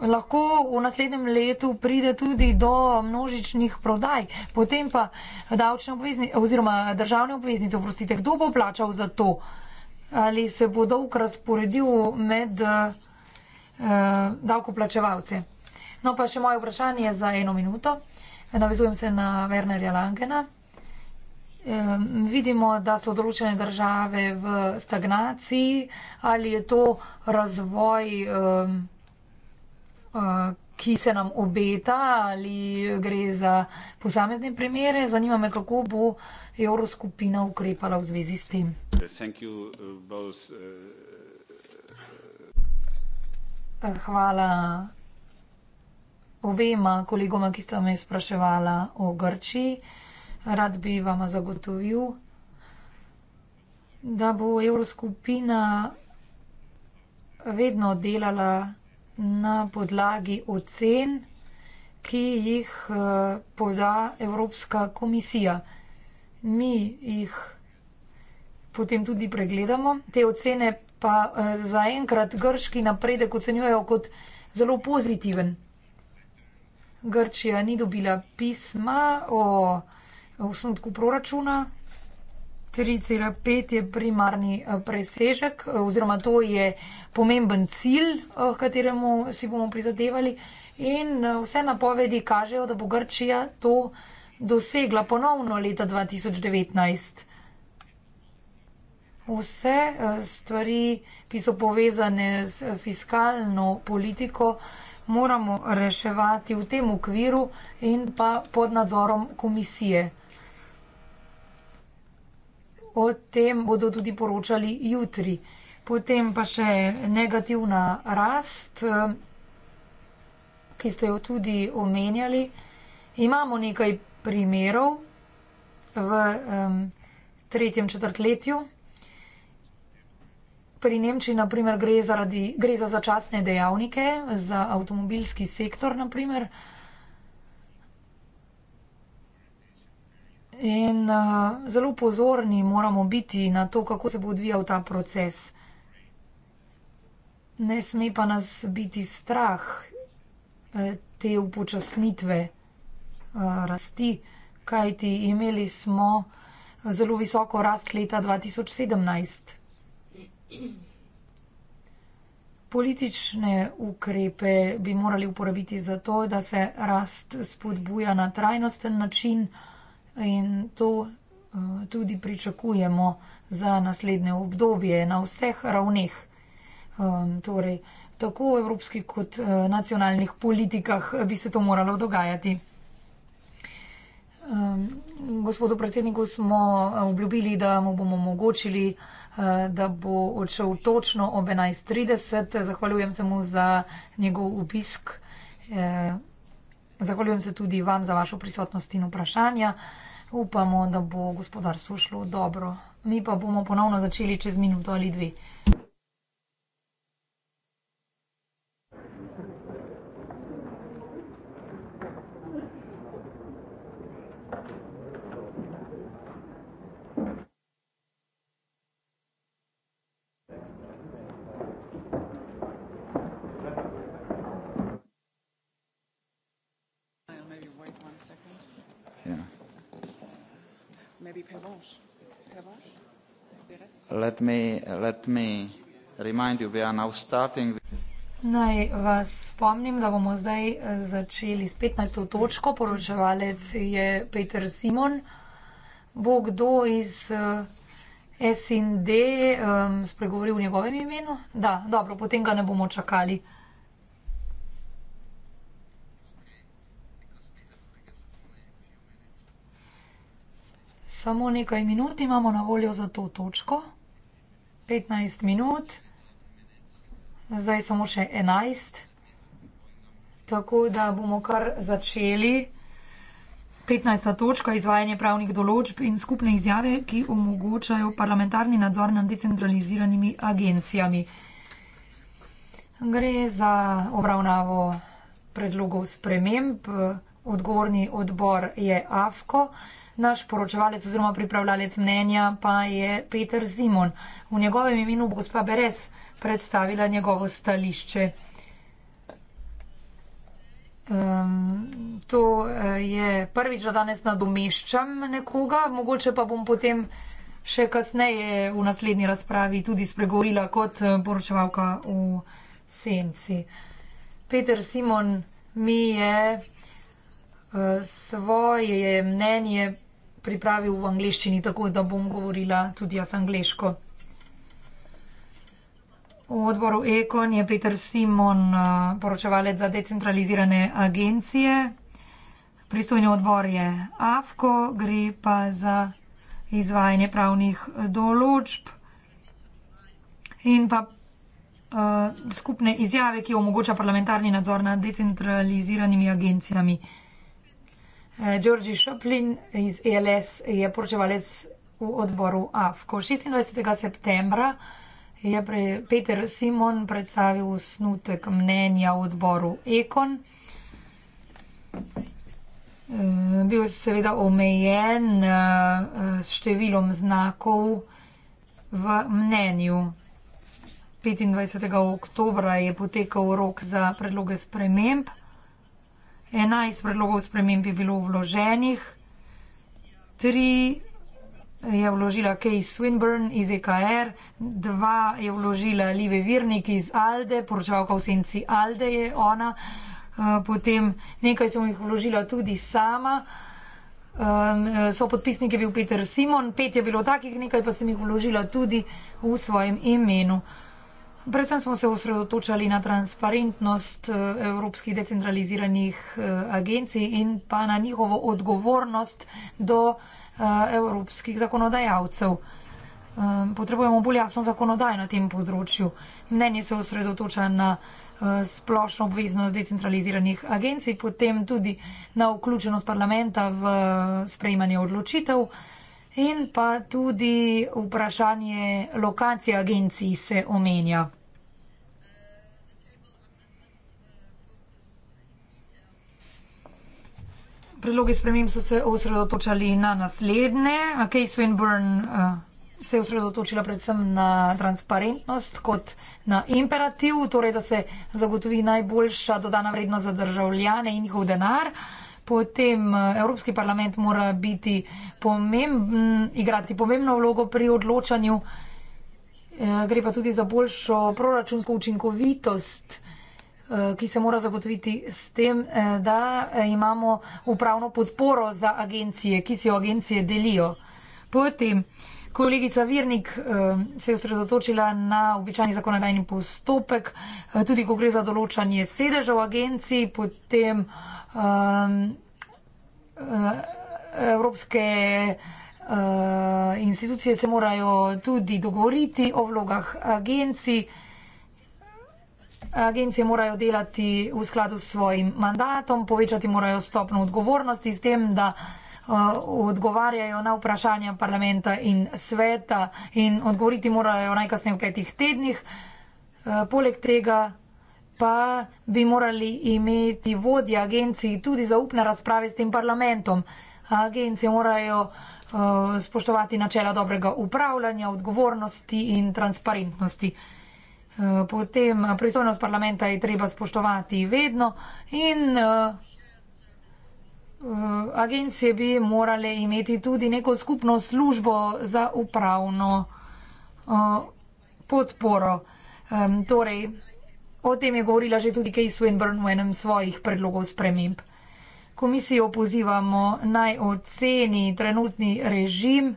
lahko v naslednjem letu pride tudi do množičnih prodaj, potem pa davčne obveznice oziroma državne obveznice, oprostite, kdo bo plačal za to? Ali se bo dolg razporedil med eh, davkoplačevalce? No pa še moje vprašanje za eno minuto. Navezujem se na Wernerja Langena. Vidimo, da so določene države v stagnaciji. Ali je to razvoj vsega? Eh, ki se nam obeta ali gre za posamezne primere. Zanima me, kako bo Evroskupina ukrepala v zvezi s tem. Eh, eh, hvala obema kolegoma, ki sta me spraševala o Grči. Rad bi vama zagotovil, da bo Evroskupina vedno delala na podlagi ocen, ki jih eh, poda Evropska komisija. Mi jih potem tudi pregledamo. Te ocene pa eh, zaenkrat grški napredek ocenjujejo kot zelo pozitiven. Grčija ni dobila pisma o osnutku proračuna tri cela pet je primarni eh, presežek, eh, oziroma to je pomemben cilj, eh, kateremu si bomo prizadevali. In vse napovedi kažejo, da bo Grčija to dosegla ponovno leta 2019. Vse stvari, ki so povezane z fiskalno politiko, moramo reševati v tem okviru in pa pod nadzorom komisije. O tem bodo tudi poročali jutri. Potem pa še negativna rast, ki ste jo tudi omenjali. Imamo nekaj primerov v um, tretjem četrtletju. Pri Nemčiji gre, zaradi, gre za začasne dejavnike, za avtomobilski sektor naprimer. in uh, zelo pozorni moramo biti na to, kako se bo odvijal ta proces. Ne sme pa nas biti strah e, te upočasnitve e, rasti, kajti imeli smo zelo visoko rast leta 2017. Politične ukrepe bi morali uporabiti za to, da se rast spodbuja na trajnosten način. In to eh, tudi pričakujemo za naslednje obdobje na vseh ravneh. Ehm, torej, tako v evropski kot eh, nacionalnih politikah bi se to moralo dogajati. Ehm, gospodu predsedniku smo eh, obljubili, da mu bomo omogočili, da bo odšel točno ob 11.30. Zahvaljujem se mu za njegov obisk. Zahvaljujem se tudi vam za vašo prisotnost in vprašanja. Upamo, da bo gospodarstvo šlo dobro. Mi pa bomo ponovno začeli čez minuto ali dve. Let me, let me remind you, we are now starting. Naj vas spomnim, da bomo zdaj eh, začeli s 15. točko. Poročevalec je Peter Simon. Bo kdo iz eh, SND um, eh, spregovoril v njegovem imenu? Da, dobro, potem ga ne bomo čakali. samo nekaj minut imamo na voljo za to točko. 15 minut. Zdaj samo še 11. Tako da bomo kar začeli. 15. točka, izvajanje pravnih določb in skupne izjave, ki omogočajo parlamentarni nadzor nad decentraliziranimi agencijami. Gre za obravnavo predlogov sprememb. Odgovorni odbor je AFKO. Naš poročevalec oziroma pripravljalec mnenja pa je Peter Zimon. V njegovem imenu bo gospa Beres predstavila njegovo stališče. Um, to e, je prvič, da danes nadomeščam nekoga, mogoče pa bom potem še kasneje v naslednji razpravi tudi spregovorila kot e, poročevalka v senci. Peter Simon mi je uh, svoje mnenje pripravil v angleščini, tako da bom govorila tudi jaz angleško. V odboru Ekon je Peter Simon, eh, poročevalec za decentralizirane agencije. Pristojni odbor je AFKO, gre pa za izvajanje pravnih eh, določb in pa, eh, skupne izjave, ki omogoča parlamentarni nadzor nad decentraliziranimi agencijami. Đorđe eh, Šoplin iz ELS je poročevalec v odboru AFKO. 26. septembra je pre Peter Simon predstavil osnutek mnenja v odboru Ekon. Eh, bil je seveda omejen eh, s številom znakov v mnenju. 25. oktobra je potekal rok za predloge sprememb. 11 predlogov sprememb je bilo vloženih, 3 je vložila Kay Swinburne iz EKR, 2 je vložila Live Virnik iz Alde, poročavka v senci Alde je ona, eh, potem nekaj sem jih vložila tudi sama. Eh, so podpisnik je bil Peter Simon, pet je bilo takih, nekaj pa sem jih vložila tudi v svojem imenu. Predvsem smo se osredotočali na transparentnost eh, evropskih decentraliziranih eh, agencij in pa na njihovo odgovornost do eh, evropskih zakonodajalcev. Potrebujemo bolj jasno zakonodajo na tem področju. Mnenje se osredotoča na splošno obveznost decentraliziranih agencij, potem tudi na vključenost parlamenta v sprejemanje odločitev. In pa tudi vprašanje lokacije agencij se omenja. Predlogi spremem so se osredotočali na naslednje. Kay Swinburne eh, se je osredotočila predvsem na transparentnost kot na imperativ, torej da se zagotovi najboljša dodana vrednost za državljane in njihov denar potem eh, Evropski parlament mora biti pomembn, igrati pomembno vlogo pri odločanju. Eh, gre pa tudi za boljšo proračunsko učinkovitost, eh, ki se mora zagotoviti s tem, da imamo upravno podporo za agencije, ki si jo agencije delijo. Potem kolegica Virnik se je osredotočila na običajni zakonodajni postopek, tudi ko gre za določanje sedežev agencij, potem um, uh, evropske uh, institucije se morajo tudi dogovoriti o vlogah agencij. Agencije morajo delati v skladu s svojim mandatom, povečati morajo stopno odgovornosti s tem, da uh, odgovarjajo na vprašanja parlamenta in sveta in odgovoriti morajo najkasneje v petih tednih. Uh, poleg tega pa bi morali imeti vodje agencij tudi zaupne razprave s tem parlamentom. Agencije morajo eh, spoštovati načela dobrega upravljanja, odgovornosti in transparentnosti. Eh, potem pristojnost parlamenta je treba spoštovati vedno in eh, agencije bi morale imeti tudi neko skupno službo za upravno podporo. Torej, O tem je govorila že tudi Kej Swinburn v enem svojih predlogov sprememb. Komisijo pozivamo naj oceni trenutni režim eh,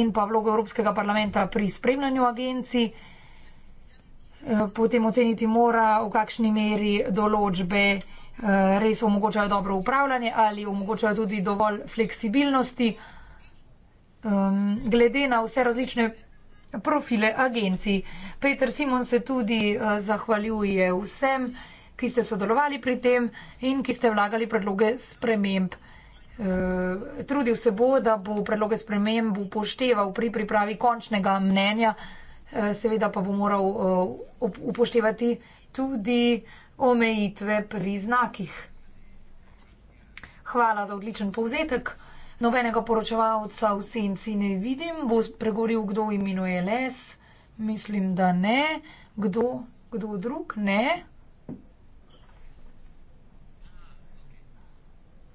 in pa vlogo Evropskega parlamenta pri spremljanju agencij. Eh, potem oceniti mora, v kakšni meri določbe eh, res omogočajo dobro upravljanje ali omogočajo tudi dovolj fleksibilnosti. Ehm, glede na vse različne profile agencij. Peter Simon se tudi eh, zahvaljuje vsem, ki ste sodelovali pri tem in ki ste vlagali predloge sprememb. Eh, trudil se bo, da bo predloge sprememb upošteval pri pripravi končnega mnenja, eh, seveda pa bo moral upoštevati tudi omejitve pri znakih. Hvala za odličen povzetek. Nobenega poročevalca v senci ne vidim. Bo pregoril, kdo imenuje les? Mislim, da ne. Kdo? Kdo drug? Ne.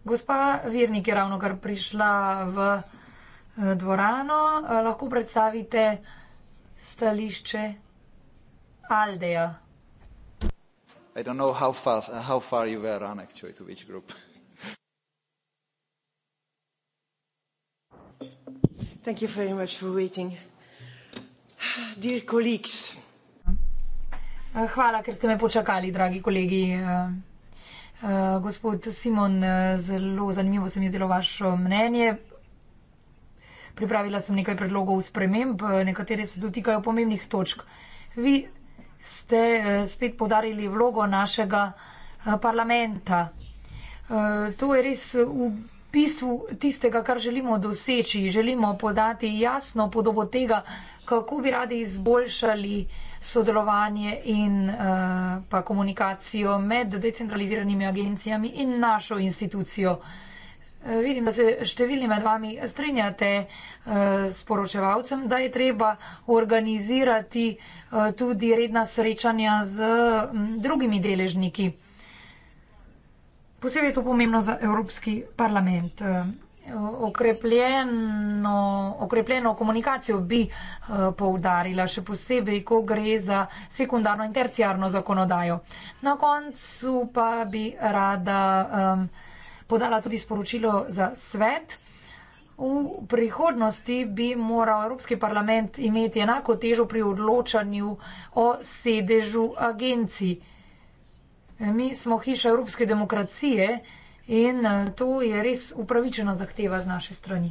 Gospa Virnik je ravno kar prišla v eh, dvorano. Eh, lahko predstavite stališče Aldeja. I don't know how far, how far you were on actually to which group. Thank you very much for waiting. Dear colleagues. Eh, hvala, ker ste me počakali, dragi kolegi. Eh, eh, gospod Simon, zelo zanimivo se mi je zdelo vaše mnenje. Pripravila sem nekaj predlogov sprememb, nekatere se dotikajo pomembnih točk. Vi ste spet podarili vlogo našega parlamenta. To je res v bistvu tistega, kar želimo doseči. Želimo podati jasno podobo tega, kako bi radi izboljšali sodelovanje in uh, komunikacijo med decentraliziranimi agencijami in našo institucijo. Eh, vidim, da se številni med vami strinjate eh, s poročevalcem, da je treba organizirati tudi redna srečanja z drugimi deležniki. Posebej je to pomembno za Evropski parlament. Eh, okrepljeno, okrepljeno komunikacijo bi uh, poudarila, še posebej, ko gre za sekundarno in terciarno zakonodajo. Na koncu pa bi rada um, podala tudi sporočilo za svet. V prihodnosti bi moral Evropski parlament imeti enako težo pri odločanju o sedežu agencij. Mi smo hiša evropske demokracije in eh, to je res upravičena zahteva z naše strani.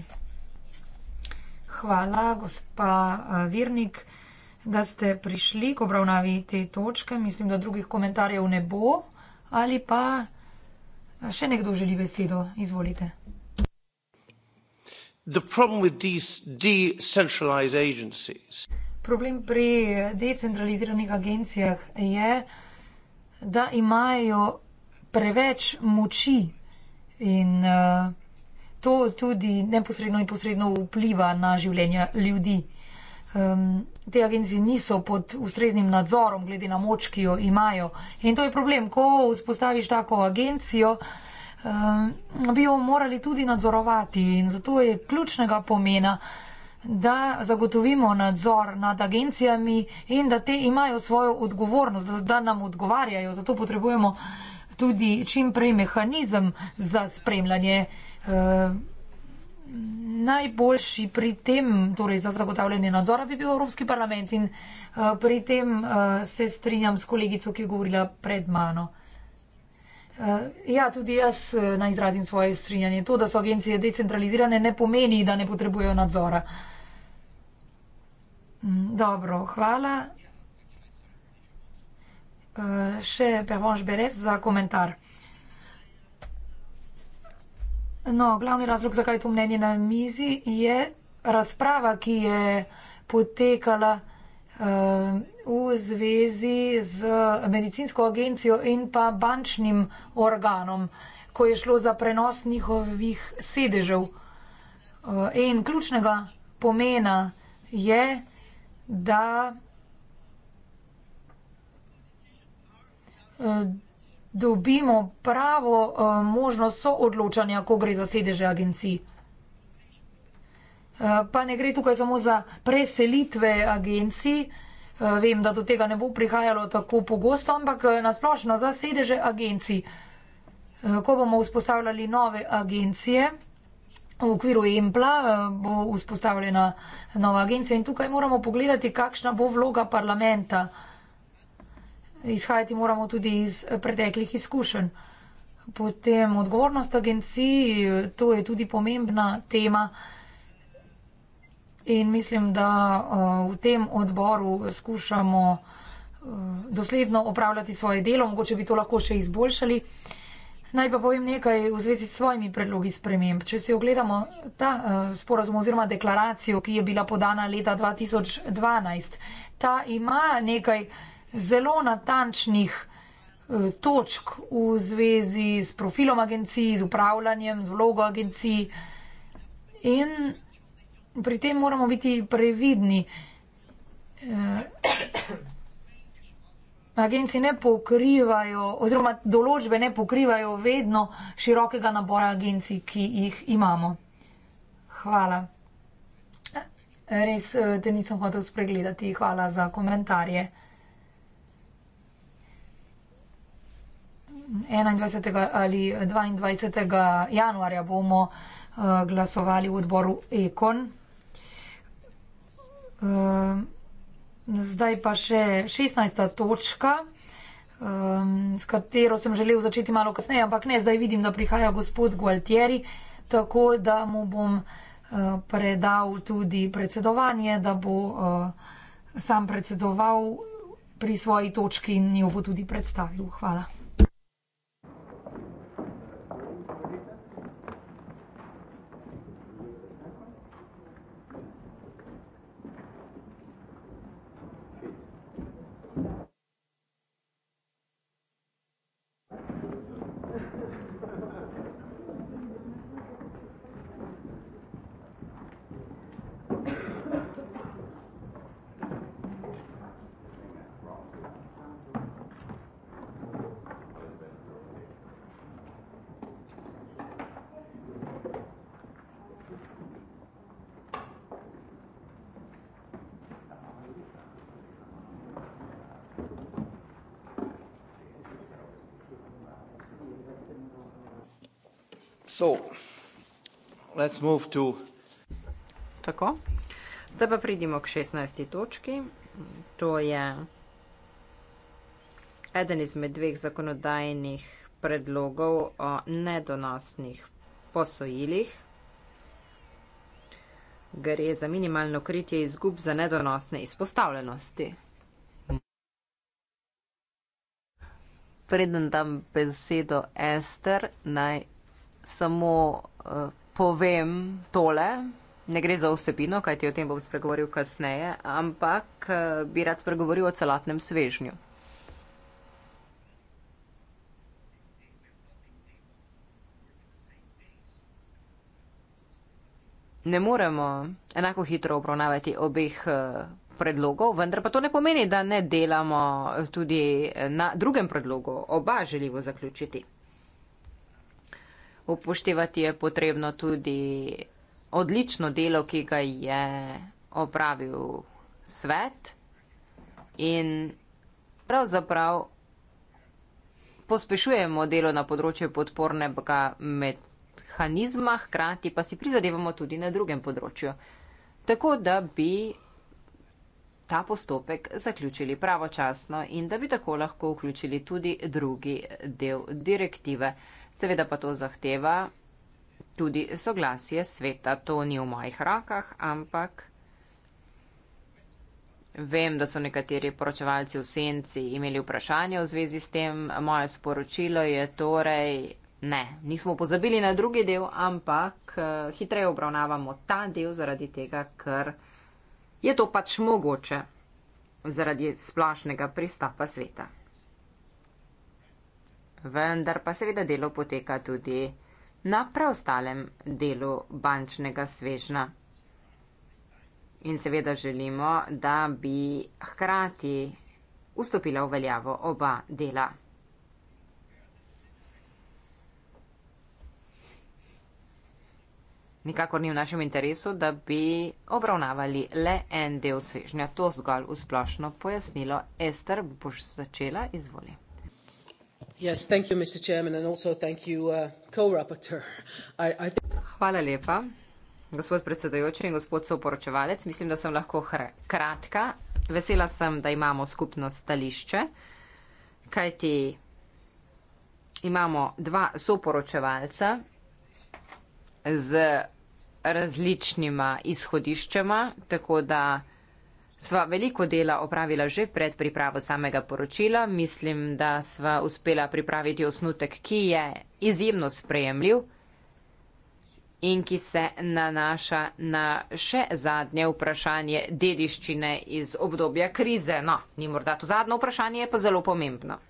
Hvala, gospa eh, Virnik, da ste prišli k obravnavi te točke. Mislim, da drugih komentarjev ne bo. Ali pa eh, še nekdo želi besedo? Izvolite. Problem pri decentraliziranih agencijah je, da imajo preveč moči in uh, to tudi neposredno in posredno vpliva na življenja ljudi. Um, te agencije niso pod ustreznim nadzorom, glede na moč, ki jo imajo. In to je problem, ko vzpostaviš tako agencijo, um, bi jo morali tudi nadzorovati. In zato je ključnega pomena, uh, da zagotovimo nadzor nad agencijami in da te imajo svojo odgovornost, da nam odgovarjajo. Zato potrebujemo tudi čim prej mehanizem za spremljanje. Eh, najboljši pri tem, torej za zagotavljanje nadzora, bi bil Evropski parlament in eh, pri tem eh, se strinjam s kolegico, ki je govorila pred mano. Eh, ja, tudi jaz eh, naj izrazim svoje strinjanje. To, da so agencije decentralizirane, ne pomeni, da ne potrebujejo nadzora. Mm, dobro, hvala. Eh, še Pervonš Beres za komentar. No, glavni razlog, zakaj je to mnenje na mizi, je razprava, ki je potekala. Uh, v zvezi z medicinsko agencijo in pa bančnim organom, ko je šlo za prenos njihovih sedežev. Eh, in ključnega pomena je, da eh, dobimo pravo eh, možnost soodločanja, ko gre za sedeže agencij. Pa ne gre tukaj samo za preselitve agencij, Eh, vem, da do tega ne bo prihajalo tako pogosto, ampak eh, nasplošno za sedeže agencij. Eh, ko bomo vzpostavljali nove agencije, v okviru EMPLA bo vzpostavljena nova agencija in tukaj moramo pogledati, kakšna bo vloga parlamenta. Izhajati moramo tudi iz preteklih izkušenj. Potem odgovornost agencij, to je tudi pomembna tema. In mislim, da uh, v tem odboru skušamo uh, dosledno opravljati svoje delo, mogoče bi to lahko še izboljšali. Naj pa povem nekaj v zvezi s svojimi predlogi sprememb. Če si ogledamo ta uh, sporozum oziroma deklaracijo, ki je bila podana leta 2012, ta ima nekaj zelo natančnih uh, točk v zvezi s profilom agencij, z upravljanjem, z vlogo agencij in pri tem moramo biti previdni. Eh, agencije ne pokrivajo, oziroma določbe ne pokrivajo vedno širokega nabora agencij, ki jih imamo. Hvala. Res eh, te nisem hotel spregledati. Hvala za komentarje. 21. ali 22. januarja bomo eh, glasovali v odboru Ekon. Ehm, zdaj pa še 16. točka, um, s katero sem želel začeti malo kasneje, ampak ne, zdaj vidim, da prihaja gospod Gualtieri, tako da mu bom uh, predal tudi predsedovanje, da bo uh, sam predsedoval pri svoji točki in jo bo tudi predstavil. Hvala. Tako. Zdaj pa pridimo k 16. točki. To je eden izmed dveh zakonodajnih predlogov o nedonosnih posojilih. Gre za minimalno kritje izgub za nedonosne izpostavljenosti. Preden dam besedo Ester, naj samo uh, povem tole, ne gre za vsebino, kajti o tem bom spregovoril kasneje, ampak uh, bi rad spregovoril o celotnem svežnju. Ne moremo enako hitro obravnavati obeh eh, predlogov, vendar pa to ne pomeni, da ne delamo tudi na drugem predlogu. Oba želimo zaključiti upoštevati je potrebno tudi odlično delo, ki ga je opravil svet in pravzaprav pospešujemo delo na področju podpornega mehanizma, hkrati pa si prizadevamo tudi na drugem področju. Tako da bi ta postopek zaključili pravočasno in da bi tako lahko vključili tudi drugi del direktive. Seveda pa to zahteva tudi soglasje sveta. To ni v mojih rokah, ampak vem, da so nekateri poročevalci v senci imeli vprašanje v zvezi s tem. Moje sporočilo je torej, ne, nismo pozabili na drugi del, ampak eh, hitreje obravnavamo ta del zaradi tega, ker je to pač mogoče zaradi splošnega pristopa sveta vendar pa seveda delo poteka tudi na preostalem delu bančnega svežna. In seveda želimo, da bi hkrati vstopila v veljavo oba dela. Nikakor ni v našem interesu, da bi obravnavali le en del svežnja. To zgolj v splošno pojasnilo. Ester, boš začela? Izvoli. Yes, thank you, Mr. Chairman, and also thank you, uh, co-rapporteur. I, I think... Hvala lepa, gospod predsedajoči in gospod soporočevalec. Mislim, da sem lahko hr- kratka. Vesela sem, da imamo skupno stališče, kajti imamo dva soporočevalca z različnima izhodiščema, tako da. Sva veliko dela opravila že pred pripravo samega poročila. Mislim, da sva uspela pripraviti osnutek, ki je izjemno sprejemljiv in ki se nanaša na še zadnje vprašanje dediščine iz obdobja krize. No, ni morda to zadnje vprašanje, je pa zelo pomembno.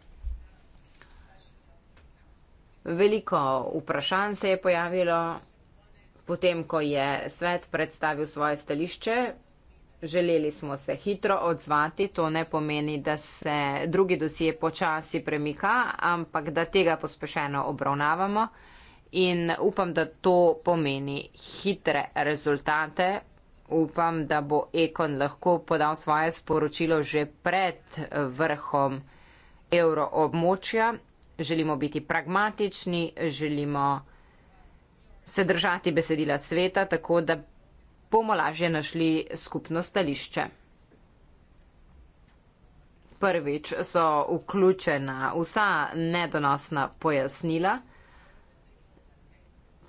Veliko vprašanj se je pojavilo potem, ko je svet predstavil svoje stališče Želeli smo se hitro odzvati, to ne pomeni, da se drugi dosije počasi premika, ampak da tega pospešeno obravnavamo in upam, da to pomeni hitre rezultate. Upam, da bo Ekon lahko podal svoje sporočilo že pred vrhom evroobmočja. Želimo biti pragmatični, želimo se držati besedila sveta, tako da bomo lažje našli skupno stališče. Prvič so vključena vsa nedonosna pojasnila,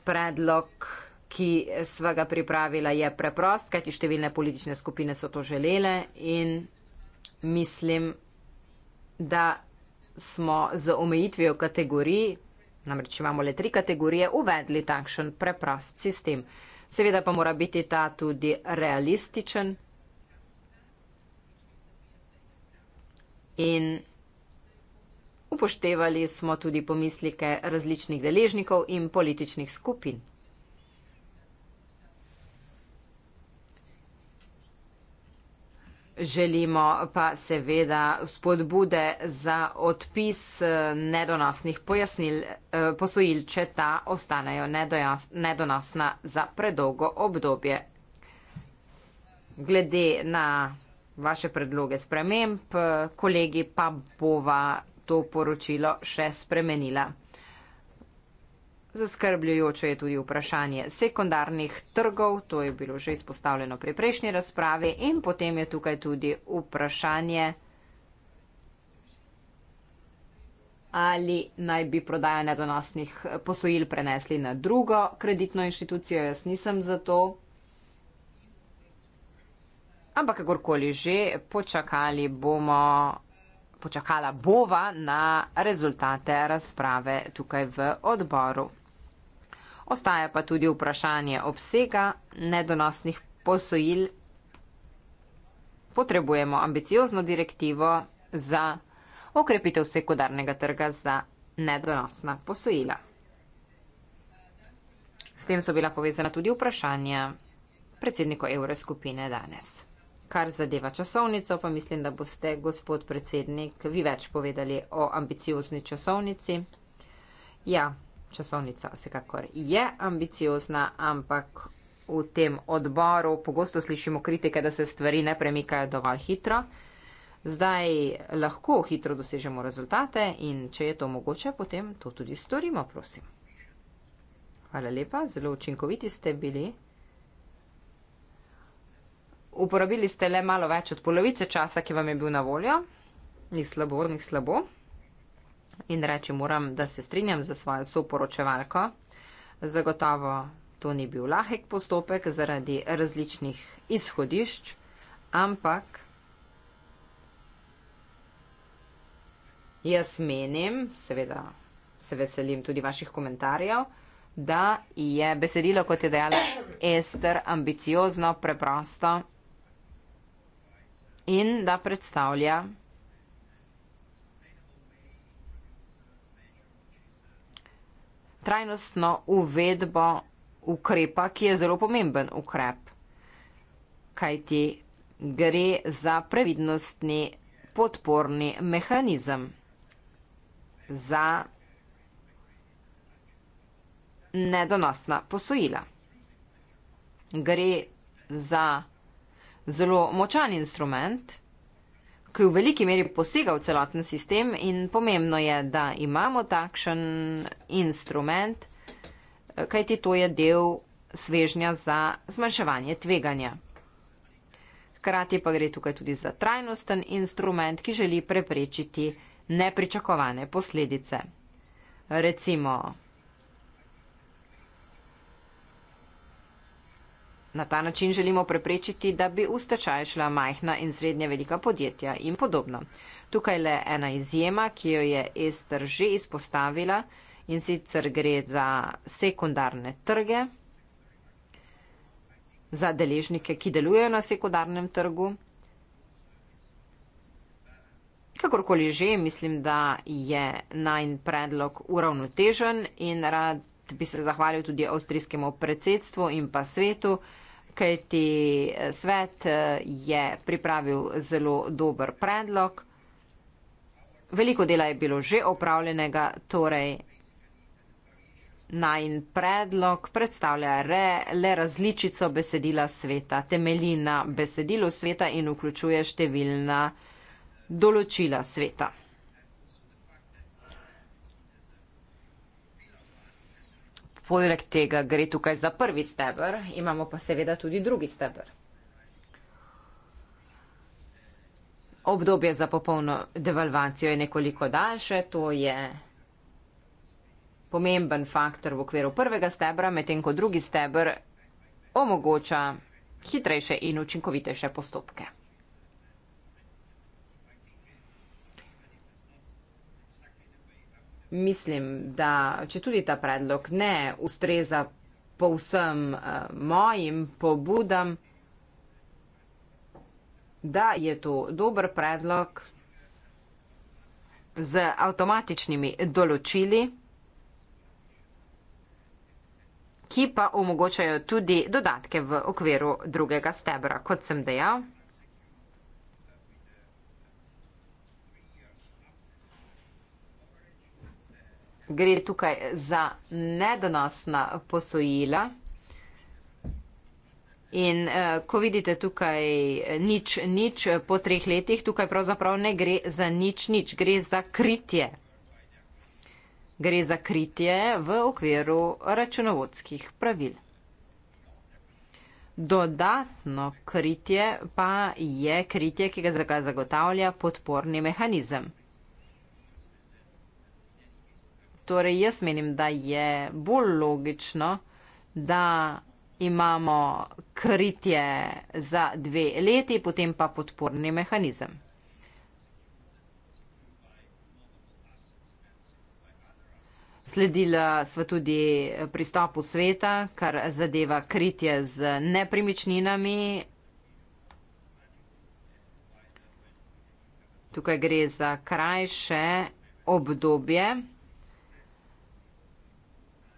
predlog, ki sva ga pripravila, je preprost, kajti številne politične skupine so to želele in mislim, da smo z omejitvijo kategorij, namreč imamo le tri kategorije, uvedli takšen preprost sistem. Seveda pa mora biti ta tudi realističen in upoštevali smo tudi pomislike različnih deležnikov in političnih skupin. Želimo pa seveda spodbude za odpis eh, nedonosnih pojasnil, eh, posojil, če ta ostanejo nedonosna za predolgo obdobje. Glede na vaše predloge sprememb, eh, kolegi pa bova to poročilo še spremenila. Zaskrbljujoče je tudi vprašanje sekundarnih trgov, to je bilo že izpostavljeno pri prejšnji razpravi in potem je tukaj tudi vprašanje, ali naj bi prodaja nedonosnih posojil prenesli na drugo kreditno inštitucijo. Jaz nisem za to. Ampak kakorkoli že, počakali bomo, počakala bova na rezultate razprave tukaj v odboru. Ostaja pa tudi vprašanje obsega nedonosnih posojil. Potrebujemo ambiciozno direktivo za okrepitev sekundarnega trga za nedonosna posojila. S tem so bila povezana tudi vprašanja predsedniku evre skupine danes. Kar zadeva časovnico, pa mislim, da boste, gospod predsednik, vi več povedali o ambiciozni časovnici. Ja, časovnica vsekakor je ambiciozna, ampak v tem odboru pogosto slišimo kritike, da se stvari ne premikajo dovolj hitro. Zdaj lahko hitro dosežemo rezultate in če je to mogoče, potem to tudi storimo, prosim. Hvala lepa, zelo učinkoviti ste bili. Uporabili ste le malo več od polovice časa, ki vam je bil na voljo. Ni slabo, ni slabo in reči moram, da se strinjam za svojo soporočevalko. Zagotovo to ni bil lahek postopek zaradi različnih izhodišč, ampak jaz menim, seveda se veselim tudi vaših komentarjev, da je besedilo, kot je dejala Ester, ambiciozno, preprosto in da predstavlja trajnostno uvedbo ukrepa, ki je zelo pomemben ukrep, kajti gre za previdnostni podporni mehanizem za nedonosna posojila. Gre za zelo močan instrument, ki v veliki meri posega v celoten sistem in pomembno je, da imamo takšen instrument, eh, kajti to je del svežnja za zmanjševanje tveganja. Hkrati pa gre tukaj tudi za trajnosten instrument, ki želi preprečiti nepričakovane posledice. Recimo, Na ta način želimo preprečiti, da bi v stečaj šla majhna in srednje velika podjetja in podobno. Tukaj le ena izjema, ki jo je Ester že izpostavila in sicer gre za sekundarne trge, za deležnike, ki delujejo na sekundarnem trgu. Kakorkoli že, mislim, da je najn predlog uravnotežen in rad bi se zahvalil tudi avstrijskemu predsedstvu in pa svetu tukaj ti eh, svet eh, je pripravil zelo dober predlog. Veliko dela je bilo že opravljenega, torej najn predlog predstavlja re, le različico besedila sveta, temeljina besedilo sveta in vključuje številna določila sveta. poleg tega gre tukaj za prvi stebr, imamo pa seveda tudi drugi stebr. Obdobje za popolno devalvacijo je nekoliko daljše, to je pomemben faktor v okviru prvega stebra, medtem ko drugi stebr omogoča hitrejše in učinkovitejše postopke. mislim, da če tudi ta predlog ne ustreza povsem uh, mojim pobudam, da je to dober predlog z avtomatičnimi določili, ki pa omogočajo tudi dodatke v okviru drugega stebra, kot sem dejal. gre tukaj za nedonosna posojila. In eh, ko vidite tukaj nič, nič po treh letih, tukaj pravzaprav ne gre za nič, nič, gre za kritje. Gre za kritje v okviru računovodskih pravil. Dodatno kritje pa je kritje, ki ga zagotavlja podporni mehanizem. Torej, jaz menim, da je bolj logično, da imamo kritje za dve leti, potem pa podporni mehanizem. Sledila sva tudi pristopu sveta, kar zadeva kritje z nepremičninami. Tukaj gre za krajše obdobje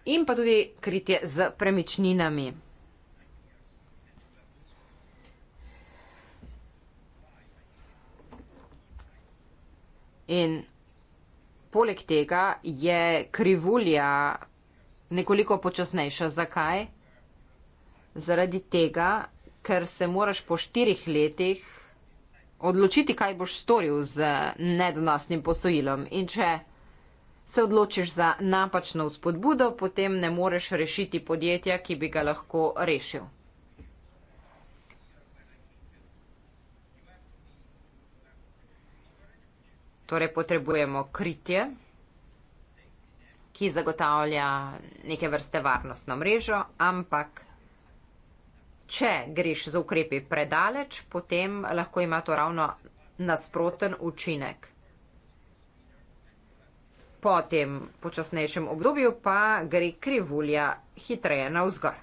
in pa tudi kritje z premičninami. In poleg tega je krivulja nekoliko počasnejša. Zakaj? Zaradi tega, ker se moraš po štirih letih odločiti, kaj boš storil z nedonosnim posojilom. In če se odločiš za napačno spodbudo, potem ne moreš rešiti podjetja, ki bi ga lahko rešil. Torej potrebujemo kritje, ki zagotavlja neke vrste varnostno mrežo, ampak če greš z ukrepi predaleč, potem lahko ima to ravno nasproten učinek po tem počasnejšem obdobju pa gre krivulja hitreje navzgor.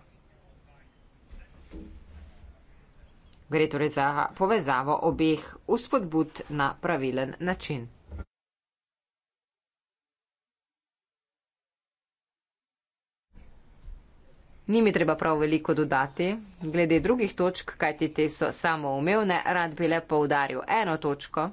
Gre torej za povezavo obeh uspodbud na pravilen način. Ni mi treba prav veliko dodati, glede drugih točk, kajti te so samoumevne, rad bi le poudaril eno točko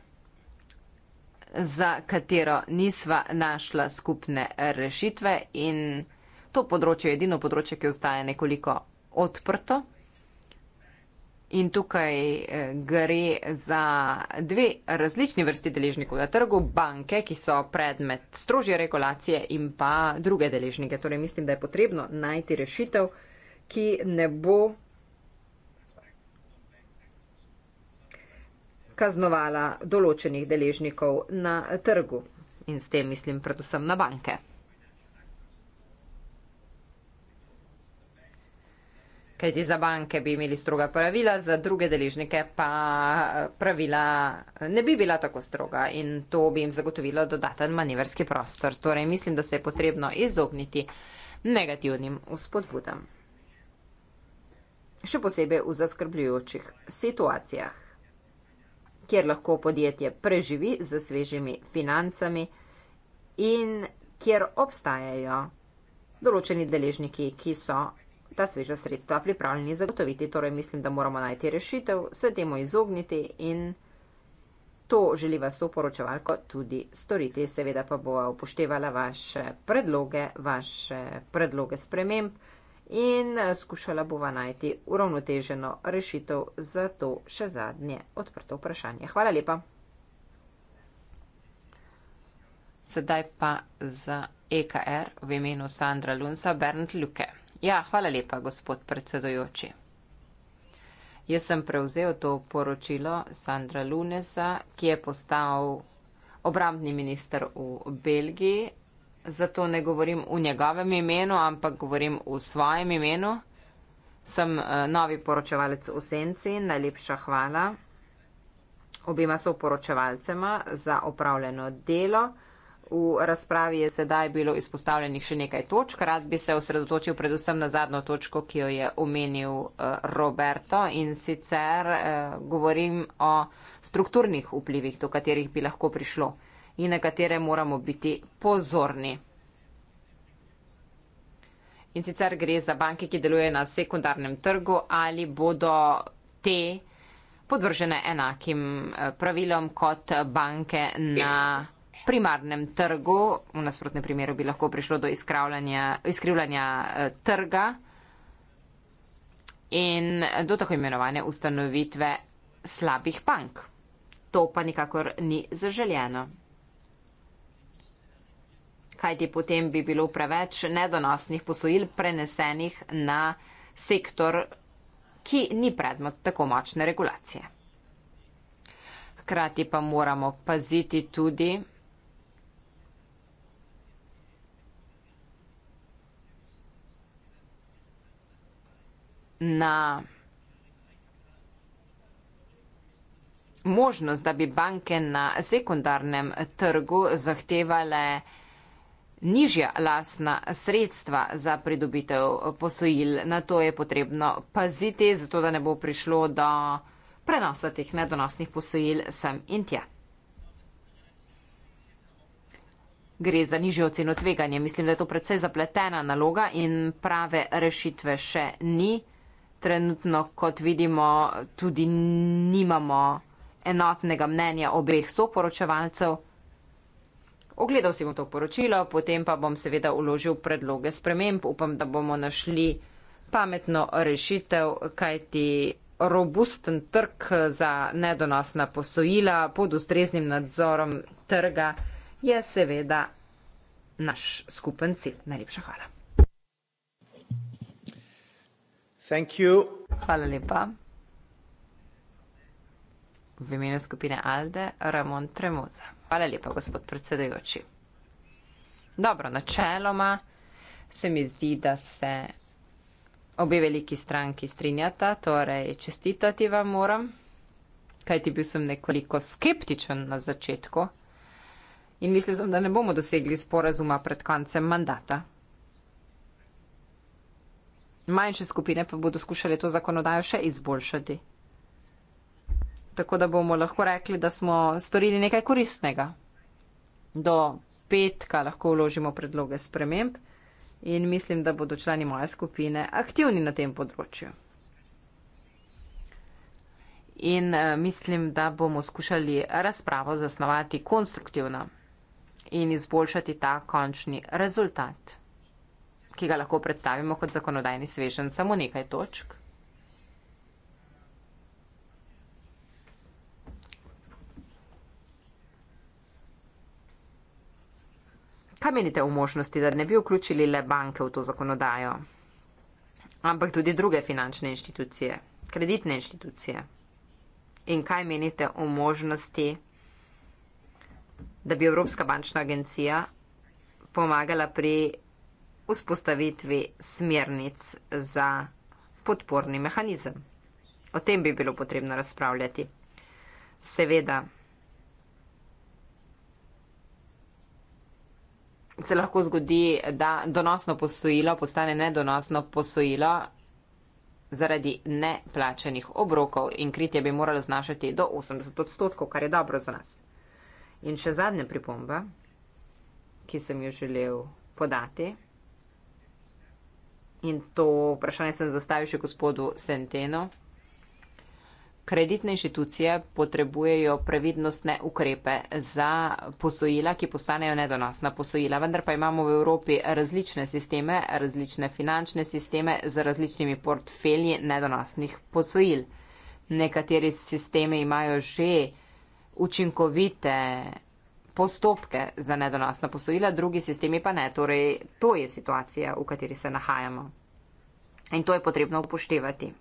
za katero nisva našla skupne rešitve in to področje je edino področje, ki ostaje nekoliko odprto. In tukaj eh, gre za dve različni vrsti deležnikov na trgu, banke, ki so predmet strožje regulacije in pa druge deležnike. Torej mislim, da je potrebno najti rešitev, ki ne bo kaznovala določenih deležnikov na trgu in s tem mislim predvsem na banke. Kajti za banke bi imeli stroga pravila, za druge deležnike pa eh, pravila ne bi bila tako stroga in to bi jim zagotovilo dodaten manevrski prostor. Torej mislim, da se je potrebno izogniti negativnim vzpodbudam. Še posebej v zaskrbljujočih situacijah kjer lahko podjetje preživi z svežimi financami in kjer obstajajo določeni deležniki, ki so ta sveža sredstva pripravljeni zagotoviti. Torej, mislim, da moramo najti rešitev, se temu izogniti in to želiva soporočevalko tudi storiti. Seveda pa bo upoštevala vaše predloge, vaše predloge sprememb in eh, skušala bova najti uravnoteženo rešitev za to še zadnje odprto vprašanje. Hvala lepa. Sedaj pa za EKR v imenu Sandra Lunsa Bernd Luke. Ja, hvala lepa, gospod predsedojoči. Jaz sem prevzel to poročilo Sandra Lunesa, ki je postal obrambni minister v Belgiji zato ne govorim v njegovem imenu, ampak govorim v svojem imenu. Sem uh, novi poročevalec v Senci, najlepša hvala obima soporočevalcema za opravljeno delo. V razpravi je sedaj bilo izpostavljenih še nekaj točk. Rad bi se osredotočil predvsem na zadnjo točko, ki jo je omenil eh, Roberto in sicer eh, govorim o strukturnih vplivih, do katerih bi lahko prišlo. Eh, in na katere moramo biti pozorni. In sicer gre za banke, ki delujejo na sekundarnem trgu, ali bodo te podvržene enakim eh, pravilom kot banke na primarnem trgu. V nasprotnem primeru bi lahko prišlo do izkrivljanja eh, trga in do tako imenovane ustanovitve slabih bank. To pa nikakor ni zaželjeno kajti potem bi bilo preveč nedonosnih posojil prenesenih na sektor, ki ni predmet tako močne regulacije. Hkrati pa moramo paziti tudi, na možnost, da bi banke na sekundarnem trgu zahtevale nižja lasna sredstva za pridobitev posojil. Na to je potrebno paziti, zato da ne bo prišlo do prenosa teh nedonosnih posojil sem in tja. Gre za nižjo oceno tveganja. Mislim, da je to predvsej zapletena naloga in prave rešitve še ni. Trenutno, kot vidimo, tudi nimamo enotnega mnenja obeh soporočevalcev. Ogledal si bom to poročilo, potem pa bom seveda uložil predloge sprememb. Upam, da bomo našli pametno rešitev, kajti robusten trg za nedonosna posojila pod ustreznim nadzorom trga je seveda naš skupen cilj. Najlepša hvala. Thank you. Hvala lepa. V imenu skupine Alde, Ramon Tremoza. Hvala lepa, gospod predsedajoči. Dobro, načeloma se mi zdi, da se obe veliki stranki strinjata, torej čestitati vam moram, kajti bil sem nekoliko skeptičen na začetku in mislil sem, da ne bomo dosegli sporazuma pred koncem mandata. Manjše skupine pa bodo skušali to zakonodajo še izboljšati tako da bomo lahko rekli, da smo storili nekaj koristnega. Do petka lahko vložimo predloge sprememb in mislim, da bodo člani moje skupine aktivni na tem področju. In eh, mislim, da bomo skušali razpravo zasnovati konstruktivno in izboljšati ta končni rezultat, ki ga lahko predstavimo kot zakonodajni svežen samo nekaj točk. Kaj menite o možnosti, da ne bi vključili le banke v to zakonodajo, ampak tudi druge finančne inštitucije, kreditne inštitucije? In kaj menite o možnosti, da bi Evropska bančna agencija pomagala pri vzpostavitvi smernic za podporni mehanizem? O tem bi bilo potrebno razpravljati. Seveda. se lahko zgodi, da donosno posojilo postane nedonosno posojilo zaradi neplačenih obrokov in kritje bi moralo znašati do 80 odstotkov, kar je dobro za nas. In še zadnja pripomba, ki sem jo želel podati, in to vprašanje sem zastavil še gospodu Senteno kreditne inštitucije potrebujejo previdnostne ukrepe za posojila, ki postanejo nedonosna posojila. Vendar pa imamo v Evropi različne sisteme, različne finančne sisteme z različnimi portfelji nedonosnih posojil. Nekateri sistemi imajo že učinkovite postopke za nedonosna posojila, drugi sistemi pa ne. Torej, to je situacija, v kateri se nahajamo. In to je potrebno upoštevati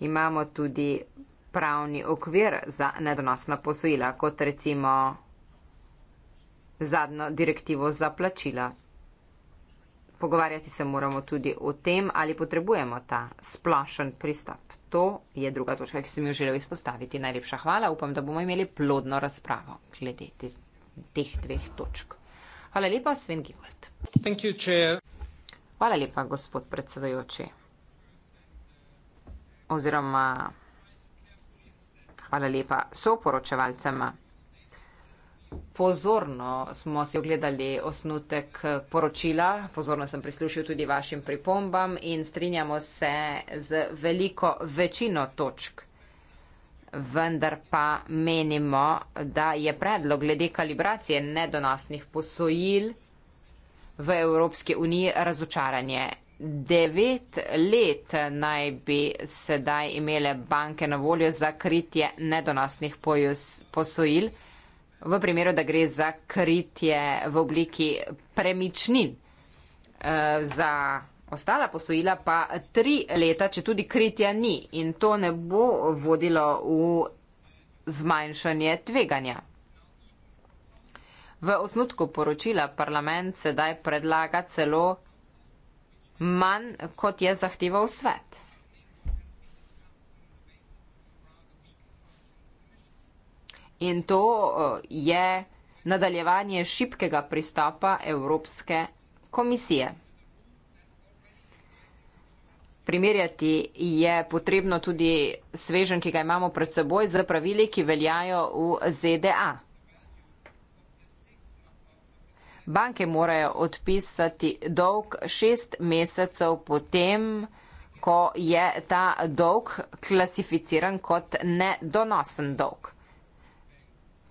imamo tudi pravni okvir za nedonosna posojila, kot recimo zadnjo direktivo za plačila. Pogovarjati se moramo tudi o tem, ali potrebujemo ta splošen pristop. To je druga točka, ki sem jo želel izpostaviti. Najlepša hvala, upam, da bomo imeli plodno razpravo glede teh dveh točk. Hvala lepa, Sven Gigold. Hvala lepa, gospod predsedojoči oziroma hvala lepa soporočevalcema. Pozorno smo si ogledali osnutek poročila, pozorno sem prislušil tudi vašim pripombam in strinjamo se z veliko večino točk. Vendar pa menimo, da je predlog glede kalibracije nedonosnih posojil v Evropski uniji razočaranje. Devet let naj bi sedaj imele banke na voljo za kritje nedonosnih posojil, v primeru, da gre za kritje v obliki premičnin. Eh, za ostala posojila pa tri leta, če tudi kritja ni in to ne bo vodilo v zmanjšanje tveganja. V osnutku poročila parlament sedaj predlaga celo manj, kot je zahteval svet. In to eh, je nadaljevanje šipkega pristopa Evropske komisije. Primerjati je potrebno tudi svežen, ki ga imamo pred seboj, z pravili, ki veljajo v ZDA. Banke morajo odpisati dolg šest mesecev potem, ko je ta dolg klasificiran kot nedonosen dolg.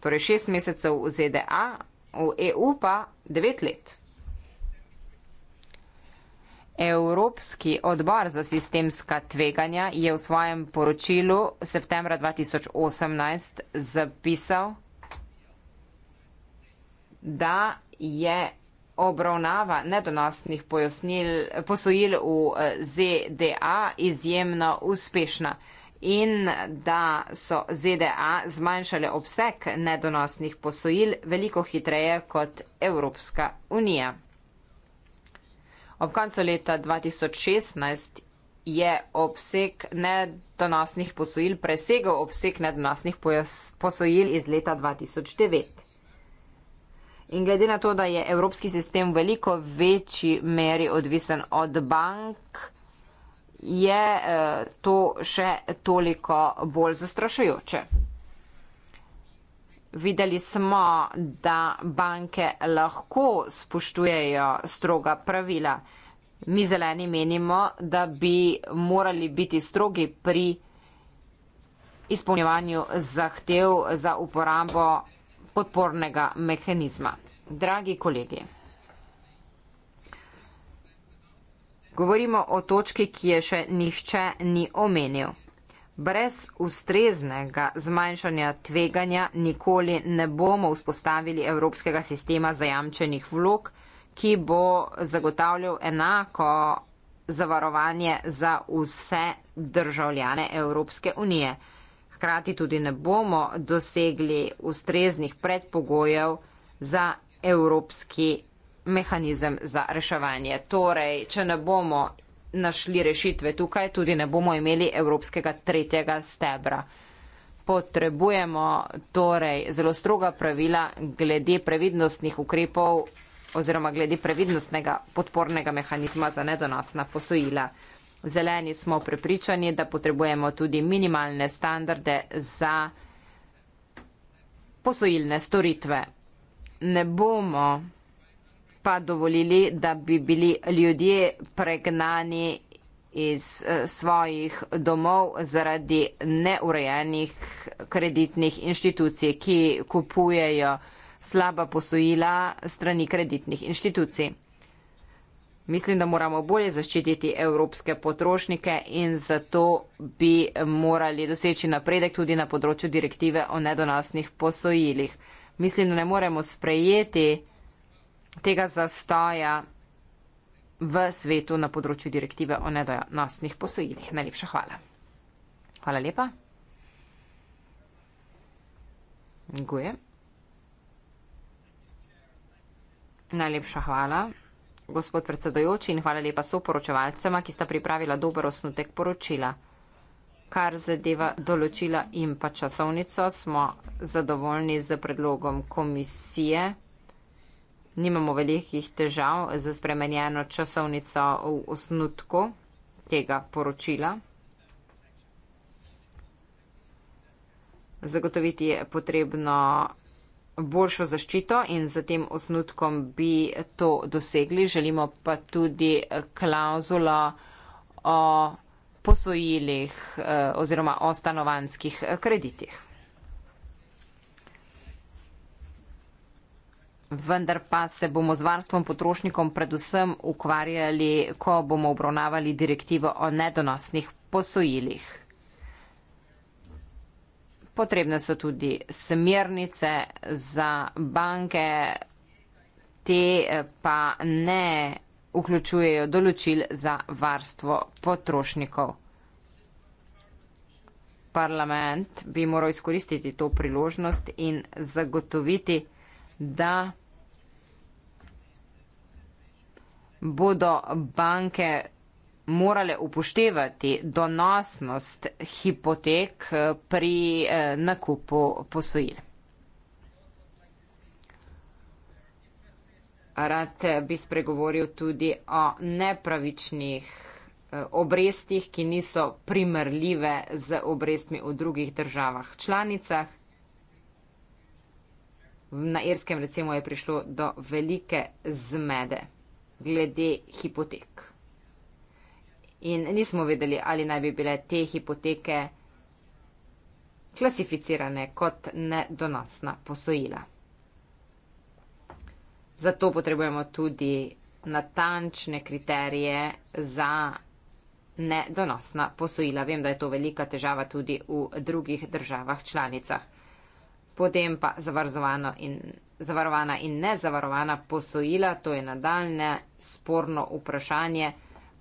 Torej šest mesecev v ZDA, v EU pa devet let. Evropski odbor za sistemska tveganja je v svojem poročilu septembra 2018 zapisal, da je obravnava nedonosnih posojil v eh, ZDA izjemno uspešna in da so ZDA zmanjšale obseg nedonosnih posojil veliko hitreje kot Evropska unija. Ob koncu leta 2016 je obseg nedonosnih posojil presegal obseg nedonosnih posojil iz leta 2009. In glede na to, da je evropski sistem v veliko večji meri odvisen od bank, je eh, to še toliko bolj zastrašujoče. Videli smo, da banke lahko spoštujejo stroga pravila. Mi zeleni menimo, da bi morali biti strogi pri izpolnjevanju zahtev za uporabo podpornega mehanizma. Dragi kolegi, govorimo o točki, ki je še nihče ni omenil. Brez ustreznega zmanjšanja tveganja nikoli ne bomo vzpostavili evropskega sistema zajamčenih vlog, ki bo zagotavljal enako zavarovanje za vse državljane Evropske unije hkrati tudi ne bomo dosegli ustreznih predpogojev za evropski mehanizem za reševanje. Torej, če ne bomo našli rešitve tukaj, tudi ne bomo imeli evropskega tretjega stebra. Potrebujemo torej zelo stroga pravila glede previdnostnih ukrepov oziroma glede previdnostnega podpornega mehanizma za nedonosna posojila. V zeleni smo prepričani, da potrebujemo tudi minimalne standarde za posojilne storitve. Ne bomo pa dovolili, da bi bili ljudje pregnani iz eh, svojih domov zaradi neurejenih kreditnih inštitucij, ki kupujejo slaba posojila strani kreditnih inštitucij. Mislim, da moramo bolje zaščititi evropske potrošnike in zato bi morali doseči napredek tudi na področju direktive o nedonasnih posojilih. Mislim, da ne moremo sprejeti tega zastoja v svetu na področju direktive o nedonasnih posojilih. Najlepša hvala. Hvala lepa. Guje. Najlepša hvala gospod predsedojoči in hvala lepa soporočevalcema, ki sta pripravila dober osnutek poročila. Kar zadeva določila in pa časovnico, smo zadovoljni z predlogom komisije. Nimamo velikih težav z spremenjeno časovnico v osnutku tega poročila. Zagotoviti je potrebno boljšo zaščito in z tem osnutkom bi to dosegli. Želimo pa tudi klauzulo o posojilih eh, oziroma o stanovanskih kreditih. Vendar pa se bomo z varstvom potrošnikom predvsem ukvarjali, ko bomo obravnavali direktivo o nedonosnih posojilih potrebne so tudi smernice za banke, te pa ne vključujejo določil za varstvo potrošnikov. Parlament bi moral izkoristiti to priložnost in zagotoviti, da bodo banke vključili morale upoštevati donosnost hipotek eh, pri eh, nakupu posojil. Rad eh, bi spregovoril tudi o nepravičnih obrestih, ki niso primerljive z obrestmi v drugih državah članicah. Na Irskem recimo je prišlo do velike zmede glede hipotek in nismo vedeli, ali naj bi bile te hipoteke klasificirane kot nedonosna posojila. Zato potrebujemo tudi natančne kriterije za nedonosna posojila. Vem, da je to velika težava tudi v drugih državah članicah. Potem pa zavarzovano in. Zavarovana in nezavarovana posojila, to je nadaljne sporno vprašanje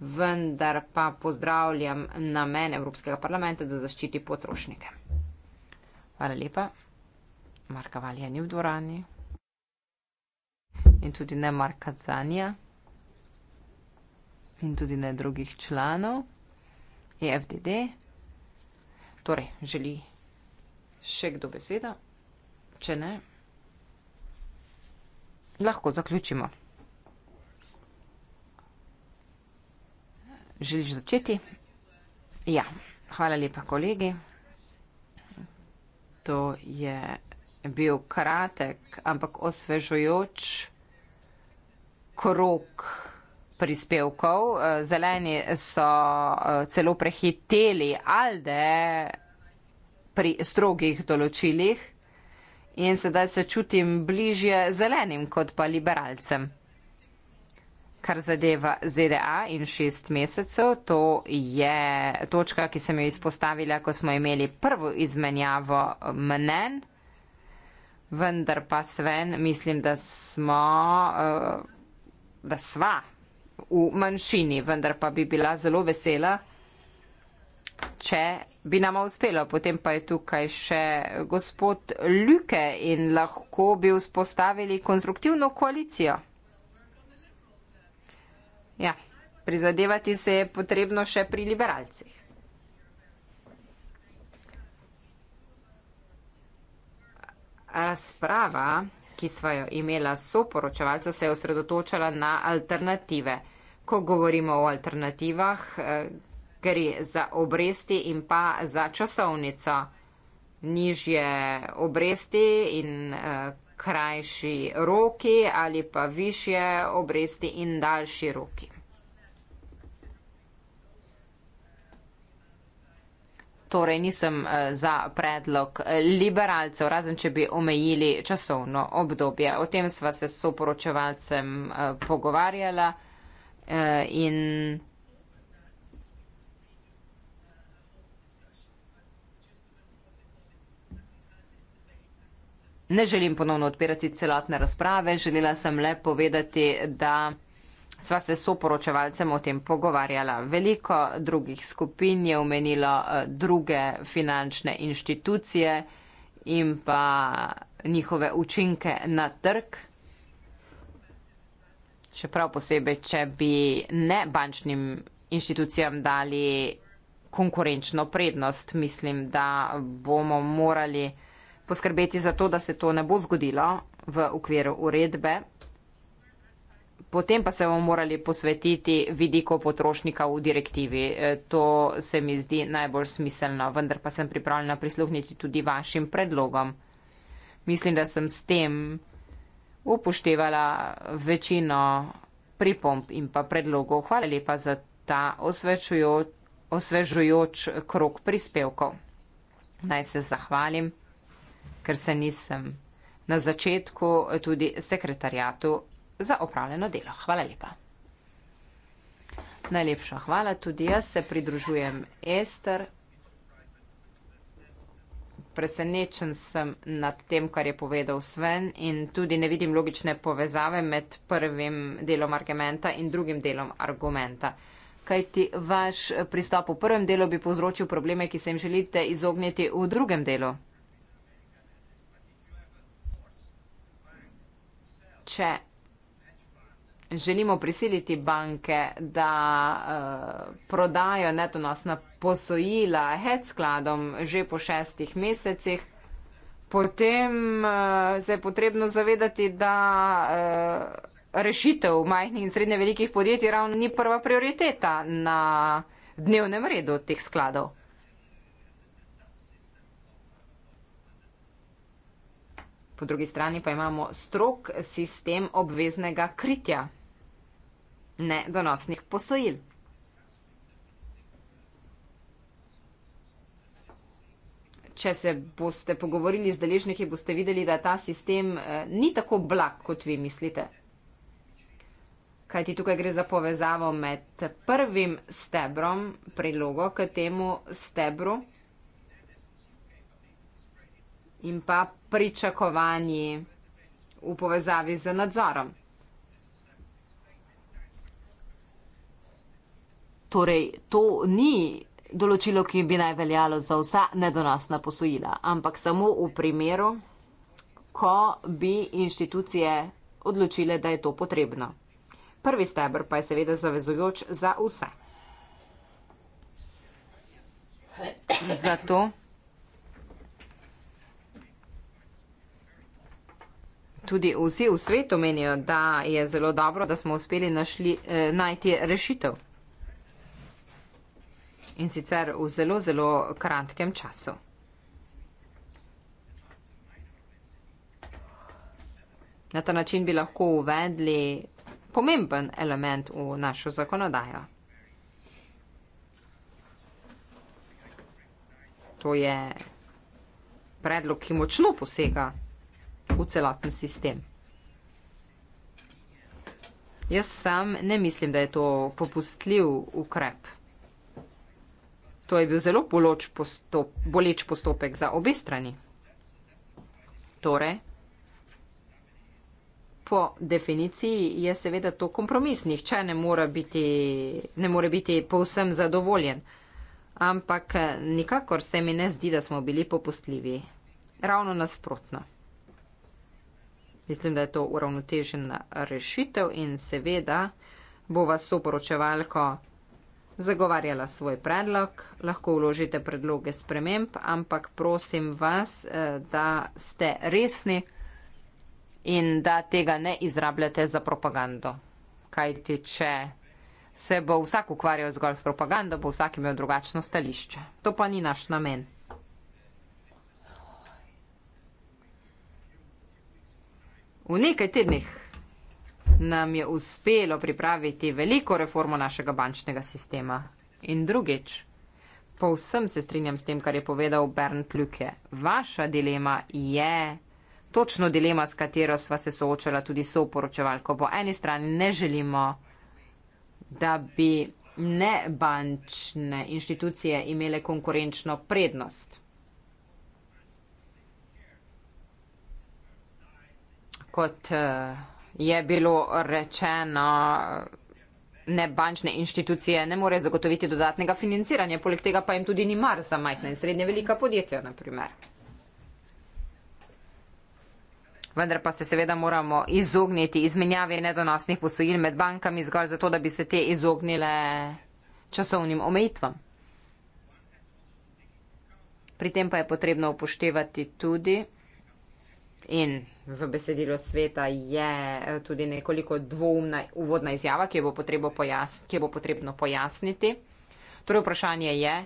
vendar pa pozdravljam namen Evropskega parlamenta, da zaščiti potrošnike. Hvala lepa. Marka Valja ni v dvorani in tudi ne Marka Zanja in tudi ne drugih članov EFDD. Torej, želi še kdo beseda? Če ne, lahko zaključimo. Želiš začeti? Ja, hvala lepa, kolegi. To je bil kratek, ampak osvežujoč krok prispevkov. Zeleni so eh, celo prehiteli Alde pri strogih določilih in sedaj se čutim bližje zelenim kot pa liberalcem. Kar zadeva ZDA in šest mesecev, to je točka, ki sem jo izpostavila, ko smo imeli prvo izmenjavo mnen, vendar pa sven, mislim, da smo, eh, da sva v manjšini, vendar pa bi bila zelo vesela, če bi nama uspelo. Potem pa je tukaj še gospod Ljuke in lahko bi vzpostavili konstruktivno koalicijo. Ja, prizadevati se je potrebno še pri liberalcih. Razprava, ki sva jo imela soporočevalca, se je osredotočala na alternative. Ko govorimo o alternativah, eh, gre za obresti in pa za časovnico. Nižje obresti in eh, krajši roki ali pa višje obresti in daljši roki. Torej nisem eh, za predlog liberalcev, razen če bi omejili časovno obdobje. O tem sva se s soporočevalcem eh, pogovarjala eh, in. Ne želim ponovno odpirati celotne razprave, želela sem le povedati, da sva se soporočevalcem o tem pogovarjala. Veliko drugih skupin je omenilo eh, druge finančne inštitucije in pa njihove učinke na trg. Še prav posebej, če bi ne bančnim inštitucijam dali konkurenčno prednost, mislim, da bomo morali poskrbeti za to, da se to ne bo zgodilo v okviru uredbe. Potem pa se bomo morali posvetiti vidiko potrošnika v direktivi. E, to se mi zdi najbolj smiselno, vendar pa sem pripravljena prisluhniti tudi vašim predlogom. Mislim, da sem s tem upoštevala večino pripomp in pa predlogov. Hvala lepa za ta osvežujoč, osvežujoč krok prispevkov. Naj se zahvalim ker se nisem na začetku tudi sekretarjatu za opravljeno delo. Hvala lepa. Najlepša hvala, tudi jaz se pridružujem Ester. Presenečen sem nad tem, kar je povedal Sven in tudi ne vidim logične povezave med prvim delom argumenta in drugim delom argumenta. Kaj ti vaš pristop v prvem delu bi povzročil probleme, ki se jim želite izogniti v drugem delu? če želimo prisiliti banke, da eh, prodajo netonosna posojila head skladom že po šestih mesecih, potem eh, se je potrebno zavedati, da eh, rešitev majhnih in srednje velikih podjetij ravno ni prva prioriteta na dnevnem redu teh skladov. Po drugi strani pa imamo strok sistem obveznega kritja nedonosnih posojil. Če se boste pogovorili z deležniki, boste videli, da ta sistem eh, ni tako blag, kot vi mislite. Kajti tukaj gre za povezavo med prvim stebrom, prilogo k temu stebru in pa pričakovanji v povezavi z nadzorom. Torej, to ni določilo, ki bi naj veljalo za vsa nedonosna posojila, ampak samo v primeru, ko bi inštitucije odločile, da je to potrebno. Prvi stebr pa je seveda zavezujoč za vse. Zato. tudi vsi v svetu menijo, da je zelo dobro, da smo uspeli našli, eh, najti rešitev. In sicer v zelo, zelo kratkem času. Na ta način bi lahko uvedli pomemben element v našo zakonodajo. To je predlog, ki močno posega v celoten sistem. Jaz sam ne mislim, da je to popustljiv ukrep. To je bil zelo boloč postop, boleč postopek za obe strani. Torej, po definiciji je seveda to kompromis. Nihče ne more biti, ne more biti povsem zadovoljen. Ampak eh, nikakor se mi ne zdi, da smo bili popustljivi. Ravno nasprotno. Mislim, da je to uravnotežena rešitev in seveda bo vas soporočevalko zagovarjala svoj predlog. Lahko vložite predloge sprememb, ampak prosim vas, eh, da ste resni in da tega ne izrabljate za propagando. Kaj ti, če se bo vsak ukvarjal zgolj s propagando, bo vsak imel drugačno stališče. To pa ni naš namen. V nekaj tednih nam je uspelo pripraviti veliko reformo našega bančnega sistema. In drugič, povsem se strinjam s tem, kar je povedal Bernd Luke. Vaša dilema je točno dilema, s katero sva se soočala tudi so poročevalko. Po eni strani ne želimo, da bi ne bančne inštitucije imele konkurenčno prednost. kot eh, je bilo rečeno, ne bančne inštitucije ne more zagotoviti dodatnega financiranja, poleg tega pa jim tudi ni mar za majhna in srednje velika podjetja, naprimer. Vendar pa se seveda moramo izogniti izmenjavi nedonosnih posojil med bankami zgolj zato, da bi se te izognile časovnim omejitvam. Pri tem pa je potrebno upoštevati tudi, in v besedilu sveta je eh, tudi nekoliko dvoumna uvodna izjava, ki jo bo, pojasn, ki jo bo potrebno pojasniti. Torej vprašanje je,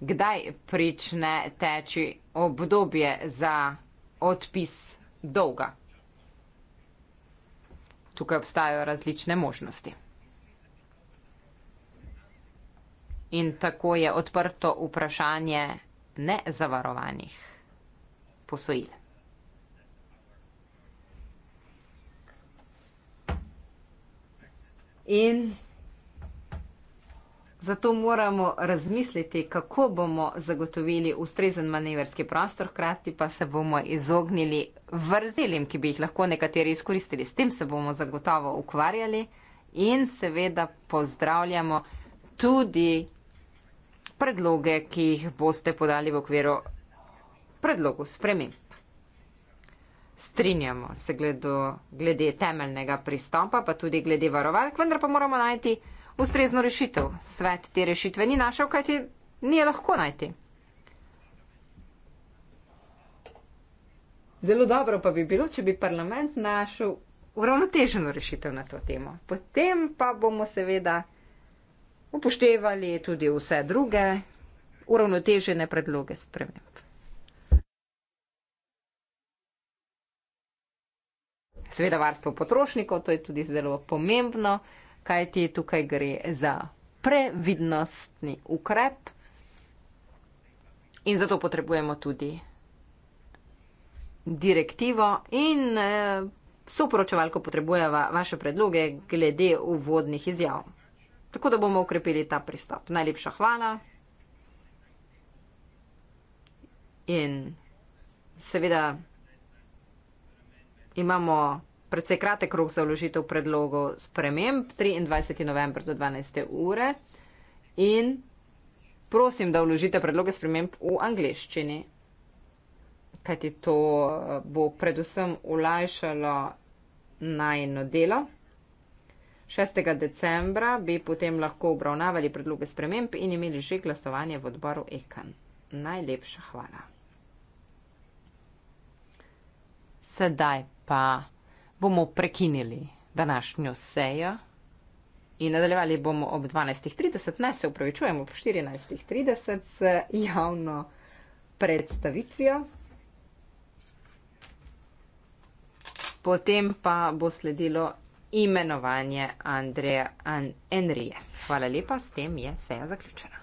kdaj prične teči obdobje za odpis dolga. Tukaj obstajajo različne možnosti. In tako je odprto vprašanje nezavarovanih posojil. In zato moramo razmisliti, kako bomo zagotovili ustrezen manevrski prostor, hkrati pa se bomo izognili vrzelim, ki bi jih lahko nekateri izkoristili. S tem se bomo zagotovo ukvarjali in seveda pozdravljamo tudi predloge, ki jih boste podali v okviru predlogu sprememb. Strinjamo se glede, glede temeljnega pristopa, pa tudi glede varovalk, vendar pa moramo najti ustrezno rešitev. Svet te rešitve ni našel, kajti ni je lahko najti. Zelo dobro pa bi bilo, če bi parlament našel uravnoteženo rešitev na to temo. Potem pa bomo seveda upoštevali tudi vse druge uravnotežene predloge sprememb. Seveda varstvo potrošnikov, to je tudi zelo pomembno, kaj ti tukaj gre za previdnostni ukrep in zato potrebujemo tudi direktivo in eh, soporočevalko potrebujeva vaše predloge glede uvodnih izjav tako da bomo ukrepili ta pristop. Najlepša hvala in seveda imamo predvsej kratek rok za vložitev predlogov sprememb 23. novembra do 12. ure in prosim, da vložite predloge sprememb v angliščini, kajti to bo predvsem ulajšalo najno delo. 6. decembra bi potem lahko obravnavali predloge sprememb in imeli že glasovanje v odboru EKAN. Najlepša hvala. Sedaj pa bomo prekinili današnjo sejo in nadaljevali bomo ob 12.30, ne se upravičujemo, ob 14.30 s javno predstavitvijo. Potem pa bo sledilo imenovanje Andreja Enrije. Hvala lepa, s tem je seja zaključena.